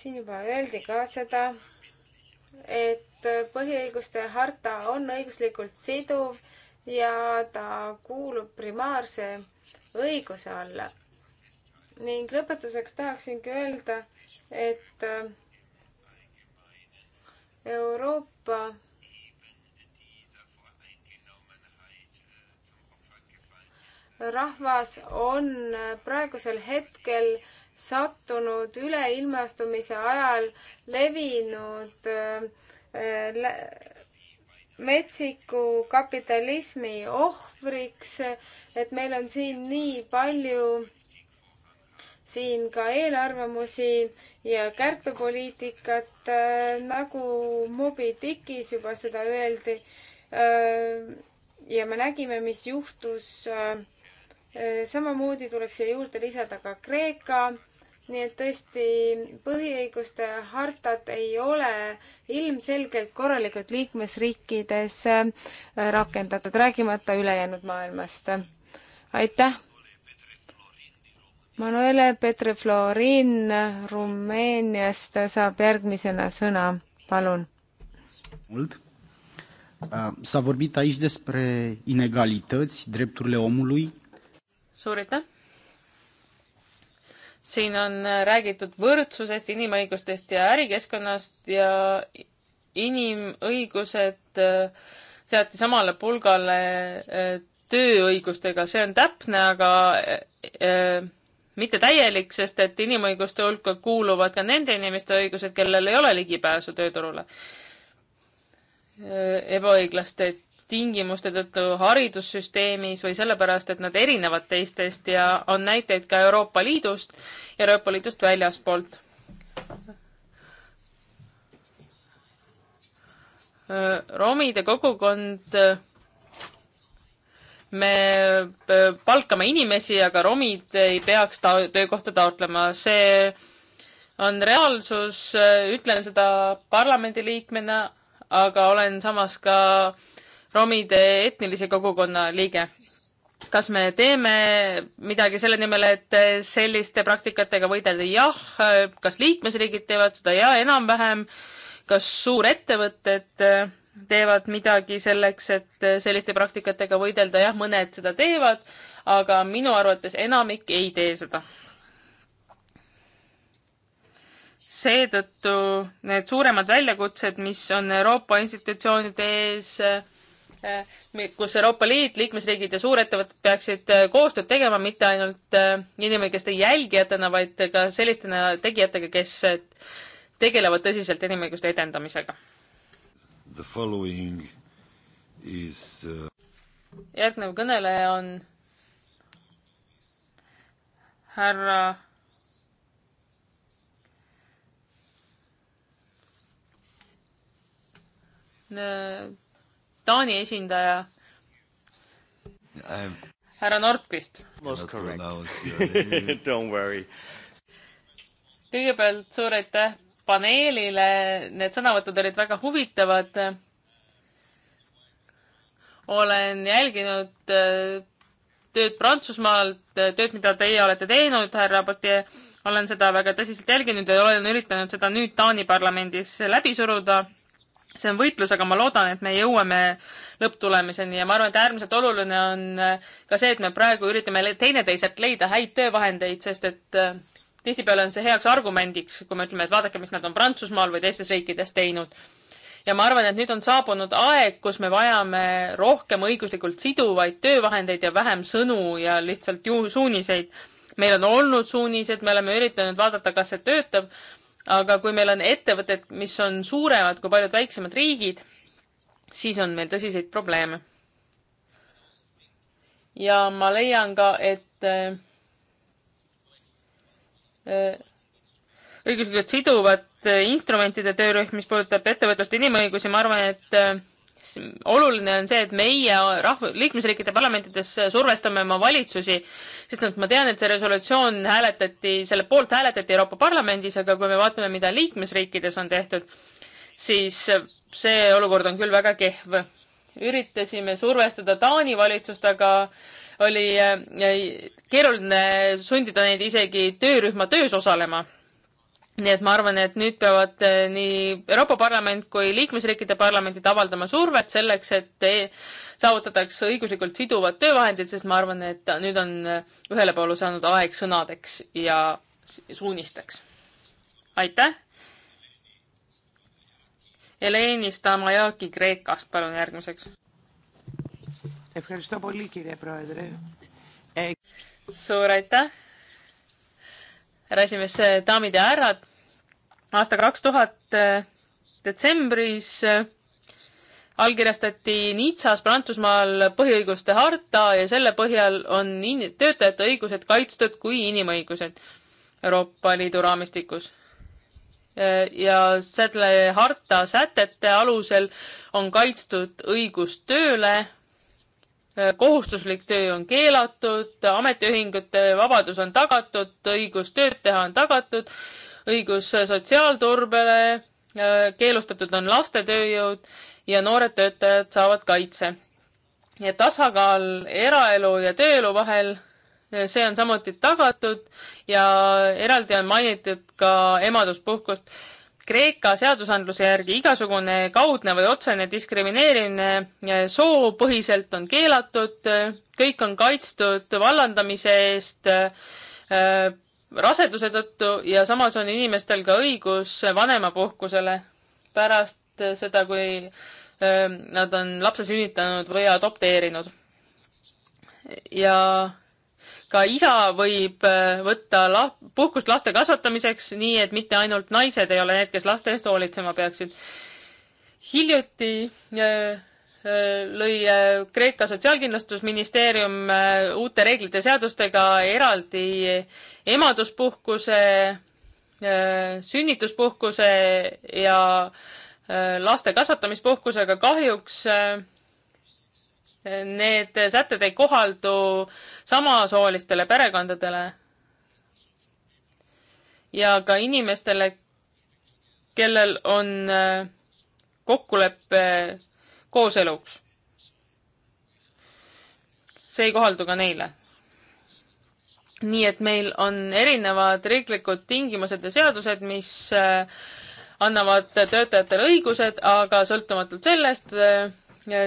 siin juba öeldi ka seda, et põhiõiguste harta on õiguslikult siduv ja ta kuulub primaarse õiguse alla. ning lõpetuseks tahaksingi öelda, et äh, Euroopa rahvas on praegusel hetkel sattunud üleilmastumise ajal levinud äh, metsiku kapitalismi ohvriks, et meil on siin nii palju siin ka eelarvamusi ja kärpepoliitikat, äh, nagu Moby Dickis juba seda öeldi. Äh, ja me nägime, mis juhtus. Äh, samamoodi tuleks siia juurde lisada ka Kreeka. nii et tõesti, põhiõiguste hartat ei ole ilmselgelt korralikult liikmesriikides rakendatud, rääkimata ülejäänud maailmast. aitäh Manuele Petreflorin Rumeeniast saab järgmisena sõna, palun. mult. S-a vorbit aici despre inegalități, drepturile omului. Suur aitäh! siin on räägitud võrdsusest, inimõigustest ja ärikeskkonnast ja inimõigused e, seati samale pulgale e, tööõigustega, see on täpne, aga e, mitte täielik, sest et inimõiguste hulka kuuluvad ka nende inimeste õigused, kellel ei ole ligipääsu tööturule. ebaõiglaste tingimuste tõttu haridussüsteemis või sellepärast, et nad erinevad teistest ja on näiteid ka Euroopa Liidust, Euroopa Liidust väljaspoolt. romide kogukond me äh, palkame inimesi, aga romid ei peaks ta töökohta taotlema, see on reaalsus, äh, ütlen seda parlamendiliikmena, aga olen samas ka romide etnilise kogukonna liige. kas me teeme midagi selle nimel, et selliste praktikatega võidelda? jah, äh, kas liikmesriigid teevad seda? ja enam-vähem. kas suurettevõtted et teevad midagi selleks, et äh, selliste praktikatega võidelda, jah, mõned seda teevad, aga minu arvates enamik ei tee seda. seetõttu need suuremad väljakutsed, mis on Euroopa institutsioonide ees, äh, äh, kus Euroopa Liit, liikmesriigid ja suurettevõtted peaksid koostööd tegema mitte ainult inimõiguste jälgijatena, vaid ka sellistena tegijatega, kes tegelevad tõsiselt inimõiguste edendamisega the following is uh... järgnev kõneleja on härra Taani esindaja härra Nordqvist. Don't worry. kõigepealt suur aitäh paneelile, need sõnavõtud olid väga huvitavad. olen jälginud äh, tööd Prantsusmaalt, äh, tööd, mida teie olete teinud, härra Potier, olen seda väga tõsiselt jälginud ja olen üritanud seda nüüd Taani parlamendis läbi suruda. see on võitlus, aga ma loodan, et me jõuame lõpptulemiseni ja ma arvan, et äärmiselt oluline on äh, ka see, et me praegu üritame teineteiselt leida häid töövahendeid, sest et äh, tihtipeale on see heaks argumendiks, kui me ütleme, et vaadake, mis nad on Prantsusmaal või teistes riikides teinud. ja ma arvan, et nüüd on saabunud aeg, kus me vajame rohkem õiguslikult siduvaid töövahendeid ja vähem sõnu ja lihtsalt ju suuniseid. meil on olnud suunised, me oleme üritanud vaadata, kas see töötab, aga kui meil on ettevõtted, mis on suuremad kui paljud väiksemad riigid, siis on meil tõsiseid probleeme. ja ma leian ka, et äh, õiguslikult siduvat äh, instrumentide töörühm, mis puudutab ettevõtlust ja inimõigusi, ma arvan, et äh, oluline on see, et meie rahva, liikmesriikide parlamentides survestame oma valitsusi, sest noh, ma tean, et see resolutsioon hääletati, selle poolt hääletati Euroopa Parlamendis, aga kui me vaatame, mida liikmesriikides on tehtud, siis see olukord on küll väga kehv. üritasime survestada Taani valitsust, aga oli äh, keeruline sundida neid isegi töörühma töös osalema. nii et ma arvan, et nüüd peavad äh, nii Euroopa Parlament kui liikmesriikide parlamendid avaldama survet selleks, et äh, saavutataks õiguslikult siduvad töövahendid, sest ma arvan, et nüüd on ühele poole saanud aeg sõnadeks ja suunisteks. aitäh! Eleni Stamajaki Kreekast, palun järgmiseks Ευχαριστώ πολύ κύριε Πρόεδρε. suur aitäh, härra esimees, daamid ja härrad. aasta kaks tuhat äh, detsembris äh, allkirjastati Nitsas Prantsusmaal põhiõiguste harta ja selle põhjal on töötajate õigused kaitstud kui inimõigused Euroopa Liidu raamistikus äh, ja selle harta sätete alusel on kaitstud õigus tööle, kohustuslik töö on keelatud, ametiühingute vabadus on tagatud, õigus tööd teha on tagatud, õigus sotsiaalturbele, äh, keelustatud on lastetööjõud ja noored töötajad saavad kaitse. ja tasakaal eraelu ja tööelu vahel, äh, see on samuti tagatud ja eraldi on mainitud ka emaduspuhkust Kreeka seadusandluse järgi igasugune kaudne või otsene diskrimineerimine eh, soopõhiselt on keelatud, eh, kõik on kaitstud vallandamise eest eh, raseduse tõttu ja samas on inimestel ka õigus vanemapuhkusele pärast seda, kui nad on lapse sünnitanud või adopteerinud. ja ka isa võib äh, võtta la-, puhkust laste kasvatamiseks, nii et mitte ainult naised ei ole need, kes laste eest hoolitsema peaksid. hiljuti äh, äh, lõi Kreeka Sotsiaalkindlustusministeerium uute reeglite seadustega eraldi emaduspuhkuse, sünnituspuhkuse ja laste kasvatamispuhkusega kahjuks äh, Need sätted ei kohaldu samasoolistele perekondadele ja ka inimestele, kellel on äh, kokkulepe kooseluks. see ei kohaldu ka neile. nii et meil on erinevad riiklikud tingimused ja seadused, mis äh, annavad töötajatele õigused, aga sõltumatult sellest, äh,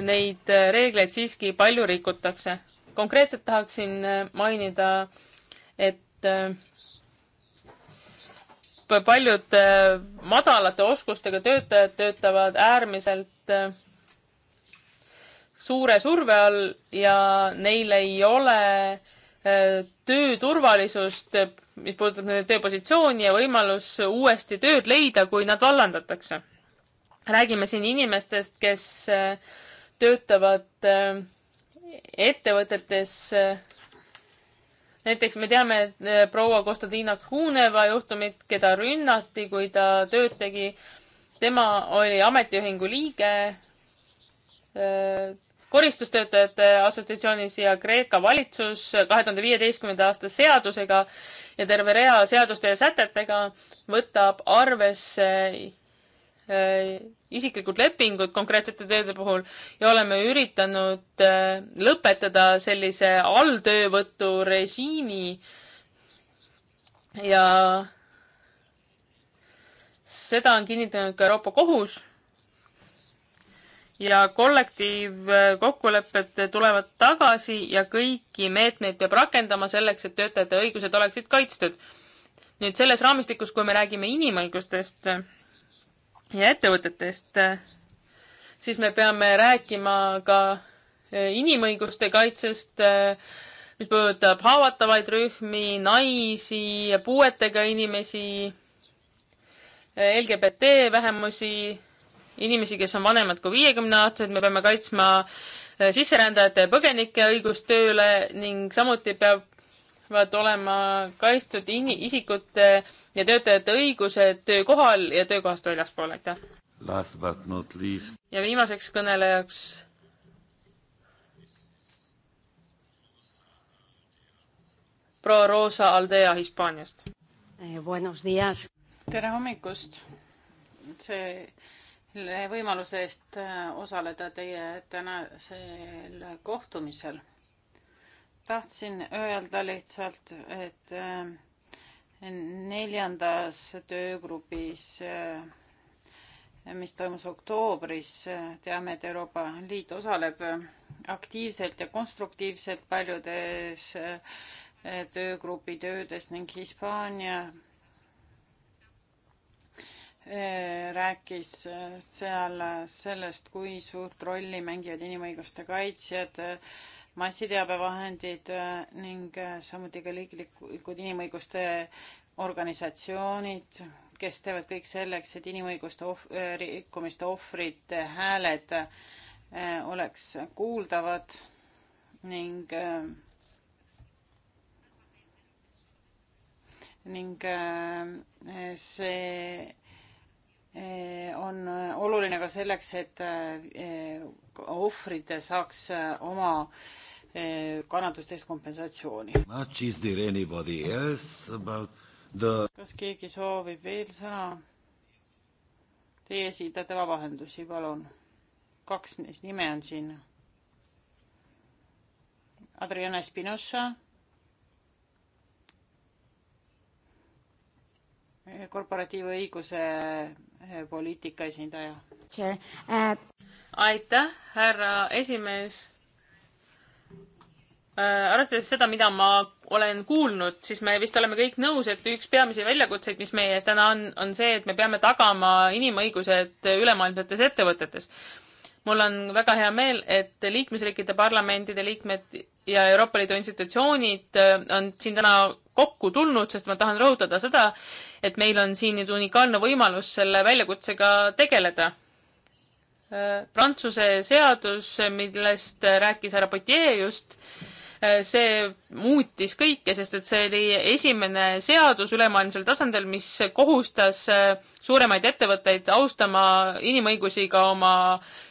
neid äh, reegleid siiski palju rikutakse. konkreetselt tahaksin äh, mainida, et äh, paljud madalate oskustega töötajad töötavad äärmiselt suure surve all ja neil ei ole tööturvalisust, mis puudutab nende tööpositsiooni ja võimalus uuesti tööd leida, kui nad vallandatakse. räägime siin inimestest, kes töötavad äh, ettevõtetes. Äh, näiteks me teame äh, proua Konstantina Kuneva juhtumit, keda rünnati, kui ta tööd tegi. tema oli ametiühingu liige koristustöötajate assotsiatsioonis ja Kreeka valitsus kahe tuhande viieteistkümnenda aasta seadusega ja terve rea seaduste ja sätetega võtab arvesse Äh, isiklikud lepingud konkreetsete tööde puhul ja oleme üritanud äh, lõpetada sellise alltöövõtu režiimi ja seda on kinnitanud ka Euroopa Kohus. ja kollektiivkokkulepped äh, tulevad tagasi ja kõiki meetmeid peab rakendama selleks, et töötajate õigused oleksid kaitstud. nüüd selles raamistikus, kui me räägime inimõigustest, ja ettevõtetest, siis me peame rääkima ka eh, inimõiguste kaitsest, eh, mis puudutab haavatavaid rühmi, naisi, puuetega inimesi, eh, LGBT vähemusi, inimesi, kes on vanemad kui viiekümne aastased, me peame kaitsma sisserändajate ja põgenike õigust tööle ning samuti peab peavad olema kaitstud isikute ja töötajate õigused töökohal ja töökohast väljaspool, aitäh! Last but not least. ja viimaseks kõnelejaks proua Rosa Aldea Hispaaniast eh,. Buenos dias! tere hommikust! see võimaluse eest eh, osaleda teie tänasel kohtumisel tahtsin öelda lihtsalt, et äh, neljandas töögrupis, äh, mis toimus oktoobris, äh, teame, et Euroopa Liit osaleb aktiivselt ja konstruktiivselt paljudes töögrupi töödes ning Hispaania rääkis seal sellest, kui suurt rolli mängivad inimõiguste kaitsjad massiteabevahendid äh, ning äh, samuti ka liiklikud inimõiguste organisatsioonid, kes teevad kõik selleks, et inimõiguste ohv-, äh, rikkumiste ohvrite hääled oleks kuuldavad ning ning see Eh, on eh, oluline ka selleks, et eh, ohvrid saaks oma kannatustest kompensatsiooni. The... kas keegi soovib veel sõna? Teie esitate vabaühendusi, palun. kaks neist nime on siin. Adriana Espinosa. korporatiivõiguse poliitika esindaja. Äh, aitäh, härra esimees. Äh, arvestades seda, mida ma olen kuulnud, siis me vist oleme kõik nõus, et üks peamisi väljakutseid, mis meie ees täna on, on see, et me peame tagama inimõigused ülemaailmsetes ettevõtetes. mul on väga hea meel, et liikmesriikide parlamendide liikmed ja Euroopa Liidu institutsioonid äh, on siin täna kokku tulnud, sest ma tahan rõhutada seda, et meil on siin nüüd unikaalne võimalus selle väljakutsega tegeleda. Äh, Prantsuse seadus, millest rääkis härra Potier just, äh, see muutis kõike, sest et see oli esimene seadus ülemaailmsel tasandil, mis kohustas äh, suuremaid ettevõtteid austama inimõigusi ka oma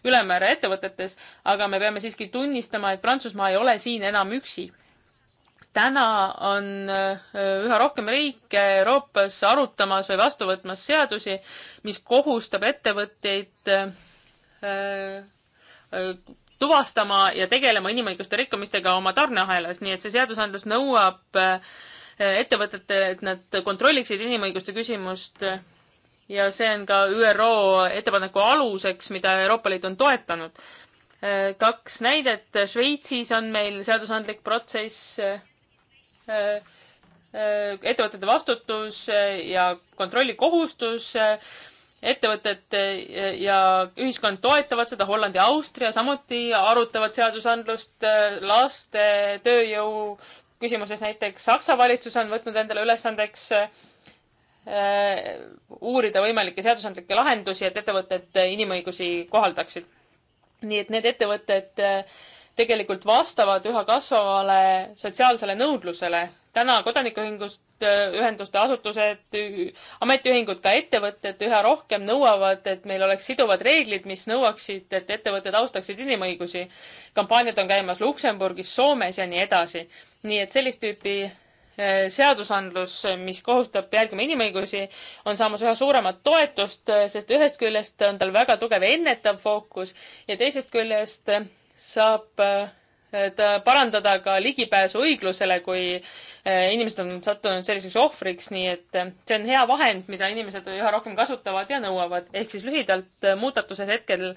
ülemäära ettevõtetes, aga me peame siiski tunnistama, et Prantsusmaa ei ole siin enam üksi täna on äh, üha rohkem riike Euroopas arutamas või vastu võtmas seadusi, mis kohustab ettevõtteid äh, äh, tuvastama ja tegelema inimõiguste rikkumistega oma tarneahelas, nii et see seadusandlus nõuab ettevõtetele, et nad kontrolliksid inimõiguste küsimust ja see on ka ÜRO ettepaneku aluseks, mida Euroopa Liit on toetanud. kaks näidet, Šveitsis on meil seadusandlik protsess Äh, äh, ettevõtete vastutus ja kontrollikohustus, ettevõtted äh, ja ühiskond toetavad seda, Holland ja Austria samuti arutavad seadusandlust laste tööjõu küsimuses, näiteks Saksa valitsus on võtnud endale ülesandeks uurida võimalikke seadusandlikke lahendusi, et ettevõtted inimõigusi kohaldaksid. nii et need ettevõtted tegelikult vastavad üha kasvavale sotsiaalsele nõudlusele. täna kodanikuühingust, äh, ühenduste asutused, ametiühingud, ka ettevõtted üha rohkem nõuavad, et meil oleks siduvad reeglid, mis nõuaksid, et ettevõtted austaksid inimõigusi. kampaaniad on käimas Luksemburgis, Soomes ja nii edasi. nii et sellist tüüpi äh, seadusandlus, mis kohustab järgima inimõigusi, on saamas üha suuremat toetust, äh, sest ühest küljest on tal väga tugev ennetav fookus ja teisest küljest saab parandada ka ligipääsu õiglusele, kui eh, inimesed on sattunud selliseks ohvriks, nii et eh, see on hea vahend, mida inimesed üha rohkem kasutavad ja nõuavad. ehk siis lühidalt, eh, muudatused hetkel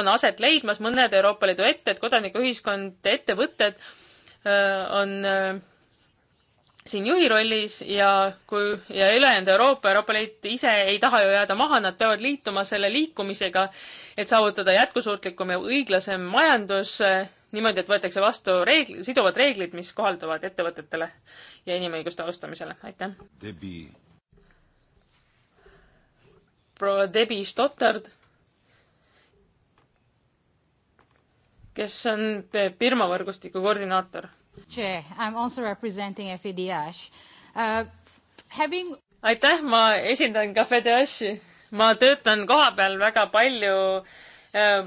on aset leidmas, mõned Euroopa Liidu etted, kodanikuühiskond, ettevõtted on siin juhi rollis ja kui ja ülejäänud Euroopa, Euroopa Liit ise ei taha ju jääda maha, nad peavad liituma selle liikumisega, et saavutada jätkusuutlikum ja õiglasem majandus eh, niimoodi, et võetakse vastu reegl-, siduvad reeglid, mis kohalduvad ettevõtetele ja inimõiguste austamisele. aitäh. Debi. proua Debi Stottard, kes on Birma võrgustiku koordinaator E uh, aitäh, ma esindan ka FEDEASi. ma töötan kohapeal väga palju äh,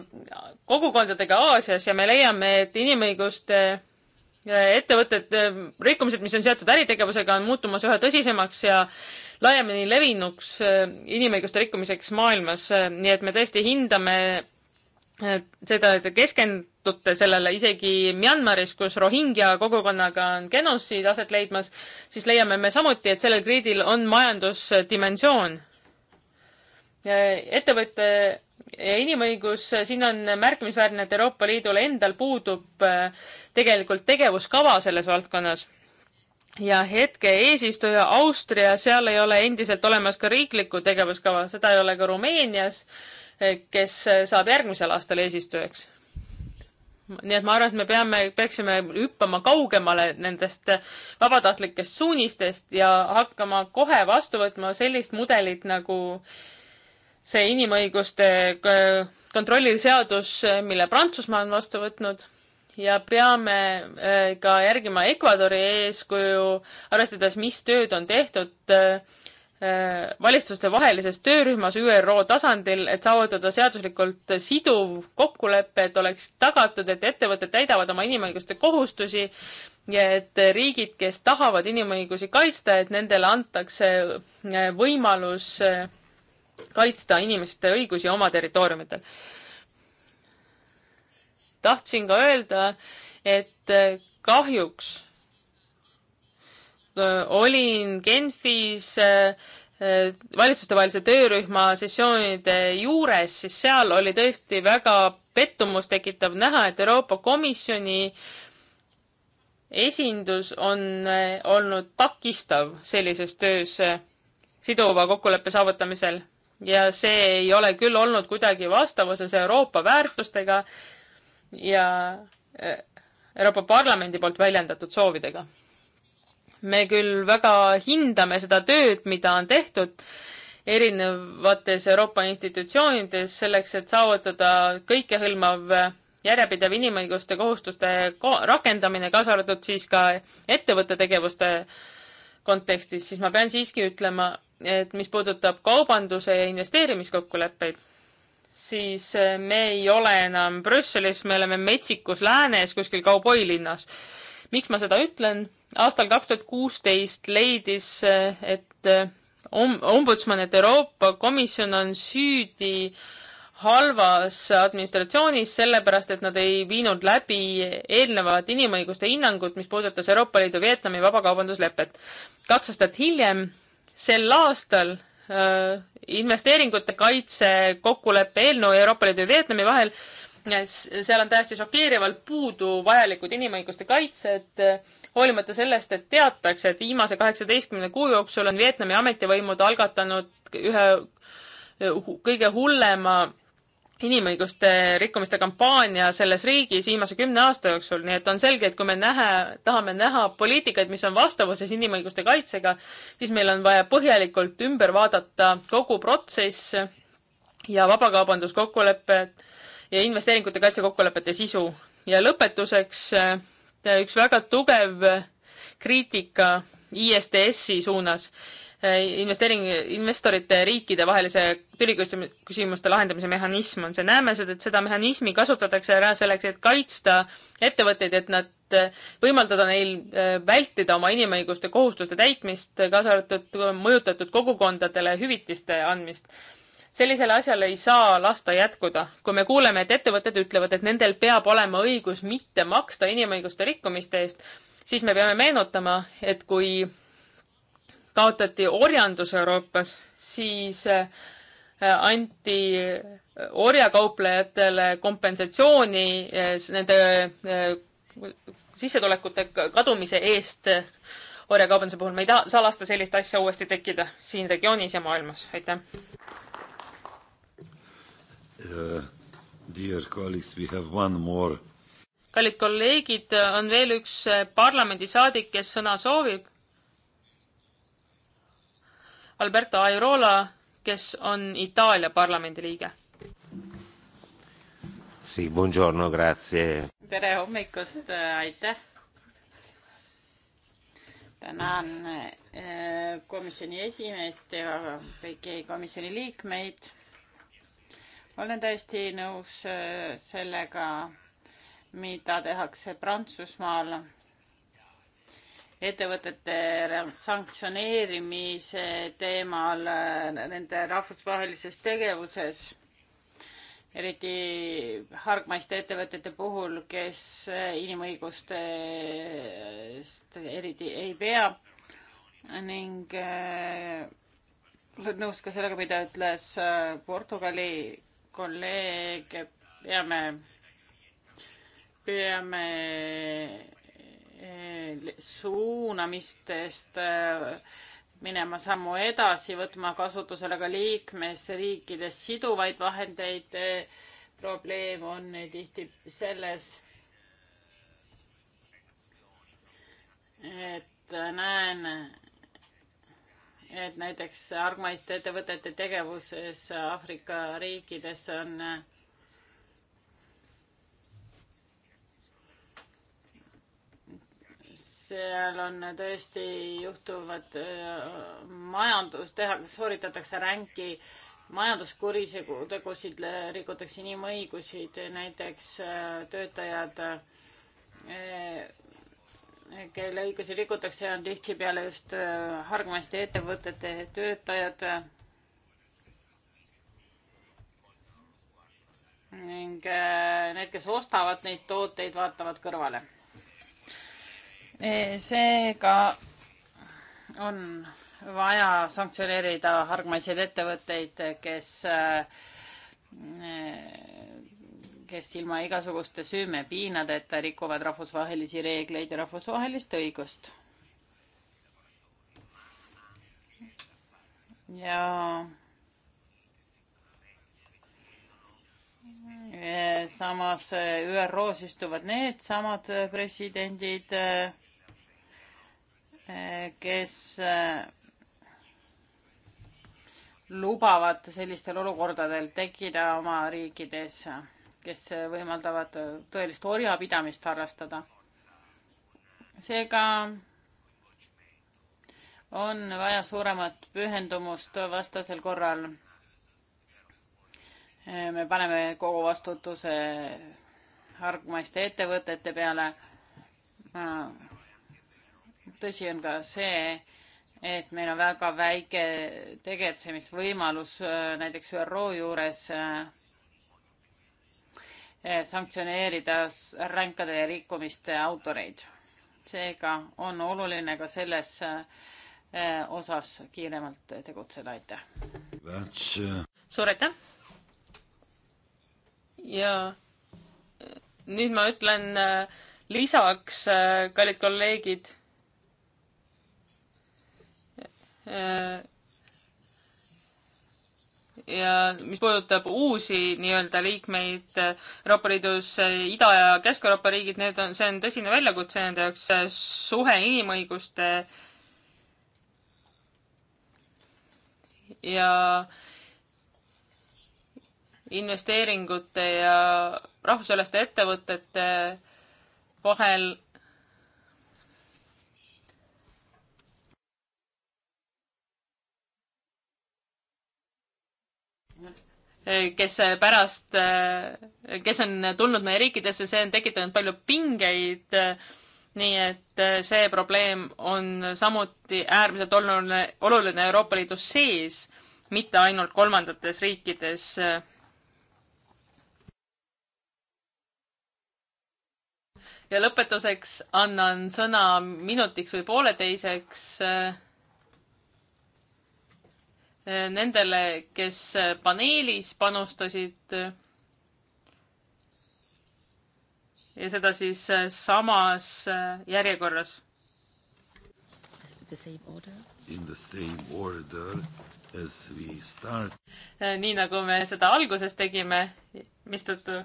kogukondadega Aasias ja me leiame, et inimõiguste äh, ettevõtted, äh, rikkumised, mis on seotud äritegevusega, on muutumas üha tõsisemaks ja laiemini levinuks inimõiguste rikkumiseks maailmas, nii et me tõesti hindame seda, et keskend-, vastute sellele isegi Myanmaris, kus Rohingja kogukonnaga on genossiid aset leidmas, siis leiame me samuti, et sellel kriidil on majandusdimensioon. ettevõtte ja inimõigus, siin on märkimisväärne, et Euroopa Liidul endal puudub eh, tegelikult tegevuskava selles valdkonnas. ja hetke eesistuja Austria, seal ei ole endiselt olemas ka riiklikku tegevuskava, seda ei ole ka Rumeenias, eh, kes saab järgmisel aastal eesistujaks nii et ma arvan, et me peame, peaksime hüppama kaugemale nendest vabatahtlikest suunistest ja hakkama kohe vastu võtma sellist mudelit nagu see inimõiguste äh, kontrolliv seadus, mille Prantsusmaa on vastu võtnud ja peame äh, ka järgima Ecuadori eeskuju, arvestades, mis tööd on tehtud äh, Äh, valitsuste vahelises töörühmas ÜRO tasandil, et saavutada seaduslikult siduv kokkulepe, et oleks tagatud, et ettevõtted täidavad oma inimõiguste kohustusi ja et riigid, kes tahavad inimõigusi kaitsta, et nendele antakse äh, võimalus äh, kaitsta inimeste õigusi oma territooriumitel. tahtsin ka öelda, et kahjuks Äh, olin Genfis äh, äh, valitsustevahelise töörühma sessioonide juures, siis seal oli tõesti väga pettumust tekitav näha, et Euroopa Komisjoni esindus on olnud takistav sellises töös siduva kokkuleppe saavutamisel ja see ei ole küll olnud kuidagi vastavuses Euroopa väärtustega ja Euroopa Parlamendi poolt väljendatud soovidega me küll väga hindame seda tööd, mida on tehtud erinevates Euroopa institutsioonides selleks, et saavutada kõikehõlmav järjepidev inimõiguste kohustuste ko rakendamine, kaasa arvatud siis ka ettevõtte tegevuste kontekstis, siis ma pean siiski ütlema, et mis puudutab kaubanduse ja investeerimiskokkuleppeid, siis eh, me ei ole enam Brüsselis, me oleme metsikus läänes kuskil kauboilinnas miks ma seda ütlen? aastal kaks tuhat kuusteist leidis, et eh, ombudsman, et Euroopa Komisjon on süüdi halvas administratsioonis, sellepärast et nad ei viinud läbi eelnevat inimõiguste hinnangut, mis puudutas Euroopa Liidu Vietnami vabakaubanduslepet. kaks aastat hiljem, sel aastal eh, investeeringute kaitse kokkuleppe eelnõu Euroopa Liidu ja Vietnami vahel seal on täiesti šokeerivalt puudu vajalikud inimõiguste kaitsed, hoolimata sellest, et teatakse, et viimase kaheksateistkümne kuu jooksul on Vietnami ametivõimud algatanud ühe kõige hullema inimõiguste rikkumiste kampaania selles riigis viimase kümne aasta jooksul, nii et on selge, et kui me nähe, tahame näha poliitikaid, mis on vastavuses inimõiguste kaitsega, siis meil on vaja põhjalikult ümber vaadata kogu protsess ja vabakaubanduskokkulepped ja investeeringute kaitse kokkulepete sisu. ja lõpetuseks äh, üks väga tugev äh, kriitika ISDS-i suunas, äh, investeering, investorite ja riikide vahelise tüliküsimuste lahendamise mehhanism on see, näeme seda, et seda mehhanismi kasutatakse ära selleks, et kaitsta ettevõtteid, et nad, võimaldada neil vältida oma inimõiguste kohustuste täitmist, kaasa arvatud mõjutatud kogukondadele hüvitiste andmist sellisele asjale ei saa lasta jätkuda. kui me kuuleme, et ettevõtted ütlevad, et nendel peab olema õigus mitte maksta inimõiguste rikkumiste eest, siis me peame meenutama, et kui kaotati orjandus Euroopas, siis äh, anti orjakauplejatele kompensatsiooni äh, nende äh, sissetulekute kadumise eest orjakaubanduse puhul. me ei taha, saa lasta sellist asja uuesti tekkida siin regioonis ja maailmas. aitäh! uh,. Dear colleagues, we have one more. kallid kolleegid, on veel üks eh, parlamendisaadik, kes sõna soovib. Alberto Airola, kes on Itaalia parlamendi liige. Sì, buongiorno, grazie. tere hommikust, eh, aitäh. tänan eh, komisjoni esimeest ja kõiki komisjoni liikmeid olen täiesti nõus äh, sellega, mida tehakse Prantsusmaal ettevõtete sanktsioneerimise teemal äh, nende rahvusvahelises tegevuses, eriti hargmaiste ettevõtete puhul, kes äh, inimõigustest eriti ei pea ning olen nõus ka sellega, mida ütles Portugali kolleege peame, peame eh, suunamistest eh, minema sammu edasi, võtma kasutusele ka liikmesriikides siduvaid vahendeid. probleem on tihti selles, et näen et näiteks argmaiste ettevõtete tegevuses Aafrika riikides on seal on tõesti juhtuvad majandus, tehakse, sooritatakse ränki majanduskuritegusid, rikutakse inimõigusi, näiteks töötajad kelle õigusi rikutakse, on tihtipeale just äh, hargmaiste ettevõtete töötajad. ning äh, need, kes ostavad neid tooteid, vaatavad kõrvale. E, seega on vaja sanktsioneerida hargmaiseid ettevõtteid, kes äh, kes ilma igasuguste süümepiinadeta rikuvad rahvusvahelisi reegleid ja rahvusvahelist õigust. ja samas ÜRO-s istuvad needsamad presidendid, kes lubavad sellistel olukordadel tekkida oma riikides kes võimaldavad tõelist orjapidamist harrastada. seega on vaja suuremat pühendumust, vastasel korral me paneme kogu vastutuse hargmaiste ettevõtete peale. tõsi on ka see, et meil on väga väike tegutsemisvõimalus äh, näiteks ÜRO juures äh, Eh, sanktsioneerida ränkade rikkumiste autoreid. seega on oluline ka selles eh, osas kiiremalt tegutseda, aitäh. Eh, suur aitäh. ja nüüd ma ütlen lisaks, kallid kolleegid ja mis puudutab uusi nii-öelda liikmeid Euroopa Liidus, Ida- ja Kesk-Euroopa riigid, need on, see on tõsine väljakutse nende jaoks, suhe inimõiguste ja investeeringute ja rahvusvaheliste ettevõtete vahel kes pärast, kes on tulnud meie riikidesse, see on tekitanud palju pingeid. nii et see probleem on samuti äärmiselt oluline, oluline Euroopa Liidu sees, mitte ainult kolmandates riikides. ja lõpetuseks annan sõna minutiks või pooleteiseks Eh, nendele, kes eh, paneelis panustasid. Eh, ja seda siis samas järjekorras. In the same order as we start. nii nagu me seda alguses tegime, mistõttu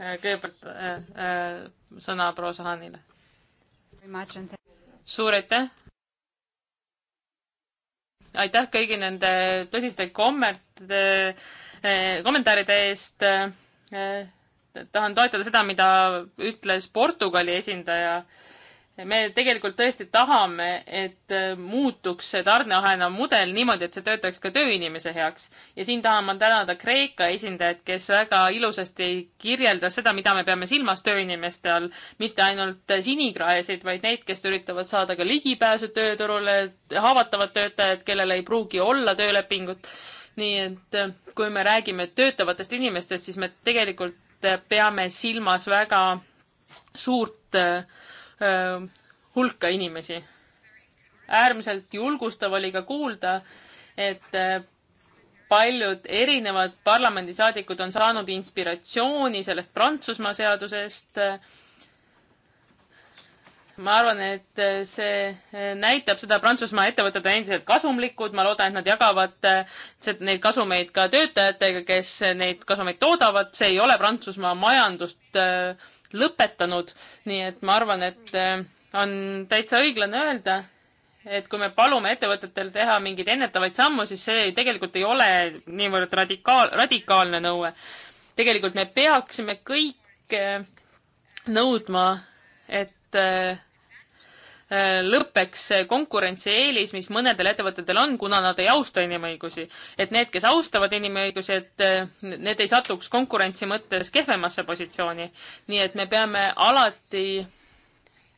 kõigepealt äh, äh, sõna proua Sahanile. suur aitäh aitäh kõigi nende tõsiste kommentaaride, eh, kommentaaride eest. Eh, tahan toetada seda, mida ütles Portugali esindaja me tegelikult tõesti tahame, et äh, muutuks see tarneahela mudel niimoodi, et see töötaks ka tööinimese heaks. ja siin tahan ma tänada Kreeka esindajat, kes väga ilusasti kirjeldas seda, mida me peame silmas tööinimeste all, mitte ainult sinikraesid, vaid neid, kes üritavad saada ka ligipääsu tööturule, haavatavad töötajad, kellel ei pruugi olla töölepingut. nii et äh, kui me räägime töötavatest inimestest, siis me tegelikult äh, peame silmas väga suurt äh, Äh, hulka inimesi. äärmiselt julgustav oli ka kuulda, et äh, paljud erinevad parlamendisaadikud on saanud inspiratsiooni sellest Prantsusmaa seadusest. ma arvan, et äh, see näitab seda, Prantsusmaa ettevõtted on endiselt kasumlikud, ma loodan, et nad jagavad neid kasumeid ka töötajatega, kes neid kasumeid toodavad, see ei ole Prantsusmaa majandust lõpetanud, nii et ma arvan, et äh, on täitsa õiglane öelda, et kui me palume ettevõtetel teha mingeid ennetavaid sammu, siis see ei, tegelikult ei ole niivõrd radikaal, radikaalne nõue. tegelikult me peaksime kõik äh, nõudma, et äh, lõpeks see konkurentsieelis, mis mõnedel ettevõtetel on, kuna nad ei austa inimõigusi. et need, kes austavad inimõigusi, et eh, need ei satuks konkurentsi mõttes kehvemasse positsiooni. nii et me peame alati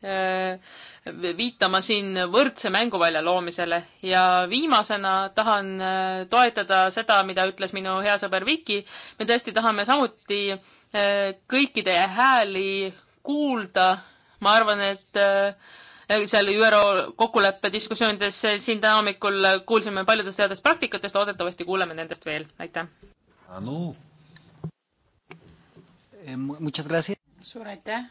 äh, viitama siin võrdse mänguvälja loomisele ja viimasena tahan eh, toetada seda, mida ütles minu hea sõber Viki. me tõesti tahame samuti äh, kõikide hääli kuulda. ma arvan, et äh, seal ÜRO kokkuleppe diskussioonides eh, siin täna hommikul kuulsime paljudest headest praktikatest, loodetavasti kuuleme nendest veel, aitäh. Anu. Eh, suur aitäh.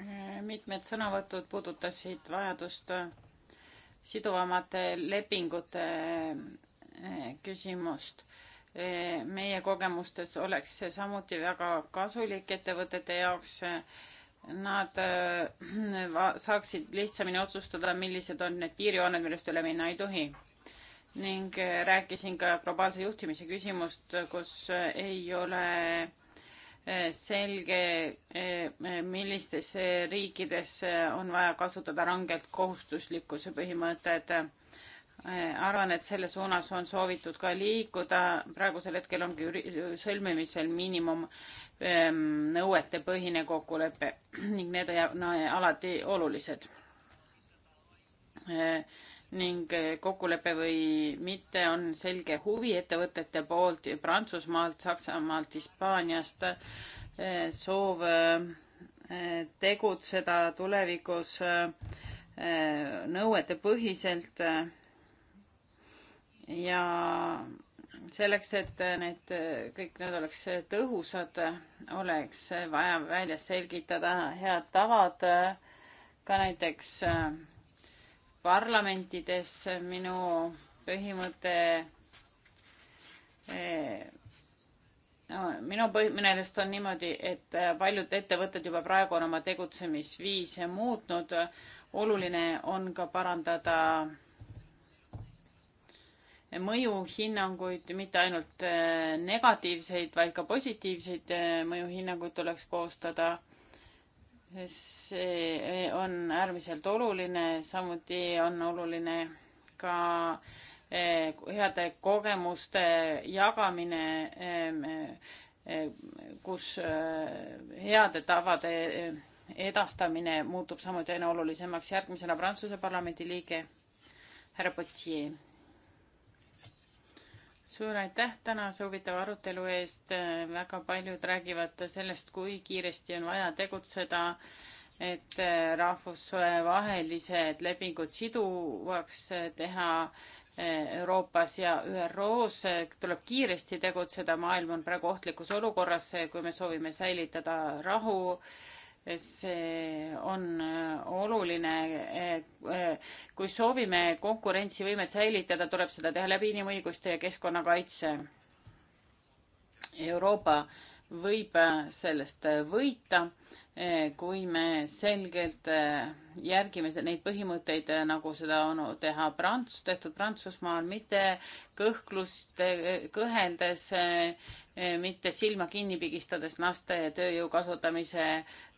Eh, mitmed sõnavõtud puudutasid vajadust siduvamate lepingute küsimust meie kogemustes oleks see samuti väga kasulik ettevõtete jaoks nad äh, saaksid lihtsamini otsustada, millised on need piirjooned, millest üle minna ei tohi. ning äh, rääkisin ka globaalse juhtimise küsimust, kus äh, ei ole selge, millistes riikides on vaja kasutada rangelt kohustuslikkuse põhimõtet. arvan, et selle suunas on soovitud ka liikuda, praegusel hetkel ongi sõlmimisel miinimum Ehm, nõuetepõhine kokkulepe ning need on alati olulised. Ehm, ning kokkulepe või mitte on selge huvi ettevõtete poolt Prantsusmaalt, Saksamaalt, Hispaaniast ehm, soov tegutseda tulevikus nõuetepõhiselt ja selleks, et need kõik need oleks tõhusad, oleks vaja välja selgitada head tavad ka näiteks äh, parlamentides minu põhimõte äh, no minu põhi, minu meelest on niimoodi, et äh, paljud ettevõtted juba praegu on oma tegutsemisviise muutnud. oluline on ka parandada mõjuhinnanguid, mitte ainult eh, negatiivseid, vaid ka positiivseid eh, mõjuhinnanguid tuleks koostada. see eh, on äärmiselt oluline, samuti on oluline ka heade kogemuste jagamine, kus heade tavade edastamine muutub samuti aina olulisemaks. järgmisena Prantsuse parlamendi liige härra Potier suur aitäh tänase huvitava arutelu eest. väga paljud räägivad sellest, kui kiiresti on vaja tegutseda, et rahvusvahelised lepingud siduvaks teha Euroopas ja ÜRO-s tuleb kiiresti tegutseda, maailm on praegu ohtlikus olukorras, kui me soovime säilitada rahu see on äh, oluline. Äh, äh, kui soovime konkurentsivõimet säilitada, tuleb seda teha läbi inimõiguste ja keskkonnakaitse. Euroopa võib sellest võita Eh, kui me selgelt eh, järgime neid põhimõtteid, eh, nagu seda on teha Prants-, tehtud Prantsusmaal, mitte kõhklust kõheldes, mitte silma kinni pigistades laste tööjõu kasutamise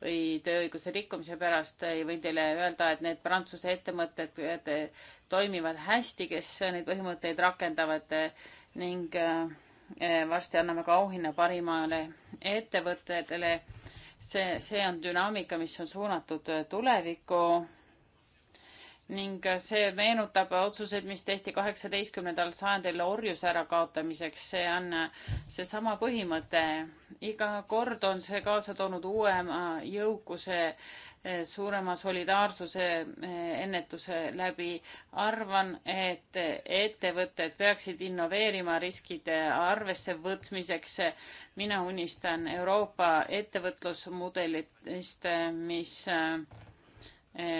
või tööõiguse rikkumise pärast, võin teile öelda, et need Prantsuse ettevõtted toimivad hästi, kes neid põhimõtteid rakendavad ning varsti anname ka auhinna parimale ettevõttele et see, see on dünaamika, mis on suunatud tulevikku ning see meenutab otsuseid, mis tehti kaheksateistkümnendal sajandil orjuse ärakaotamiseks, see on seesama põhimõte. iga kord on see kaasa toonud uuema jõukuse, suurema solidaarsuse ennetuse läbi. arvan, et ettevõtted peaksid innoveerima riskide arvesse võtmiseks. mina unistan Euroopa ettevõtlusmudelist, mis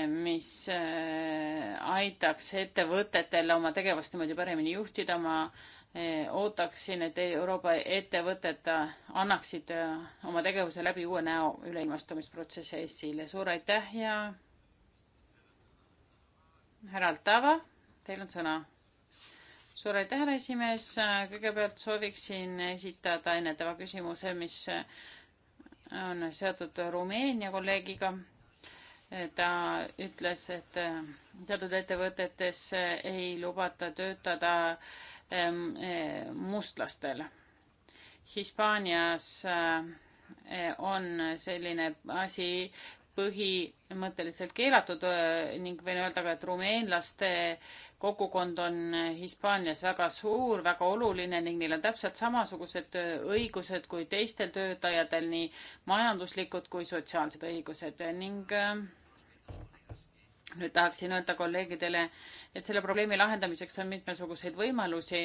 mis äh, aitaks ettevõtetel oma tegevust niimoodi paremini juhtida. ma äh, ootaksin, et Euroopa ettevõtted annaksid äh, oma tegevuse läbi uue näo üleilmastumisprotsessi Eestile. suur aitäh ja härra Altava, teil on sõna. suur aitäh, härra esimees. kõigepealt sooviksin esitada ennetava küsimuse, mis on seotud Rumeenia kolleegiga ta ütles, et äh, teatud ettevõtetes äh, ei lubata töötada ähm, äh, mustlastel. Hispaanias on selline asi põhimõtteliselt keelatud ning võin öelda ka, et rumeenlaste kogukond on Hispaanias väga suur, väga oluline ning neil on täpselt samasugused õigused kui teistel töötajatel, nii majanduslikud kui sotsiaalsed õigused ning äh, nüüd tahaksin öelda kolleegidele, et selle probleemi lahendamiseks on mitmesuguseid võimalusi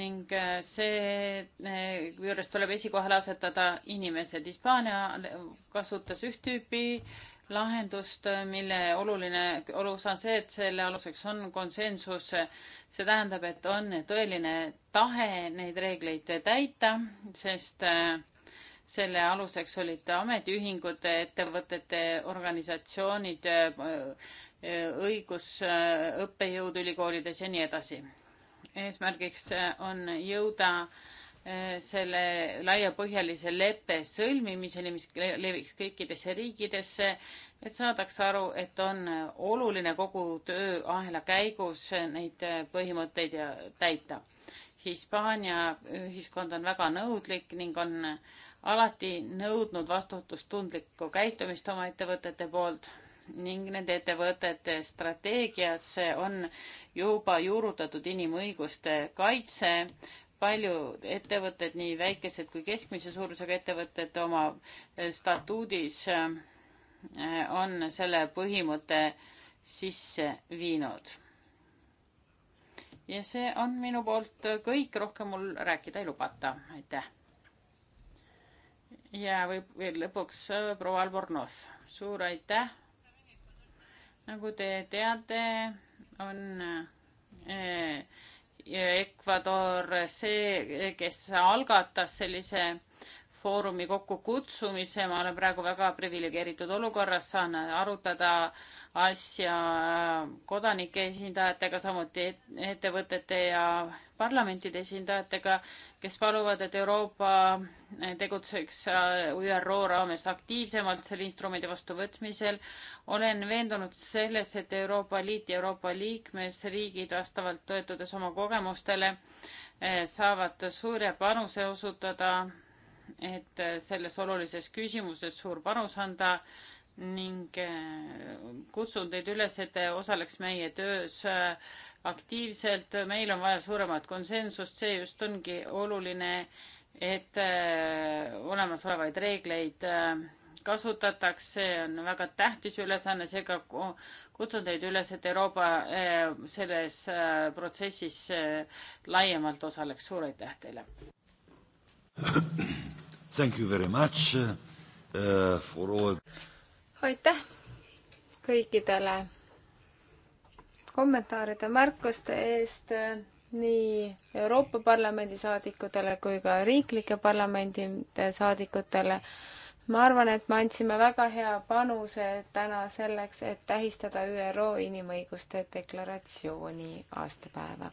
ning äh, see äh, juures tuleb esikohale asetada inimesed. Hispaania kasutas üht tüüpi lahendust, mille oluline olusa on see, et selle aluseks on konsensus. see tähendab, et on tõeline tahe neid reegleid täita, sest äh, selle aluseks olid ametiühingud, ettevõtete, organisatsioonid, õigusõppejõud ülikoolides ja nii edasi. eesmärgiks on jõuda eh, selle laiapõhjalise leppe sõlmimiseni, mis leviks kõikidesse riikidesse, et saadaks aru, et on oluline kogu tööahela käigus neid eh, põhimõtteid ja täita. Hispaania ühiskond on väga nõudlik ning on alati nõudnud vastutustundlikku käitumist oma ettevõtete poolt ning nende ettevõtete strateegiasse on juba juurutatud inimõiguste kaitse. paljud ettevõtted, nii väikesed kui keskmise suurusega ettevõtted oma eh, statuudis eh, on selle põhimõtte sisse viinud. ja see on minu poolt kõik, rohkem mul rääkida ei lubata, aitäh. ja võib veel lõpuks eh, proua Albornoz, suur aitäh nagu te teate, on eh, Ecuador see, kes algatas sellise foorumi kokkukutsumise, ma olen praegu väga priviligeeritud olukorras, saan arutada asja kodanike esindajatega, samuti ettevõtete ja parlamentide esindajatega, kes paluvad, et Euroopa tegutseks ÜRO raames aktiivsemalt selle instrumendi vastuvõtmisel. olen veendunud selles, et Euroopa Liit ja Euroopa liikmesriigid vastavalt toetudes oma kogemustele eh, saavad suure panuse osutada et äh, selles olulises küsimuses suur panus anda ning äh, kutsun teid üles, et te osaleks meie töös äh, aktiivselt. meil on vaja suuremat konsensust, see just ongi oluline, et olemasolevaid reegleid kasutataks, see on väga tähtis ülesanne, seega kutsun teid üles, et Euroopa selles protsessis laiemalt osaleks. suur aitäh teile! Thank you very much uh, for all. aitäh kõikidele kommentaaride, märkuste eest äh, nii Euroopa Parlamendi saadikutele kui ka riiklike parlamendide saadikutele. ma arvan, et me andsime väga hea panuse täna selleks, et tähistada ÜRO inimõiguste deklaratsiooni aastapäeva.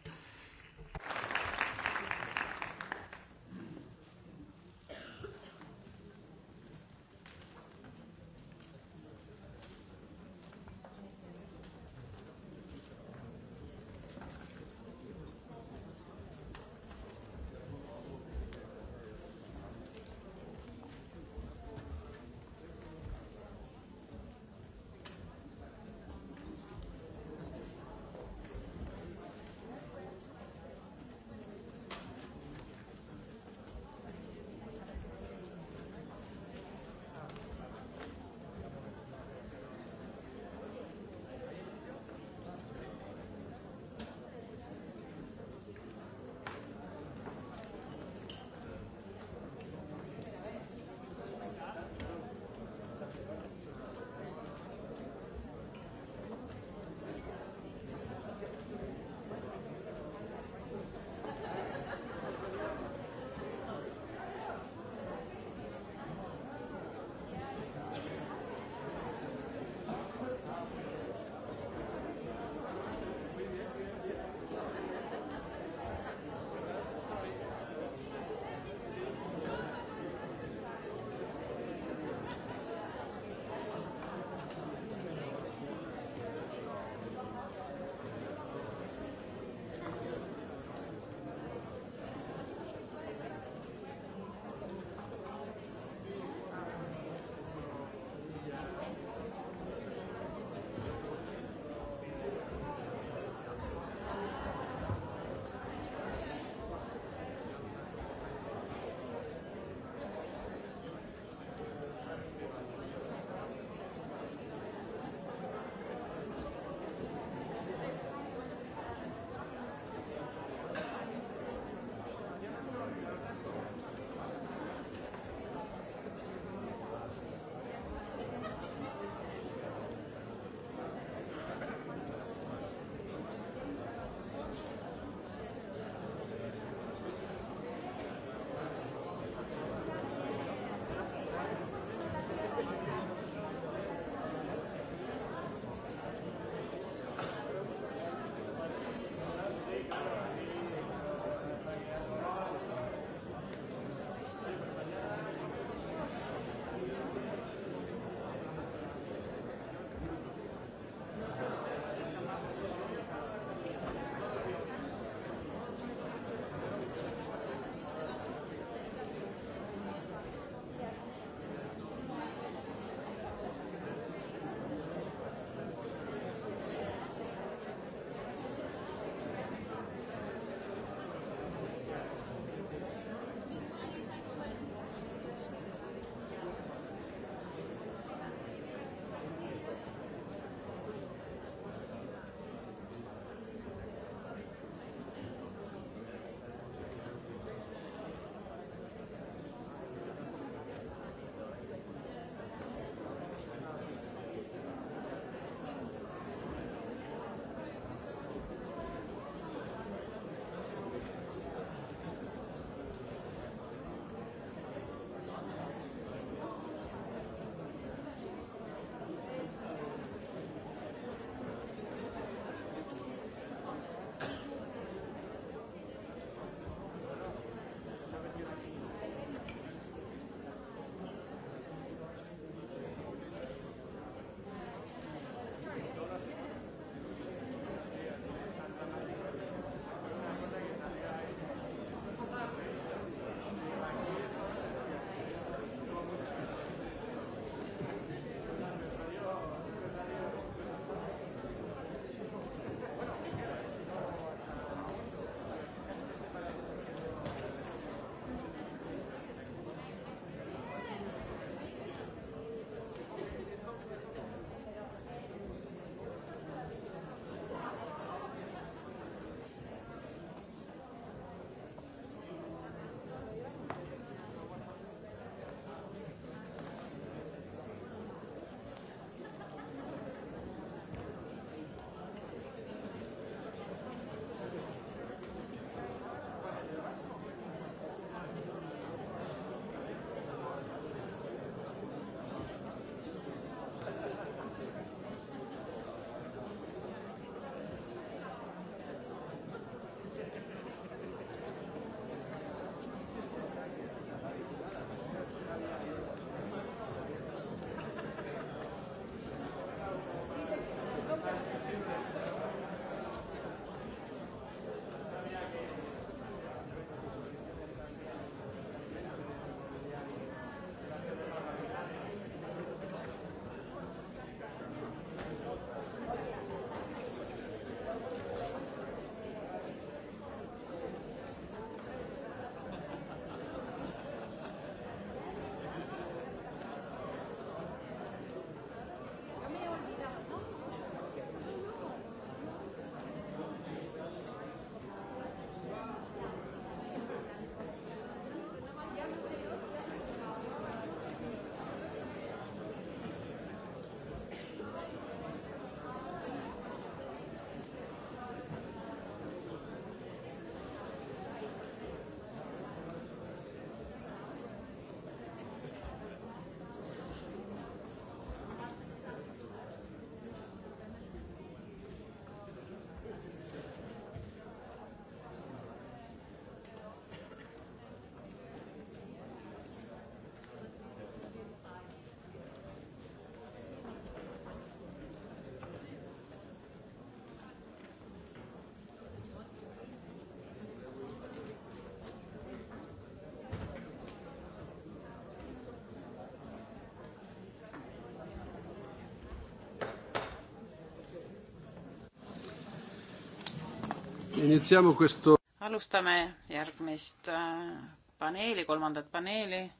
Iniziamo questo... alustame järgmist äh, paneeli, kolmandat paneeli,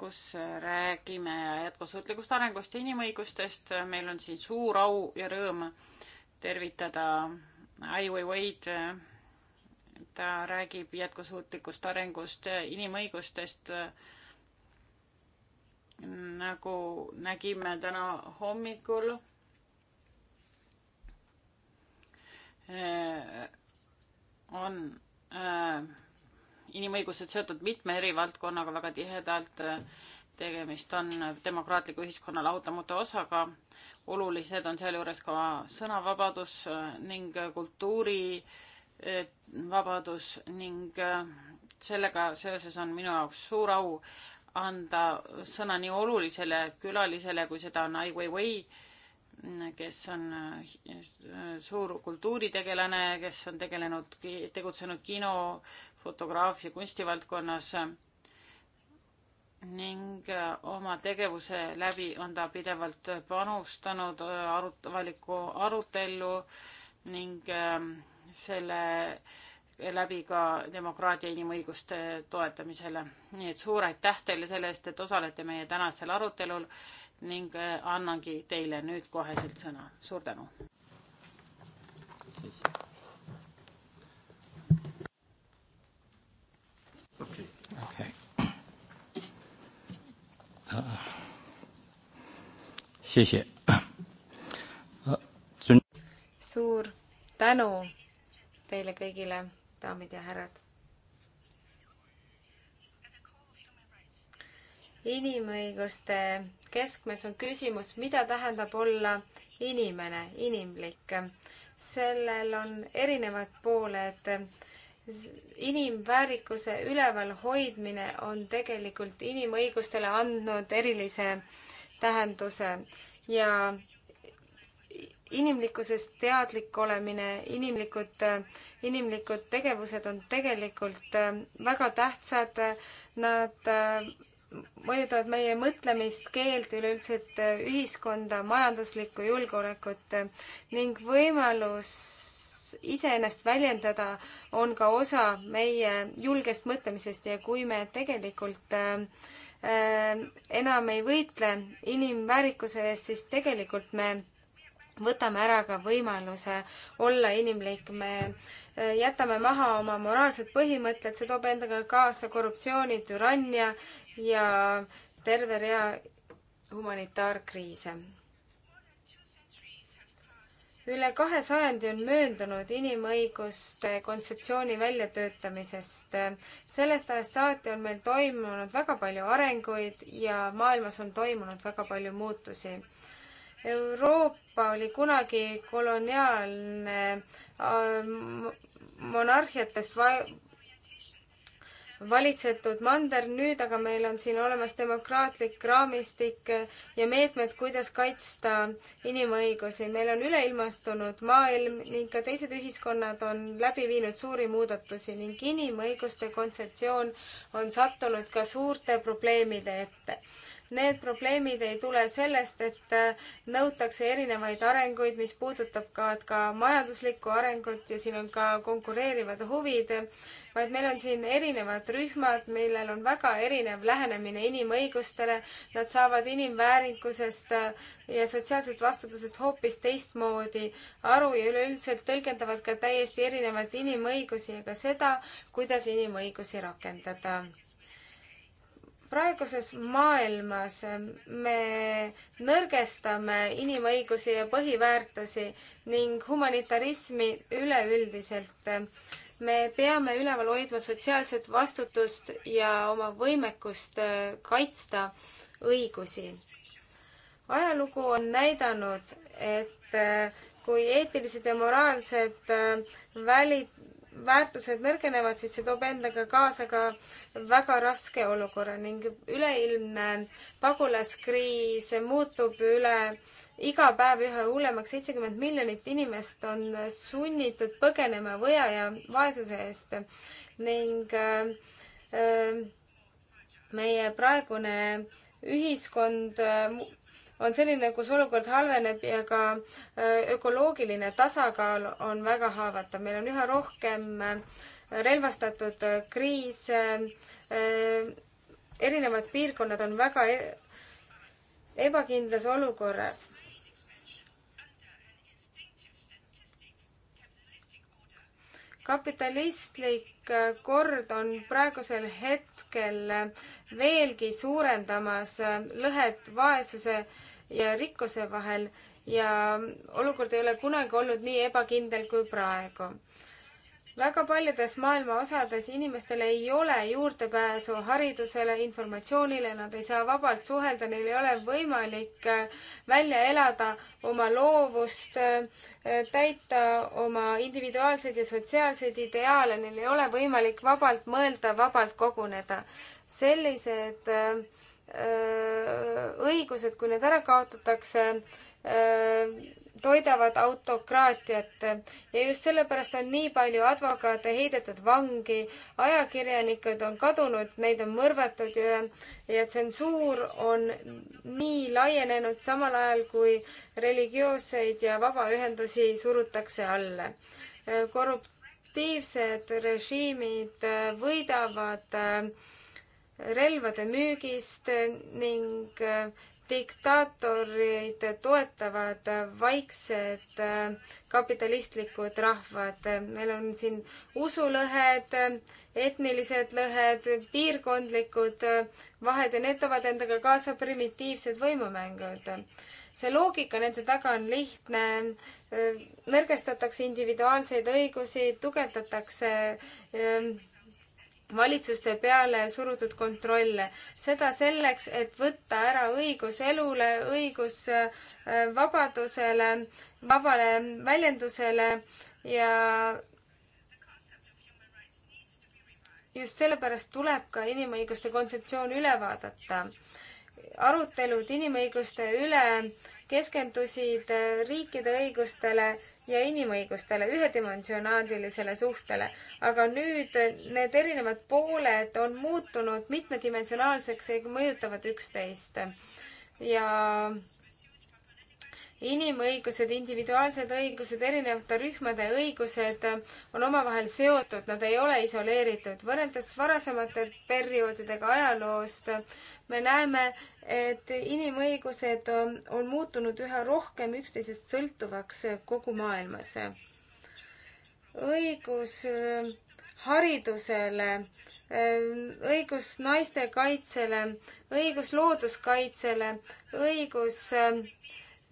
kus äh, räägime jätkusuutlikust arengust ja inimõigustest. meil on siin suur au ja rõõm tervitada Ai Weiweid. ta räägib jätkusuutlikust arengust, inimõigustest nagu nägime täna hommikul Äh, on äh, inimõigused seotud mitme eri valdkonnaga väga tihedalt. tegemist on demokraatliku ühiskonna lahutamatu osaga. olulised on sealjuures ka sõnavabadus äh, ning kultuurivabadus ning sellega seoses on minu jaoks suur au anda sõna nii olulisele külalisele, kui seda on Ai Weiwei kes on äh, suur kultuuritegelane, kes on tegelenud, tegutsenud kino, fotograafia, kunstivaldkonnas ning äh, oma tegevuse läbi on ta pidevalt panustanud äh, arut-, avalikku arutellu ning selle läbi ka demokraatia inimõiguste toetamisele. nii et suur aitäh teile selle eest, et osalete meie tänasel arutelul ning äh, annangi teile nüüd koheselt sõna. suur tänu. okei okay. okay.. Ah. Ah. suur tänu teile kõigile, daamid ja härrad. inimõiguste keskmes on küsimus, mida tähendab olla inimene, inimlik. sellel on erinevad pooled. inimväärikuse ülevalhoidmine on tegelikult inimõigustele andnud erilise tähenduse ja inimlikkusest teadlik olemine, inimlikud, inimlikud tegevused on tegelikult väga tähtsad. Nad mõjutavad meie mõtlemist, keelt, üleüldse äh, ühiskonda, majanduslikku julgeolekut äh, ning võimalus iseennast väljendada on ka osa meie julgest mõtlemisest ja kui me tegelikult äh, äh, enam ei võitle inimväärikuse eest, siis tegelikult me võtame ära ka võimaluse olla inimlik, me äh, jätame maha oma moraalsed põhimõtted, see toob endaga kaasa korruptsiooni, türannia ja terve rea humanitaarkriise. üle kahe sajandi on möödunud inimõiguste kontseptsiooni väljatöötamisest. sellest ajast saati on meil toimunud väga palju arenguid ja maailmas on toimunud väga palju muutusi Euroopa oli kunagi koloniaalne äh, monarhiatest valitsetud mander, nüüd aga meil on siin olemas demokraatlik raamistik ja meetmed, kuidas kaitsta inimõigusi. meil on üleilmastunud maailm ning ka teised ühiskonnad on läbi viinud suuri muudatusi ning inimõiguste kontseptsioon on sattunud ka suurte probleemide ette. Need probleemid ei tule sellest, et äh, nõutakse erinevaid arenguid, mis puudutab ka, ka majanduslikku arengut ja siin on ka konkureerivad huvid, vaid meil on siin erinevad rühmad, millel on väga erinev lähenemine inimõigustele. Nad saavad inimväärikusest äh, ja sotsiaalsest vastutusest hoopis teistmoodi aru ja üleüldiselt tõlgendavad ka täiesti erinevalt inimõigusi ja ka seda, kuidas inimõigusi rakendada praeguses maailmas me nõrgestame inimõigusi ja põhiväärtusi ning humanitarismi üleüldiselt. me peame üleval hoidma sotsiaalset vastutust ja oma võimekust kaitsta õigusi. ajalugu on näidanud, et kui eetilised ja moraalsed välid väärtused nõrgenevad, siis see toob endaga kaasa ka väga raske olukorra ning üleilmne pagulaskriis muutub üle iga päev üha hullemaks. seitsekümmend miljonit inimest on sunnitud põgenema võja ja vaesuse eest ning äh, äh meie praegune ühiskond äh, on selline, kus olukord halveneb ja ka äh, ökoloogiline tasakaal on väga haavatav. meil on üha rohkem äh, relvastatud äh, kriise, erinevad piirkonnad on väga e-, ebakindlas olukorras. kapitalistlik kord on praegusel hetkel veelgi suurendamas lõhet vaesuse ja rikkuse vahel ja olukord ei ole kunagi olnud nii ebakindel kui praegu väga paljudes maailma osades inimestel ei ole juurdepääsu haridusele, informatsioonile, nad ei saa vabalt suhelda, neil ei ole võimalik äh, välja elada oma loovust, äh, täita oma individuaalseid ja sotsiaalseid ideaale, neil ei ole võimalik vabalt mõelda, vabalt koguneda. sellised äh, õigused, kui need ära kaotatakse, toidavad autokraatiat ja just sellepärast on nii palju advokaate heidetud vangi, ajakirjanikud on kadunud, neid on mõrvatud ja, ja tsensuur on nii laienenud, samal ajal kui religioosseid ja vabaühendusi surutakse alla. korruptiivsed režiimid võidavad äh, relvade müügist ning äh, diktaatoreid toetavad vaiksed äh, kapitalistlikud rahvad. meil on siin usulõhed, etnilised lõhed, piirkondlikud äh, vahed ja need toovad endaga kaasa primitiivsed võimumängud. see loogika nende taga on lihtne. Äh, nõrgestatakse individuaalseid õigusi, tugevdatakse valitsuste peale surutud kontrolle. seda selleks, et võtta ära õigus elule, õigus äh, vabadusele, vabale väljendusele ja just sellepärast tuleb ka inimõiguste kontseptsioon üle vaadata. arutelud inimõiguste üle keskendusid äh, riikide õigustele ja inimõigustele, ühedimensionaalilisele suhtele. aga nüüd need erinevad pooled on muutunud mitmedimensionaalseks ja mõjutavad üksteist. ja inimõigused, individuaalsed õigused, erinevate rühmade õigused on omavahel seotud, nad ei ole isoleeritud. võrreldes varasemate perioodidega ajaloost me näeme, et inimõigused on, on muutunud üha rohkem üksteisest sõltuvaks kogu maailmas. õigus äh, haridusele, äh, õigus naiste kaitsele, õigus looduskaitsele, õigus äh,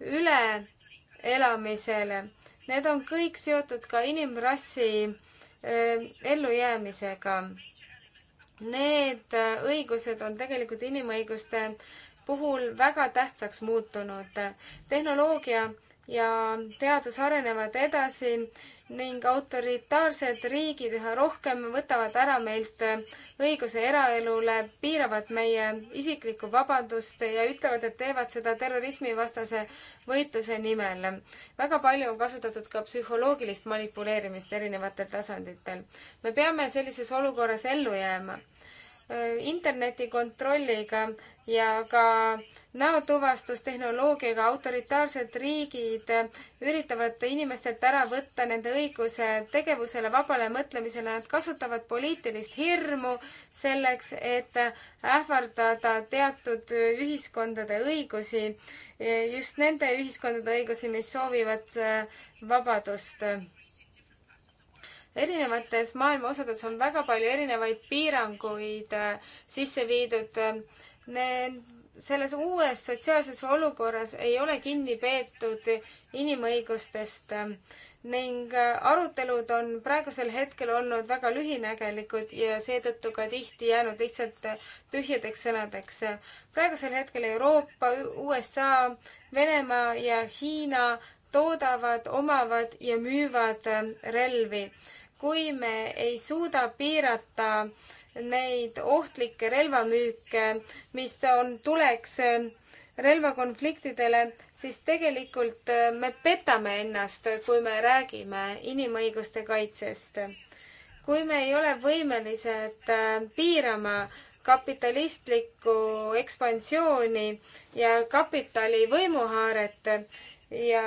üleelamisele. Need on kõik seotud ka inimrassi ellujäämisega. Need äh, õigused on tegelikult inimõiguste puhul väga tähtsaks muutunud. tehnoloogia ja teadus arenevad edasi ning autoritaarsed riigid üha rohkem võtavad ära meilt õiguse eraelule, piiravad meie isiklikku vabadust ja ütlevad, et teevad seda terrorismivastase võitluse nimel. väga palju on kasutatud ka psühholoogilist manipuleerimist erinevatel tasanditel. me peame sellises olukorras ellu jääma Äh, internetikontrolliga ja ka näotuvastustehnoloogiaga autoritaarsed riigid äh, üritavad inimestelt ära võtta nende õiguse tegevusele, vabale mõtlemisele. Nad kasutavad poliitilist hirmu selleks, et ähvardada teatud ühiskondade õigusi, äh, just nende ühiskondade õigusi, mis soovivad vabadust erinevates maailma osades on väga palju erinevaid piiranguid äh, sisse viidud. Need, selles uues sotsiaalses olukorras ei ole kinni peetud inimõigustest äh, ning äh, arutelud on praegusel hetkel olnud väga lühinägelikud ja seetõttu ka tihti jäänud lihtsalt tühjadeks sõnadeks. praegusel hetkel Euroopa, USA, Venemaa ja Hiina toodavad, omavad ja müüvad relvi kui me ei suuda piirata neid ohtlikke relvamüüke, mis on tuleks äh, relvakonfliktidele, siis tegelikult äh, me petame ennast, kui me räägime inimõiguste kaitsest. kui me ei ole võimelised äh, piirama kapitalistlikku ekspansiooni ja kapitali võimuhaaret ja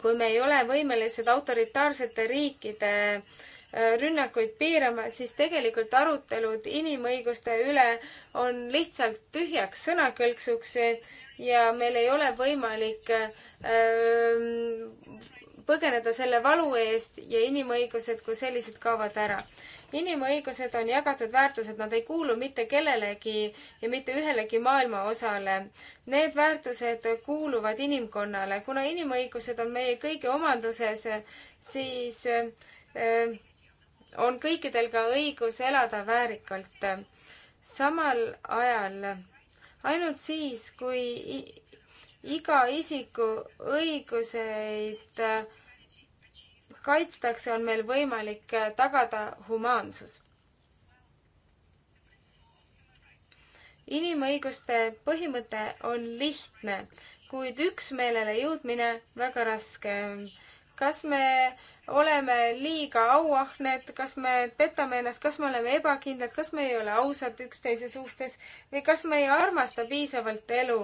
kui me ei ole võimelised autoritaarsete riikide äh, rünnakuid piirama, siis tegelikult arutelud inimõiguste üle on lihtsalt tühjaks sõnakõlksuks ja meil ei ole võimalik öö, äh, põgeneda selle valu eest ja inimõigused kui sellised kaovad ära. inimõigused on jagatud väärtused, nad ei kuulu mitte kellelegi ja mitte ühelegi maailma osale. Need väärtused kuuluvad inimkonnale. kuna inimõigused on meie kõigi omanduses, siis eh, on kõikidel ka õigus elada väärikalt. samal ajal ainult siis, kui iga isiku õiguseid äh, kaitstakse, on meil võimalik äh, tagada humaansus. inimõiguste põhimõte on lihtne, kuid üksmeelele jõudmine väga raske. kas me oleme liiga auahned, kas me petame ennast, kas me oleme ebakindlad, kas me ei ole ausad üksteise suhtes või kas me ei armasta piisavalt elu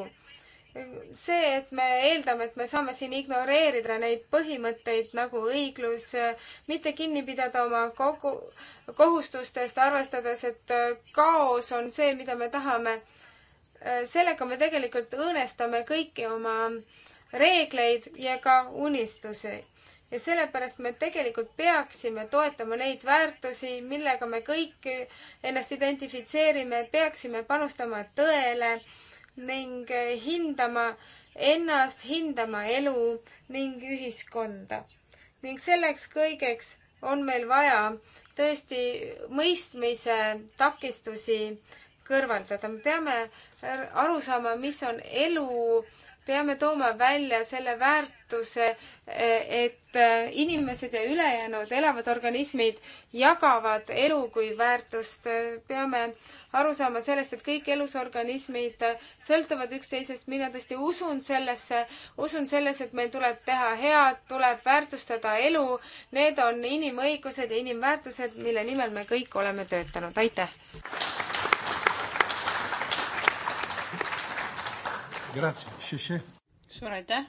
see, et me eeldame, et me saame siin ignoreerida neid põhimõtteid nagu õiglus, mitte kinni pidada oma kogu, kohustustest, arvestades, et äh, kaos on see, mida me tahame. Äh, sellega me tegelikult õõnestame kõiki oma reegleid ja ka unistusi. ja sellepärast me tegelikult peaksime toetama neid väärtusi, millega me kõik ennast identifitseerime, peaksime panustama tõele ning hindama ennast, hindama elu ning ühiskonda. ning selleks kõigeks on meil vaja tõesti mõistmise takistusi kõrvaldada. me peame aru saama, mis on elu peame tooma välja selle väärtuse, et inimesed ja ülejäänud elavad organismid jagavad elu kui väärtust. peame aru saama sellest, et kõik elusorganismid sõltuvad üksteisest. mina tõesti usun sellesse, usun selles, et meil tuleb teha head, tuleb väärtustada elu. Need on inimõigused ja inimväärtused, mille nimel me kõik oleme töötanud. aitäh! suur aitäh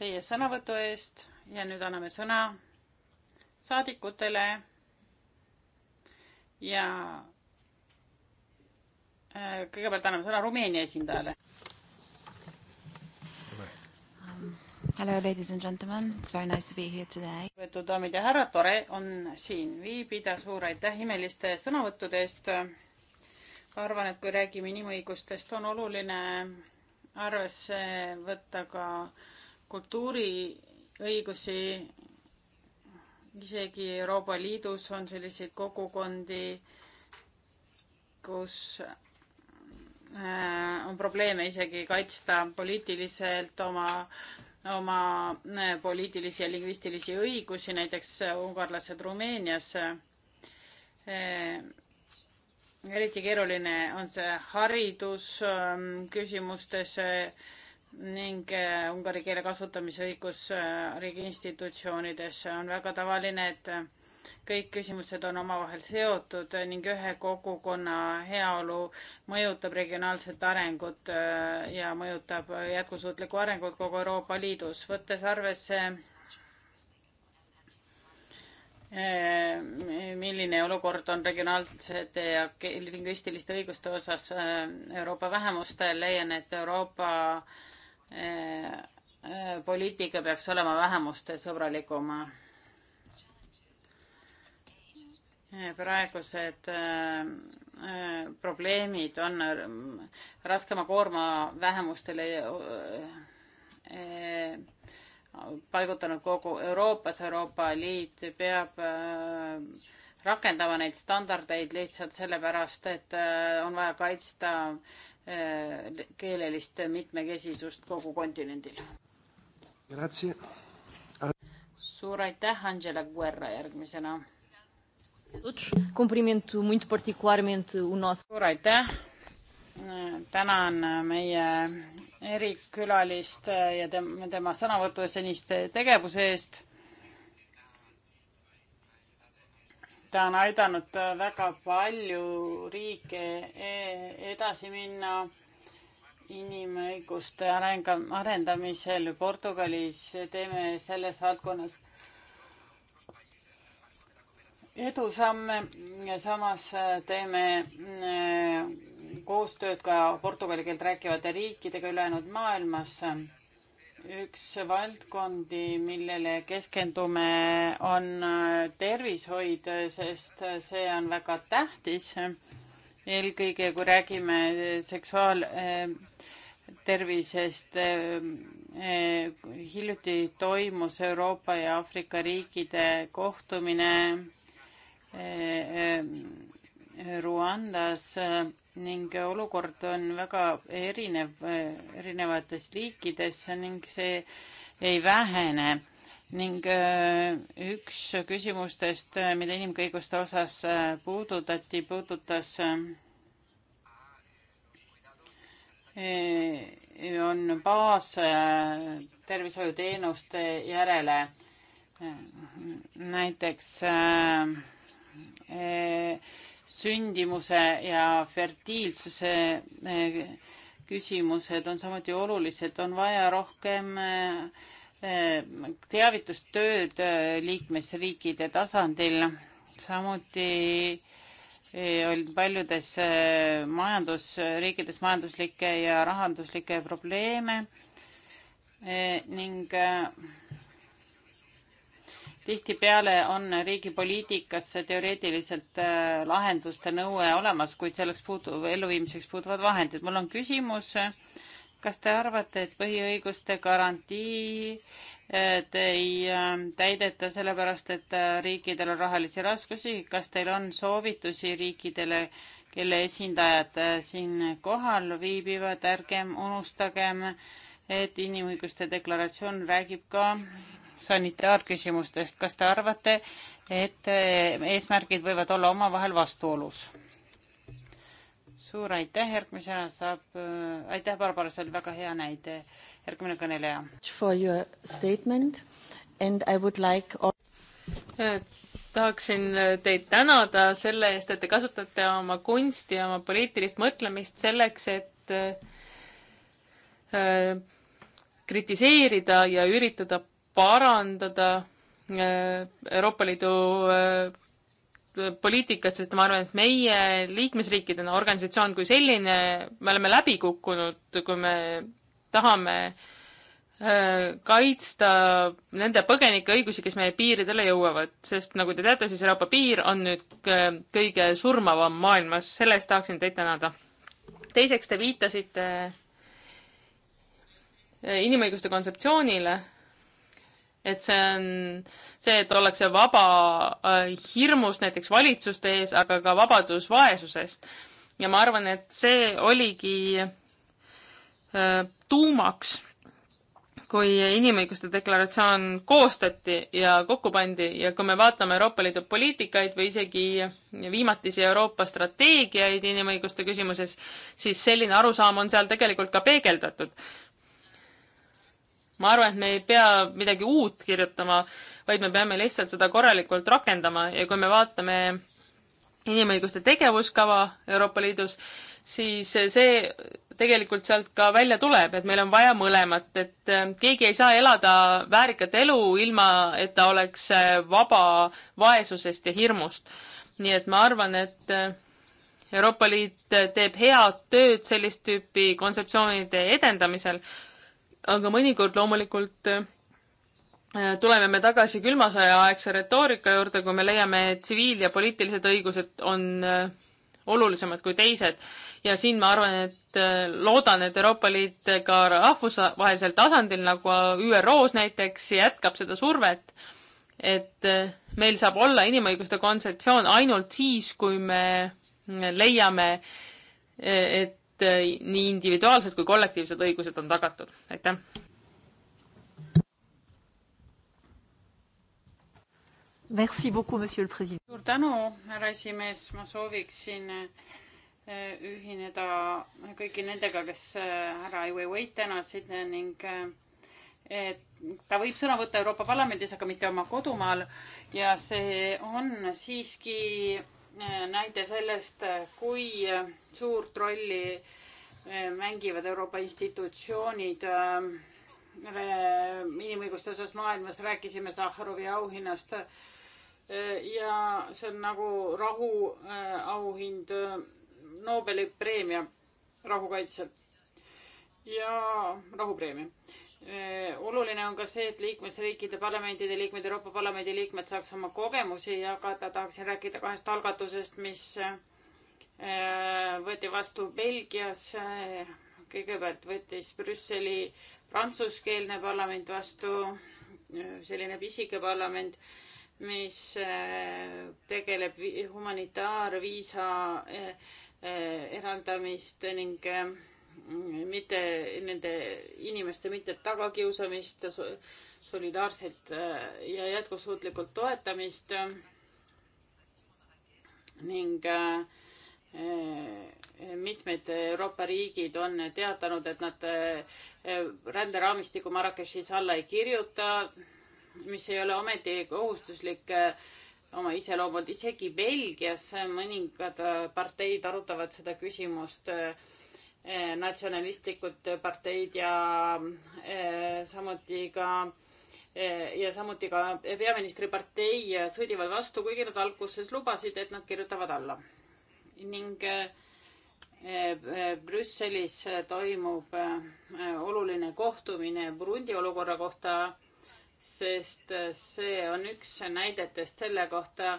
teie sõnavõtu eest ja nüüd anname sõna saadikutele ja äh, kõigepealt anname sõna Rumeenia esindajale. Hello, ladies and gentlemen, it's very nice to be here today. lugupeetud daamid ja härrad, tore on siin viibida, suur aitäh imeliste sõnavõttude eest arvan, et kui räägime inimõigustest, on oluline arvesse võtta ka kultuuriõigusi. isegi Euroopa Liidus on selliseid kogukondi, kus äh, on probleeme isegi kaitsta poliitiliselt oma oma äh, poliitilisi ja lingvistilisi õigusi, näiteks ungarlased Rumeenias äh, eriti keeruline on see haridusküsimustes ähm, äh, ning äh, ungari keele kasutamise õigus äh, riigi institutsioonides on väga tavaline, et kõik küsimused on omavahel seotud ning ühe kogukonna heaolu mõjutab regionaalset arengut ja mõjutab jätkusuutlikku arengut kogu Euroopa Liidus. võttes arvesse Äh, milline olukord on regionaalsete ja lingvistiliste õiguste osas äh, Euroopa vähemustel, leian, et Euroopa äh, poliitika peaks olema vähemuste sõbralikum. praegused probleemid on raskema koorma vähemustele paigutanud kogu Euroopas, Euroopa Liit peab äh, rakendama neid standardeid lihtsalt sellepärast, et äh, on vaja kaitsta äh, keelelist mitmekesisust kogu kontinendil. suur aitäh, Angela Guerra järgmisena. suur aitäh tänan meie erikülalist ja tema, tema sõnavõtu ja seniste tegevuse eest. ta on aidanud väga palju riike e-, edasi minna inimõiguste arenga, arendamisel Portugalis teeme selles valdkonnas edusamme ja samas teeme koostööd ka portugali keelt rääkivate riikidega ülejäänud maailmas. üks valdkondi, millele keskendume, on äh, tervishoid, sest see on väga tähtis. eelkõige, kui räägime äh, seksuaaltervisest, äh, hiljuti toimus Euroopa ja Aafrika riikide kohtumine Ruandas ning olukord on väga erinev erinevates liikides ning see ei vähene. ning äh, üks küsimustest, äh, mida inimõiguste osas äh, puudutati, puudutas on baas tervishoiuteenuste järele. näiteks sündimuse ja fertiilsuse eh, küsimused on samuti olulised, on vaja rohkem eh, teavitustööd eh, liikmesriikide tasandil, samuti on paljudes majandus, riikides majanduslikke ja rahanduslikke probleeme ning tihtipeale on riigi poliitikas teoreetiliselt äh, lahenduste nõue olemas, kuid selleks puudu, elluviimiseks puuduvad vahendid. mul on küsimus, kas te arvate, et põhiõiguste garantii äh, ei äh, täideta sellepärast, et riikidel on rahalisi raskusi, kas teil on soovitusi riikidele, kelle esindajad siin kohal viibivad, ärgem unustagem, et inimõiguste deklaratsioon räägib ka sanitaarküsimustest. kas te arvate, et eh, eesmärgid võivad olla omavahel vastuolus? suur aitäh, järgmisena saab, eh, aitäh, Barbara, see oli väga hea näide. järgmine kõneleja. For your statement and I would like all... Ja, eh, tahaksin teid tänada selle eest, et te kasutate oma kunsti ja oma poliitilist mõtlemist selleks, et äh, kritiseerida ja üritada parandada eh, Euroopa Liidu eh, poliitikat, sest ma arvan, et meie liikmesriikidena, organisatsioon kui selline, me oleme läbi kukkunud, kui me tahame eh, kaitsta nende põgenike õigusi, kes meie piiridele jõuavad, sest nagu te teate, siis Euroopa piir on nüüd kõige surmavam maailmas, selle eest tahaksin teid tänada. teiseks, te viitasite inimõiguste kontseptsioonile et see on see, et ollakse vaba äh, hirmust näiteks valitsuste ees, aga ka vabadus vaesusest. ja ma arvan, et see oligi äh, tuumaks, kui inimõiguste deklaratsioon koostati ja kokku pandi ja kui me vaatame Euroopa Liidu poliitikaid või isegi viimatisi Euroopa strateegiaid inimõiguste küsimuses, siis selline arusaam on seal tegelikult ka peegeldatud ma arvan, et me ei pea midagi uut kirjutama, vaid me peame lihtsalt seda korralikult rakendama ja kui me vaatame inimõiguste tegevuskava Euroopa Liidus, siis see tegelikult sealt ka välja tuleb, et meil on vaja mõlemat, et äh, keegi ei saa elada väärikat elu, ilma et ta oleks äh, vaba vaesusest ja hirmust. nii et ma arvan, et äh, Euroopa Liit teeb head tööd sellist tüüpi kontseptsioonide edendamisel, aga mõnikord loomulikult äh, tuleme me tagasi külma sõja aegse retoorika juurde, kui me leiame, et tsiviil- ja poliitilised õigused on äh, olulisemad kui teised. ja siin ma arvan, et äh, loodan, et Euroopa Liit ka rahvusvahelisel tasandil, nagu ÜRO-s näiteks, jätkab seda survet, et meil saab olla inimõiguste kontseptsioon ainult siis, kui me leiame, et Äh, nii individuaalsed kui kollektiivsed õigused on tagatud. aitäh! Merci beaucoup, monsieur le president. suur tänu, härra esimees, ma sooviksin äh, ühineda kõigi nendega, kes äh, härra Ai Weiwei tänasid ning et ta võib sõna võtta Euroopa Parlamendis, aga mitte oma kodumaal ja see on siiski näide sellest, kui suurt rolli eh, mängivad Euroopa institutsioonid eh, inimõiguste osas maailmas, rääkisime Sahharovi auhinnast eh, ja see on nagu rahuauhind, Nobeli preemia rahu kaitsel ja rahupreemia Äh, oluline on ka see, et liikmesriikide parlamendide liikmed, Euroopa Parlamendi liikmed saaks oma kogemusi jagada. tahaksin rääkida kahest algatusest, mis äh, võeti vastu Belgias. Äh, kõigepealt võttis Brüsseli prantsuskeelne parlament vastu selline pisike parlament, mis tegeleb humanitaarviisa eraldamist ning mitte nende inimeste mitte tagakiusamist, solidaarselt äh, ja jätkusuutlikult toetamist ning äh, mitmed Euroopa riigid on teatanud, et nad äh, ränderaamistiku Marrakechis alla ei kirjuta, mis ei ole ometi kohustuslik oma iseloomult, isegi Belgias mõningad parteid arutavad seda küsimust äh, Eh, natsionalistlikud parteid ja eh, samuti ka eh, ja samuti ka peaministripartei sõdivad vastu, kuigi nad alguses lubasid, et nad kirjutavad alla. ning Brüsselis toimub oluline kohtumine Burundi olukorra kohta, sest see on üks näidetest selle kohta,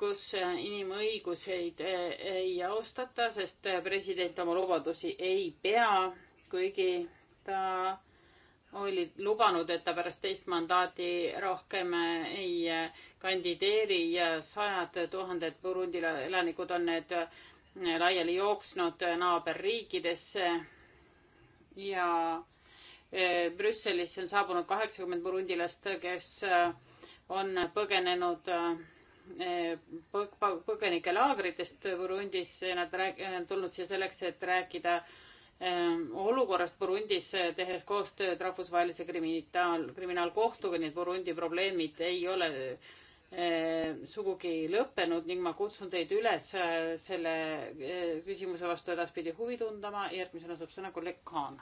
kus inimõiguseid e, ei austata, sest president oma lubadusi ei pea, kuigi ta oli lubanud, et ta pärast teist mandaati rohkem ei kandideeri ja sajad tuhanded Burundi elanikud on need laiali jooksnud naaberriikidesse ja e, Brüsselisse on saabunud kaheksakümmend burundilast, kes on põgenenud põgenikelaagritest Burundis, nad rääg-, tulnud siia selleks, et rääkida ähm, olukorrast Burundis, äh, tehes koostööd rahvusvahelise kriminaal, kriminaalkohtuga, nii et Burundi probleemid ei ole äh, sugugi lõppenud ning ma kutsun teid üles äh, selle küsimuse vastu edaspidi huvi tundma. järgmisena saab sõna kolleeg Kaan.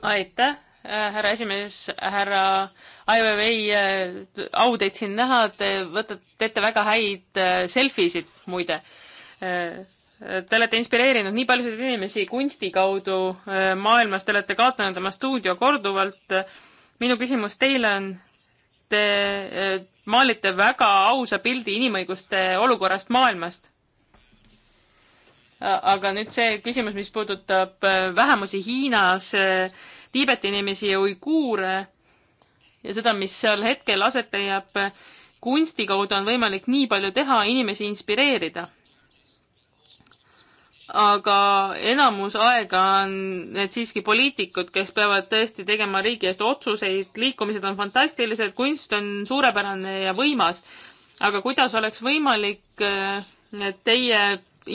aitäh Äh, härra esimees, härra Aive Vei, äh, au teid siin näha, te võtate, teete väga häid äh, selfisid muide. Te olete inspireerinud nii paljusid inimesi kunsti kaudu maailmas, te olete kaotanud oma stuudio korduvalt. minu küsimus teile on, te maalite väga ausa pildi inimõiguste olukorrast maailmast. aga nüüd see küsimus, mis puudutab vähemusi Hiinas Tiibeti inimesi ja uiguure ja seda, mis seal hetkel aset leiab. kunsti kaudu on võimalik nii palju teha, inimesi inspireerida. aga enamus aega on need siiski poliitikud, kes peavad tõesti tegema riigi eest otsuseid, liikumised on fantastilised, kunst on suurepärane ja võimas. aga kuidas oleks võimalik äh, teie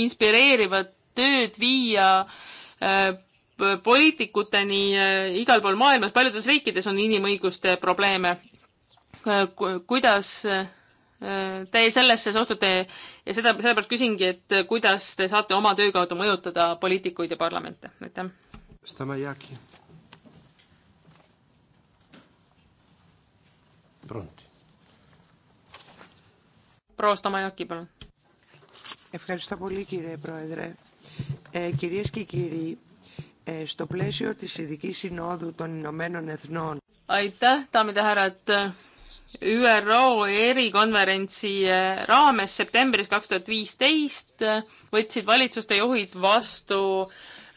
inspireerivat tööd viia äh, Äh, poliitikuteni äh, igal pool maailmas, paljudes riikides on inimõiguste probleeme. Äh, kuidas teie sellesse suhtute ja seda, sellepärast küsingi, et kuidas te saate oma töö kaudu mõjutada poliitikuid ja parlamente, aitäh. Stamajaki. Pronti. proua Stamajaki, palun. Ευχαριστώ πολύ κύριε Πρόεδρε. Ε, κυρίες και κύριοι, στο πλαίσιο της ειδική Συνόδου των Ηνωμένων Εθνών. Aitäh, daamid ja härrad! ÜRO erikonverentsi äh, raames septembris kaks tuhat viisteist äh, võtsid valitsuste juhid vastu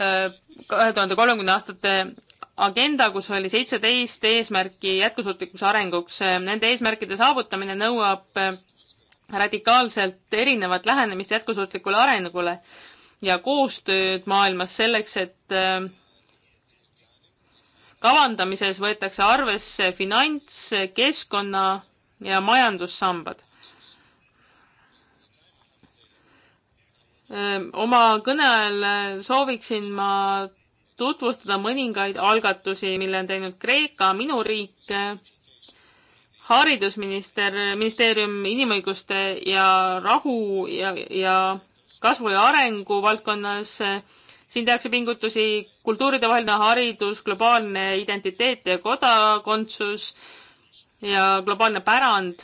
äh, kahe tuhande kolmekümne aastate agenda, kus oli seitseteist eesmärki jätkusuutlikkuse arenguks. Nende eesmärkide saavutamine nõuab radikaalselt erinevat lähenemist jätkusuutlikule arengule ja koostööd maailmas selleks, et äh, kavandamises võetakse arvesse finants, keskkonna ja majandussambad. Äh, oma kõne ajal äh, sooviksin ma tutvustada mõningaid algatusi, mille on teinud Kreeka, minu riik, haridusminister, ministeerium inimõiguste ja rahu ja, ja kasvu ja arengu valdkonnas. siin tehakse pingutusi kultuuridevaheline haridus, globaalne identiteet ja kodakondsus ja globaalne pärand.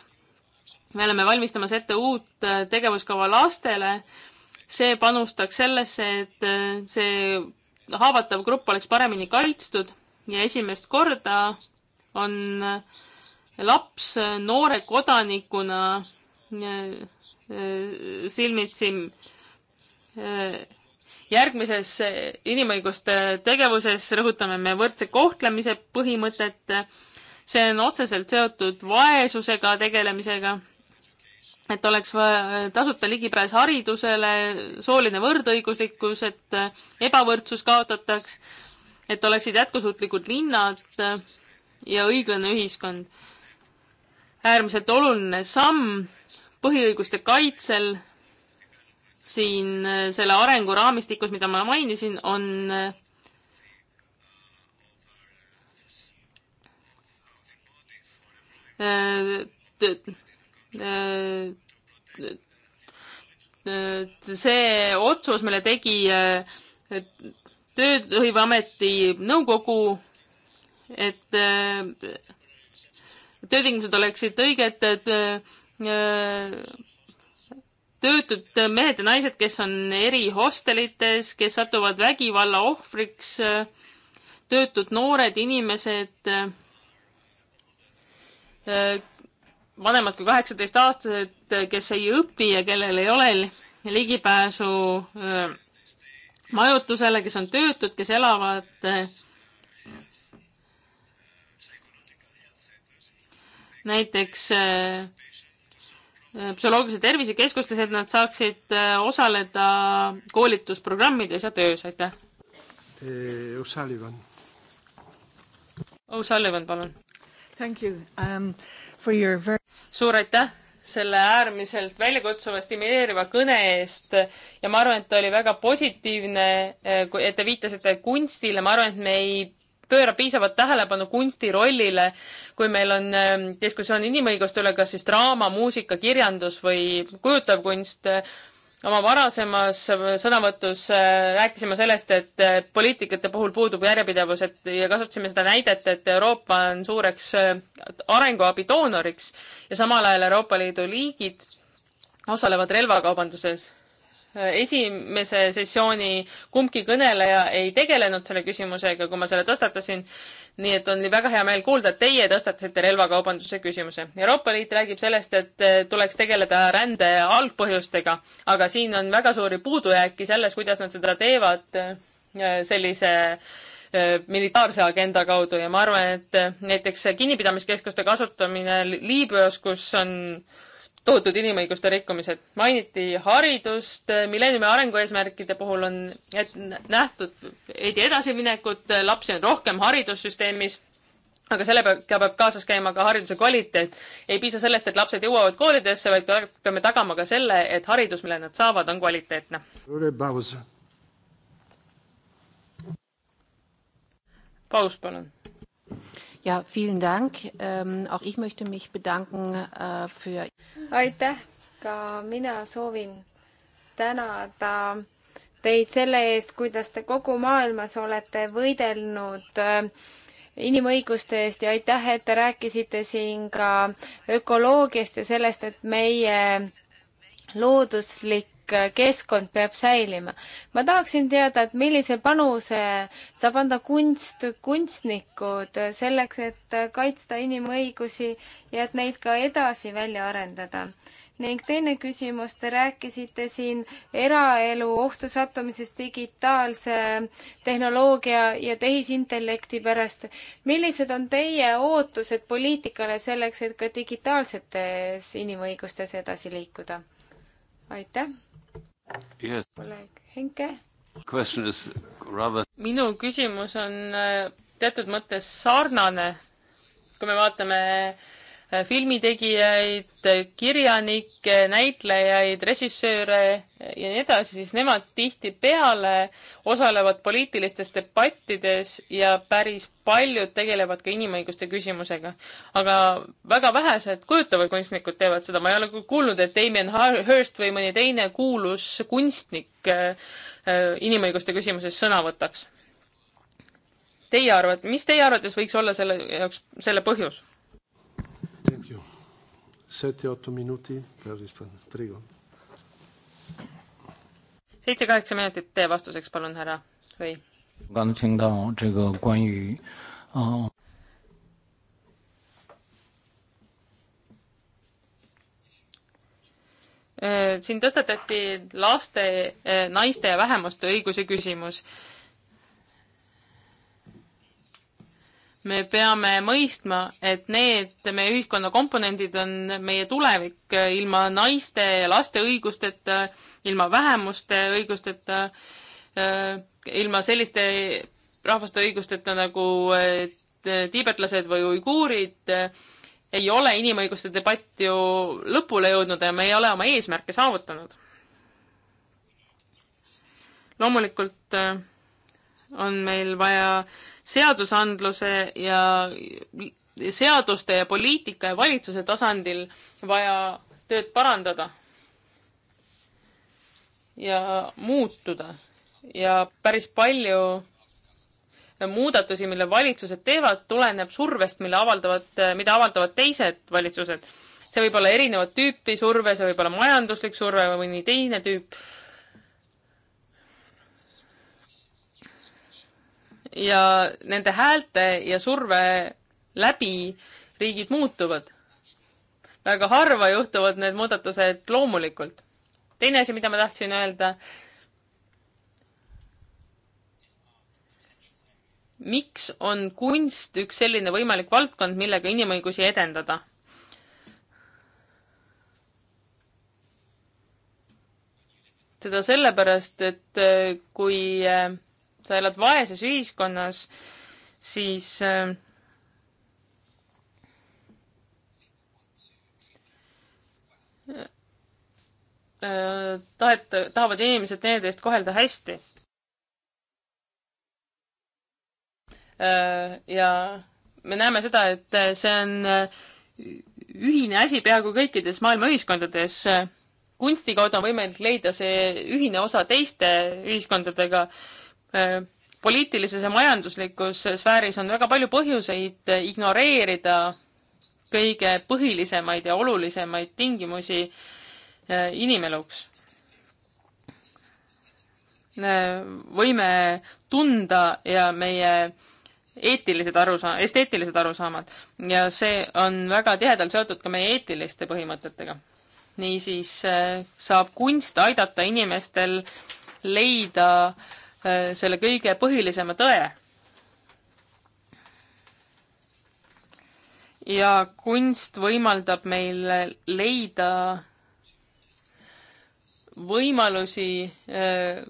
me oleme valmistamas ette uut tegevuskava lastele. see panustaks sellesse, et see haavatav grupp oleks paremini kaitstud ja esimest korda on laps noore kodanikuna silmitsi järgmises inimõiguste tegevuses rõhutame me võrdse kohtlemise põhimõtet. see on otseselt seotud vaesusega tegelemisega. et oleks tasuta ligipääs haridusele, sooline võrdõiguslikkus, et ebavõrdsus kaotataks, et oleksid jätkusuutlikud linnad ja õiglane ühiskond. äärmiselt oluline samm põhiõiguste kaitsel siin äh, selle arenguraamistikus, mida ma mainisin, on äh, äh, see otsus, mille tegi Tööhõiveameti nõukogu, et töötingimused oleksid õiged, et töötud mehed ja naised, kes on erihostelites, kes satuvad vägivalla ohvriks, töötud noored inimesed, vanemad kui kaheksateistaastased, kes ei õpi ja kellel ei ole ligipääsu eh, majutusele, kes on töötud, kes elavad eh, näiteks äh, psühholoogilise tervisekeskustes, et nad saaksid äh, osaleda koolitusprogrammides ja töös, aitäh. Eh, O'Sullivan. O'Sullivan, palun. Thank you um, for your very... suur aitäh selle äärmiselt väljakutsuva, stimuleeriva kõne eest ja ma arvan, et oli väga positiivne, äh, et te viitasite kunstile, ma arvan, et me ei pöörab piisavat tähelepanu kunsti rollile, kui meil on ähm, diskussioon inimõiguste üle, kas siis draama, muusika, kirjandus või kujutav kunst. oma varasemas sõnavõtus äh, rääkisime sellest, et äh, poliitikate puhul puudub järjepidevus, et ja kasutasime seda näidet, et Euroopa on suureks äh, arenguabi doonoriks ja samal ajal Euroopa Liidu liigid osalevad relvakaubanduses esimese sessiooni kumbki kõneleja ei tegelenud selle küsimusega, kui ma selle tõstatasin. nii et on väga hea meel kuulda, et teie tõstatasite relvakaubanduse küsimuse. Euroopa Liit räägib sellest, et eh, tuleks tegeleda rände algpõhjustega, aga siin on väga suuri puudujääki selles, kuidas nad seda teevad eh, sellise eh, militaarse agenda kaudu ja ma arvan, et näiteks kinnipidamiskeskuste kasutamine Liibüas, kus on äh, tohutud inimõiguste rikkumised. mainiti haridust, milleeniumi arengueesmärkide puhul on nähtud veidi edasiminekut, lapsi on rohkem haridussüsteemis, aga sellega peab kaasas käima ka hariduse kvaliteet. ei piisa sellest, et lapsed jõuavad koolidesse, vaid peame tagama ka selle, et haridus, mille nad saavad, on kvaliteetne. paus, palun ja vielen Dank ähm,, auch ich möchte mich bedanken äh, für. aitäh, ka mina soovin tänada teid selle eest, kuidas te kogu maailmas olete võidelnud äh, inimõiguste eest ja aitäh, et te rääkisite siin ka ökoloogiast ja sellest, et meie looduslik Äh, keskkond peab säilima. ma tahaksin teada, et millise panuse saab anda kunst, kunstnikud selleks, et äh, kaitsta inimõigusi ja et neid ka edasi välja arendada. ning teine küsimus, te rääkisite siin eraelu ohtu sattumisest digitaalse tehnoloogia ja tehisintellekti pärast. millised on teie ootused poliitikale selleks, et ka digitaalsetes inimõigustes edasi liikuda? aitäh! yes.. kolleeg Henke. Rather... minu küsimus on äh, teatud mõttes sarnane, kui me vaatame äh, filmitegijaid, kirjanikke, näitlejaid, režissööre ja nii edasi, siis nemad tihtipeale osalevad poliitilistes debattides ja päris paljud tegelevad ka inimõiguste küsimusega. aga väga vähesed kujutavad kunstnikud teevad seda, ma ei ole kuulnud, et Damien Hirst või mõni teine kuulus kunstnik äh, äh, inimõiguste küsimuses sõna võtaks teie arvate, mis teie arvates võiks olla selle jaoks, selle põhjus? seitse-otto minuti per rispondere, prego. seitse-kaheksa minutit teie vastuseks, palun, härra Või. Äh, siin tõstatati laste, äh, naiste ja vähemuste õiguse küsimus me peame mõistma, et need meie ühiskonna komponendid on meie tulevik äh, ilma naiste ja laste õigusteta, ilma vähemuste õigusteta, äh, ilma selliste rahvaste õigusteta nagu äh, tiibetlased või uiguurid, ei ole inimõiguste debatt ju lõpule jõudnud ja me ei ole oma eesmärke saavutanud. loomulikult on meil vaja seadusandluse ja seaduste ja poliitika ja valitsuse tasandil vaja tööd parandada ja muutuda ja päris palju muudatusi, mille valitsused teevad, tuleneb survest, mille avaldavad, mida avaldavad teised valitsused. see võib olla erinevat tüüpi surve, see võib olla majanduslik surve või mõni teine tüüp ja nende häälte ja surve läbi riigid muutuvad. väga harva juhtuvad need muudatused loomulikult. teine asi, mida ma tahtsin öelda. miks on kunst üks selline võimalik valdkond, millega inimõigusi edendada? seda sellepärast, et kui äh, sa elad vaeses ühiskonnas, siis äh, äh, tahet-, tahavad inimesed teineteist kohelda hästi äh,. ja me näeme seda, et äh, see on äh, ühine asi peaaegu kõikides maailma ühiskondades kunsti kaudu on võimalik leida see ühine osa teiste ühiskondadega äh, Äh, poliitilises ja majanduslikus sfääris on väga palju põhjuseid ignoreerida kõige põhilisemaid ja olulisemaid tingimusi äh, inimeluks. Äh, võime tunda ja meie eetilised arusa-, esteetilised arusaamad ja see on väga tihedalt seotud ka meie eetiliste põhimõtetega. niisiis saab kunst aidata inimestel leida äh, Äh, selle kõige põhilisema tõe. ja kunst võimaldab meil leida võimalusi, äh,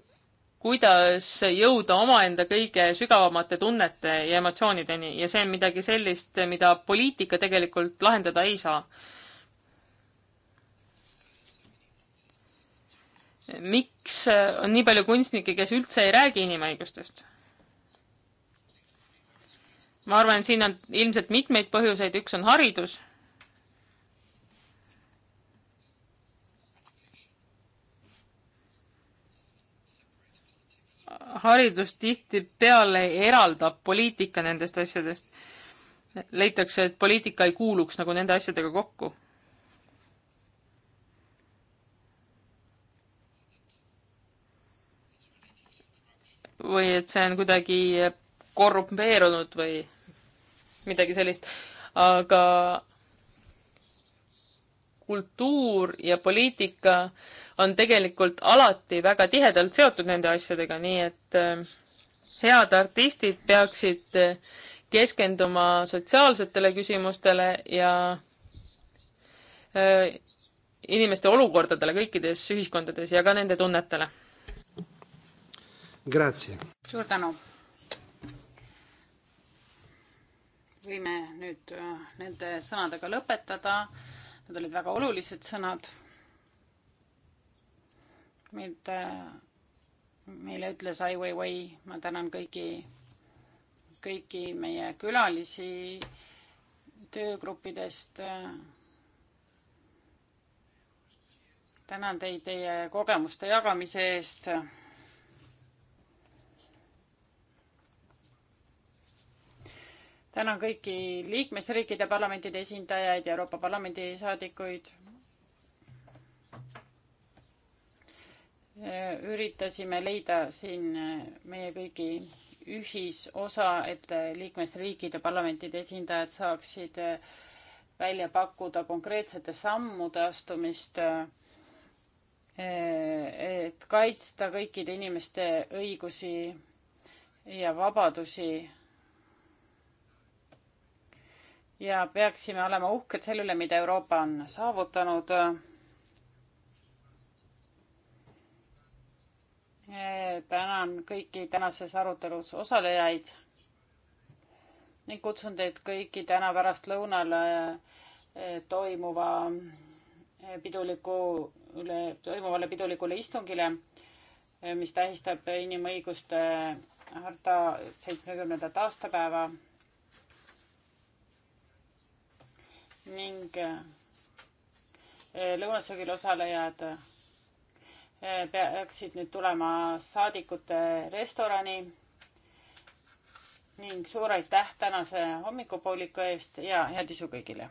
kuidas jõuda omaenda kõige sügavamate tunnete ja emotsioonideni ja see on midagi sellist, mida poliitika tegelikult lahendada ei saa miks äh, on nii palju kunstnikke, kes üldse ei räägi inimõigustest? ma arvan, et siin on ilmselt mitmeid põhjuseid, üks on haridus. haridus tihtipeale eraldab poliitika nendest asjadest. leitakse, et poliitika ei kuuluks nagu nende asjadega kokku või et see on kuidagi korrumpeerunud või midagi sellist, aga kultuur ja poliitika on tegelikult alati väga tihedalt seotud nende asjadega, nii et äh, head artistid peaksid äh, keskenduma sotsiaalsetele küsimustele ja äh, inimeste olukordadele kõikides ühiskondades ja ka nende tunnetele suur tänu. võime nüüd äh, nende sõnadega lõpetada. Need olid väga olulised sõnad. mind, äh, meile ütles Ai Weiwei, ma tänan kõigi, kõiki meie külalisi töögruppidest tänan teid teie kogemuste jagamise eest. tänan kõiki liikmesriikide parlamentide esindajaid ja Euroopa Parlamendi saadikuid. üritasime leida siin meie kõigi ühisosa, et liikmesriikide parlamentide esindajad saaksid välja pakkuda konkreetsete sammude astumist, et kaitsta kõikide inimeste õigusi ja vabadusi ja peaksime olema uhked selle üle, mida Euroopa on saavutanud. tänan kõiki tänases arutelus osalejaid ning kutsun teid kõiki täna pärastlõunal eh, toimuva eh, pidulikule, toimuvale pidulikule istungile, eh, mis tähistab inimõiguste harta seitsmekümnendat aastapäeva ning eh, lõunasöögil osalejad eh, peaksid nüüd tulema saadikute restorani ning suur aitäh tänase hommikupooliku eest ja head isu kõigile!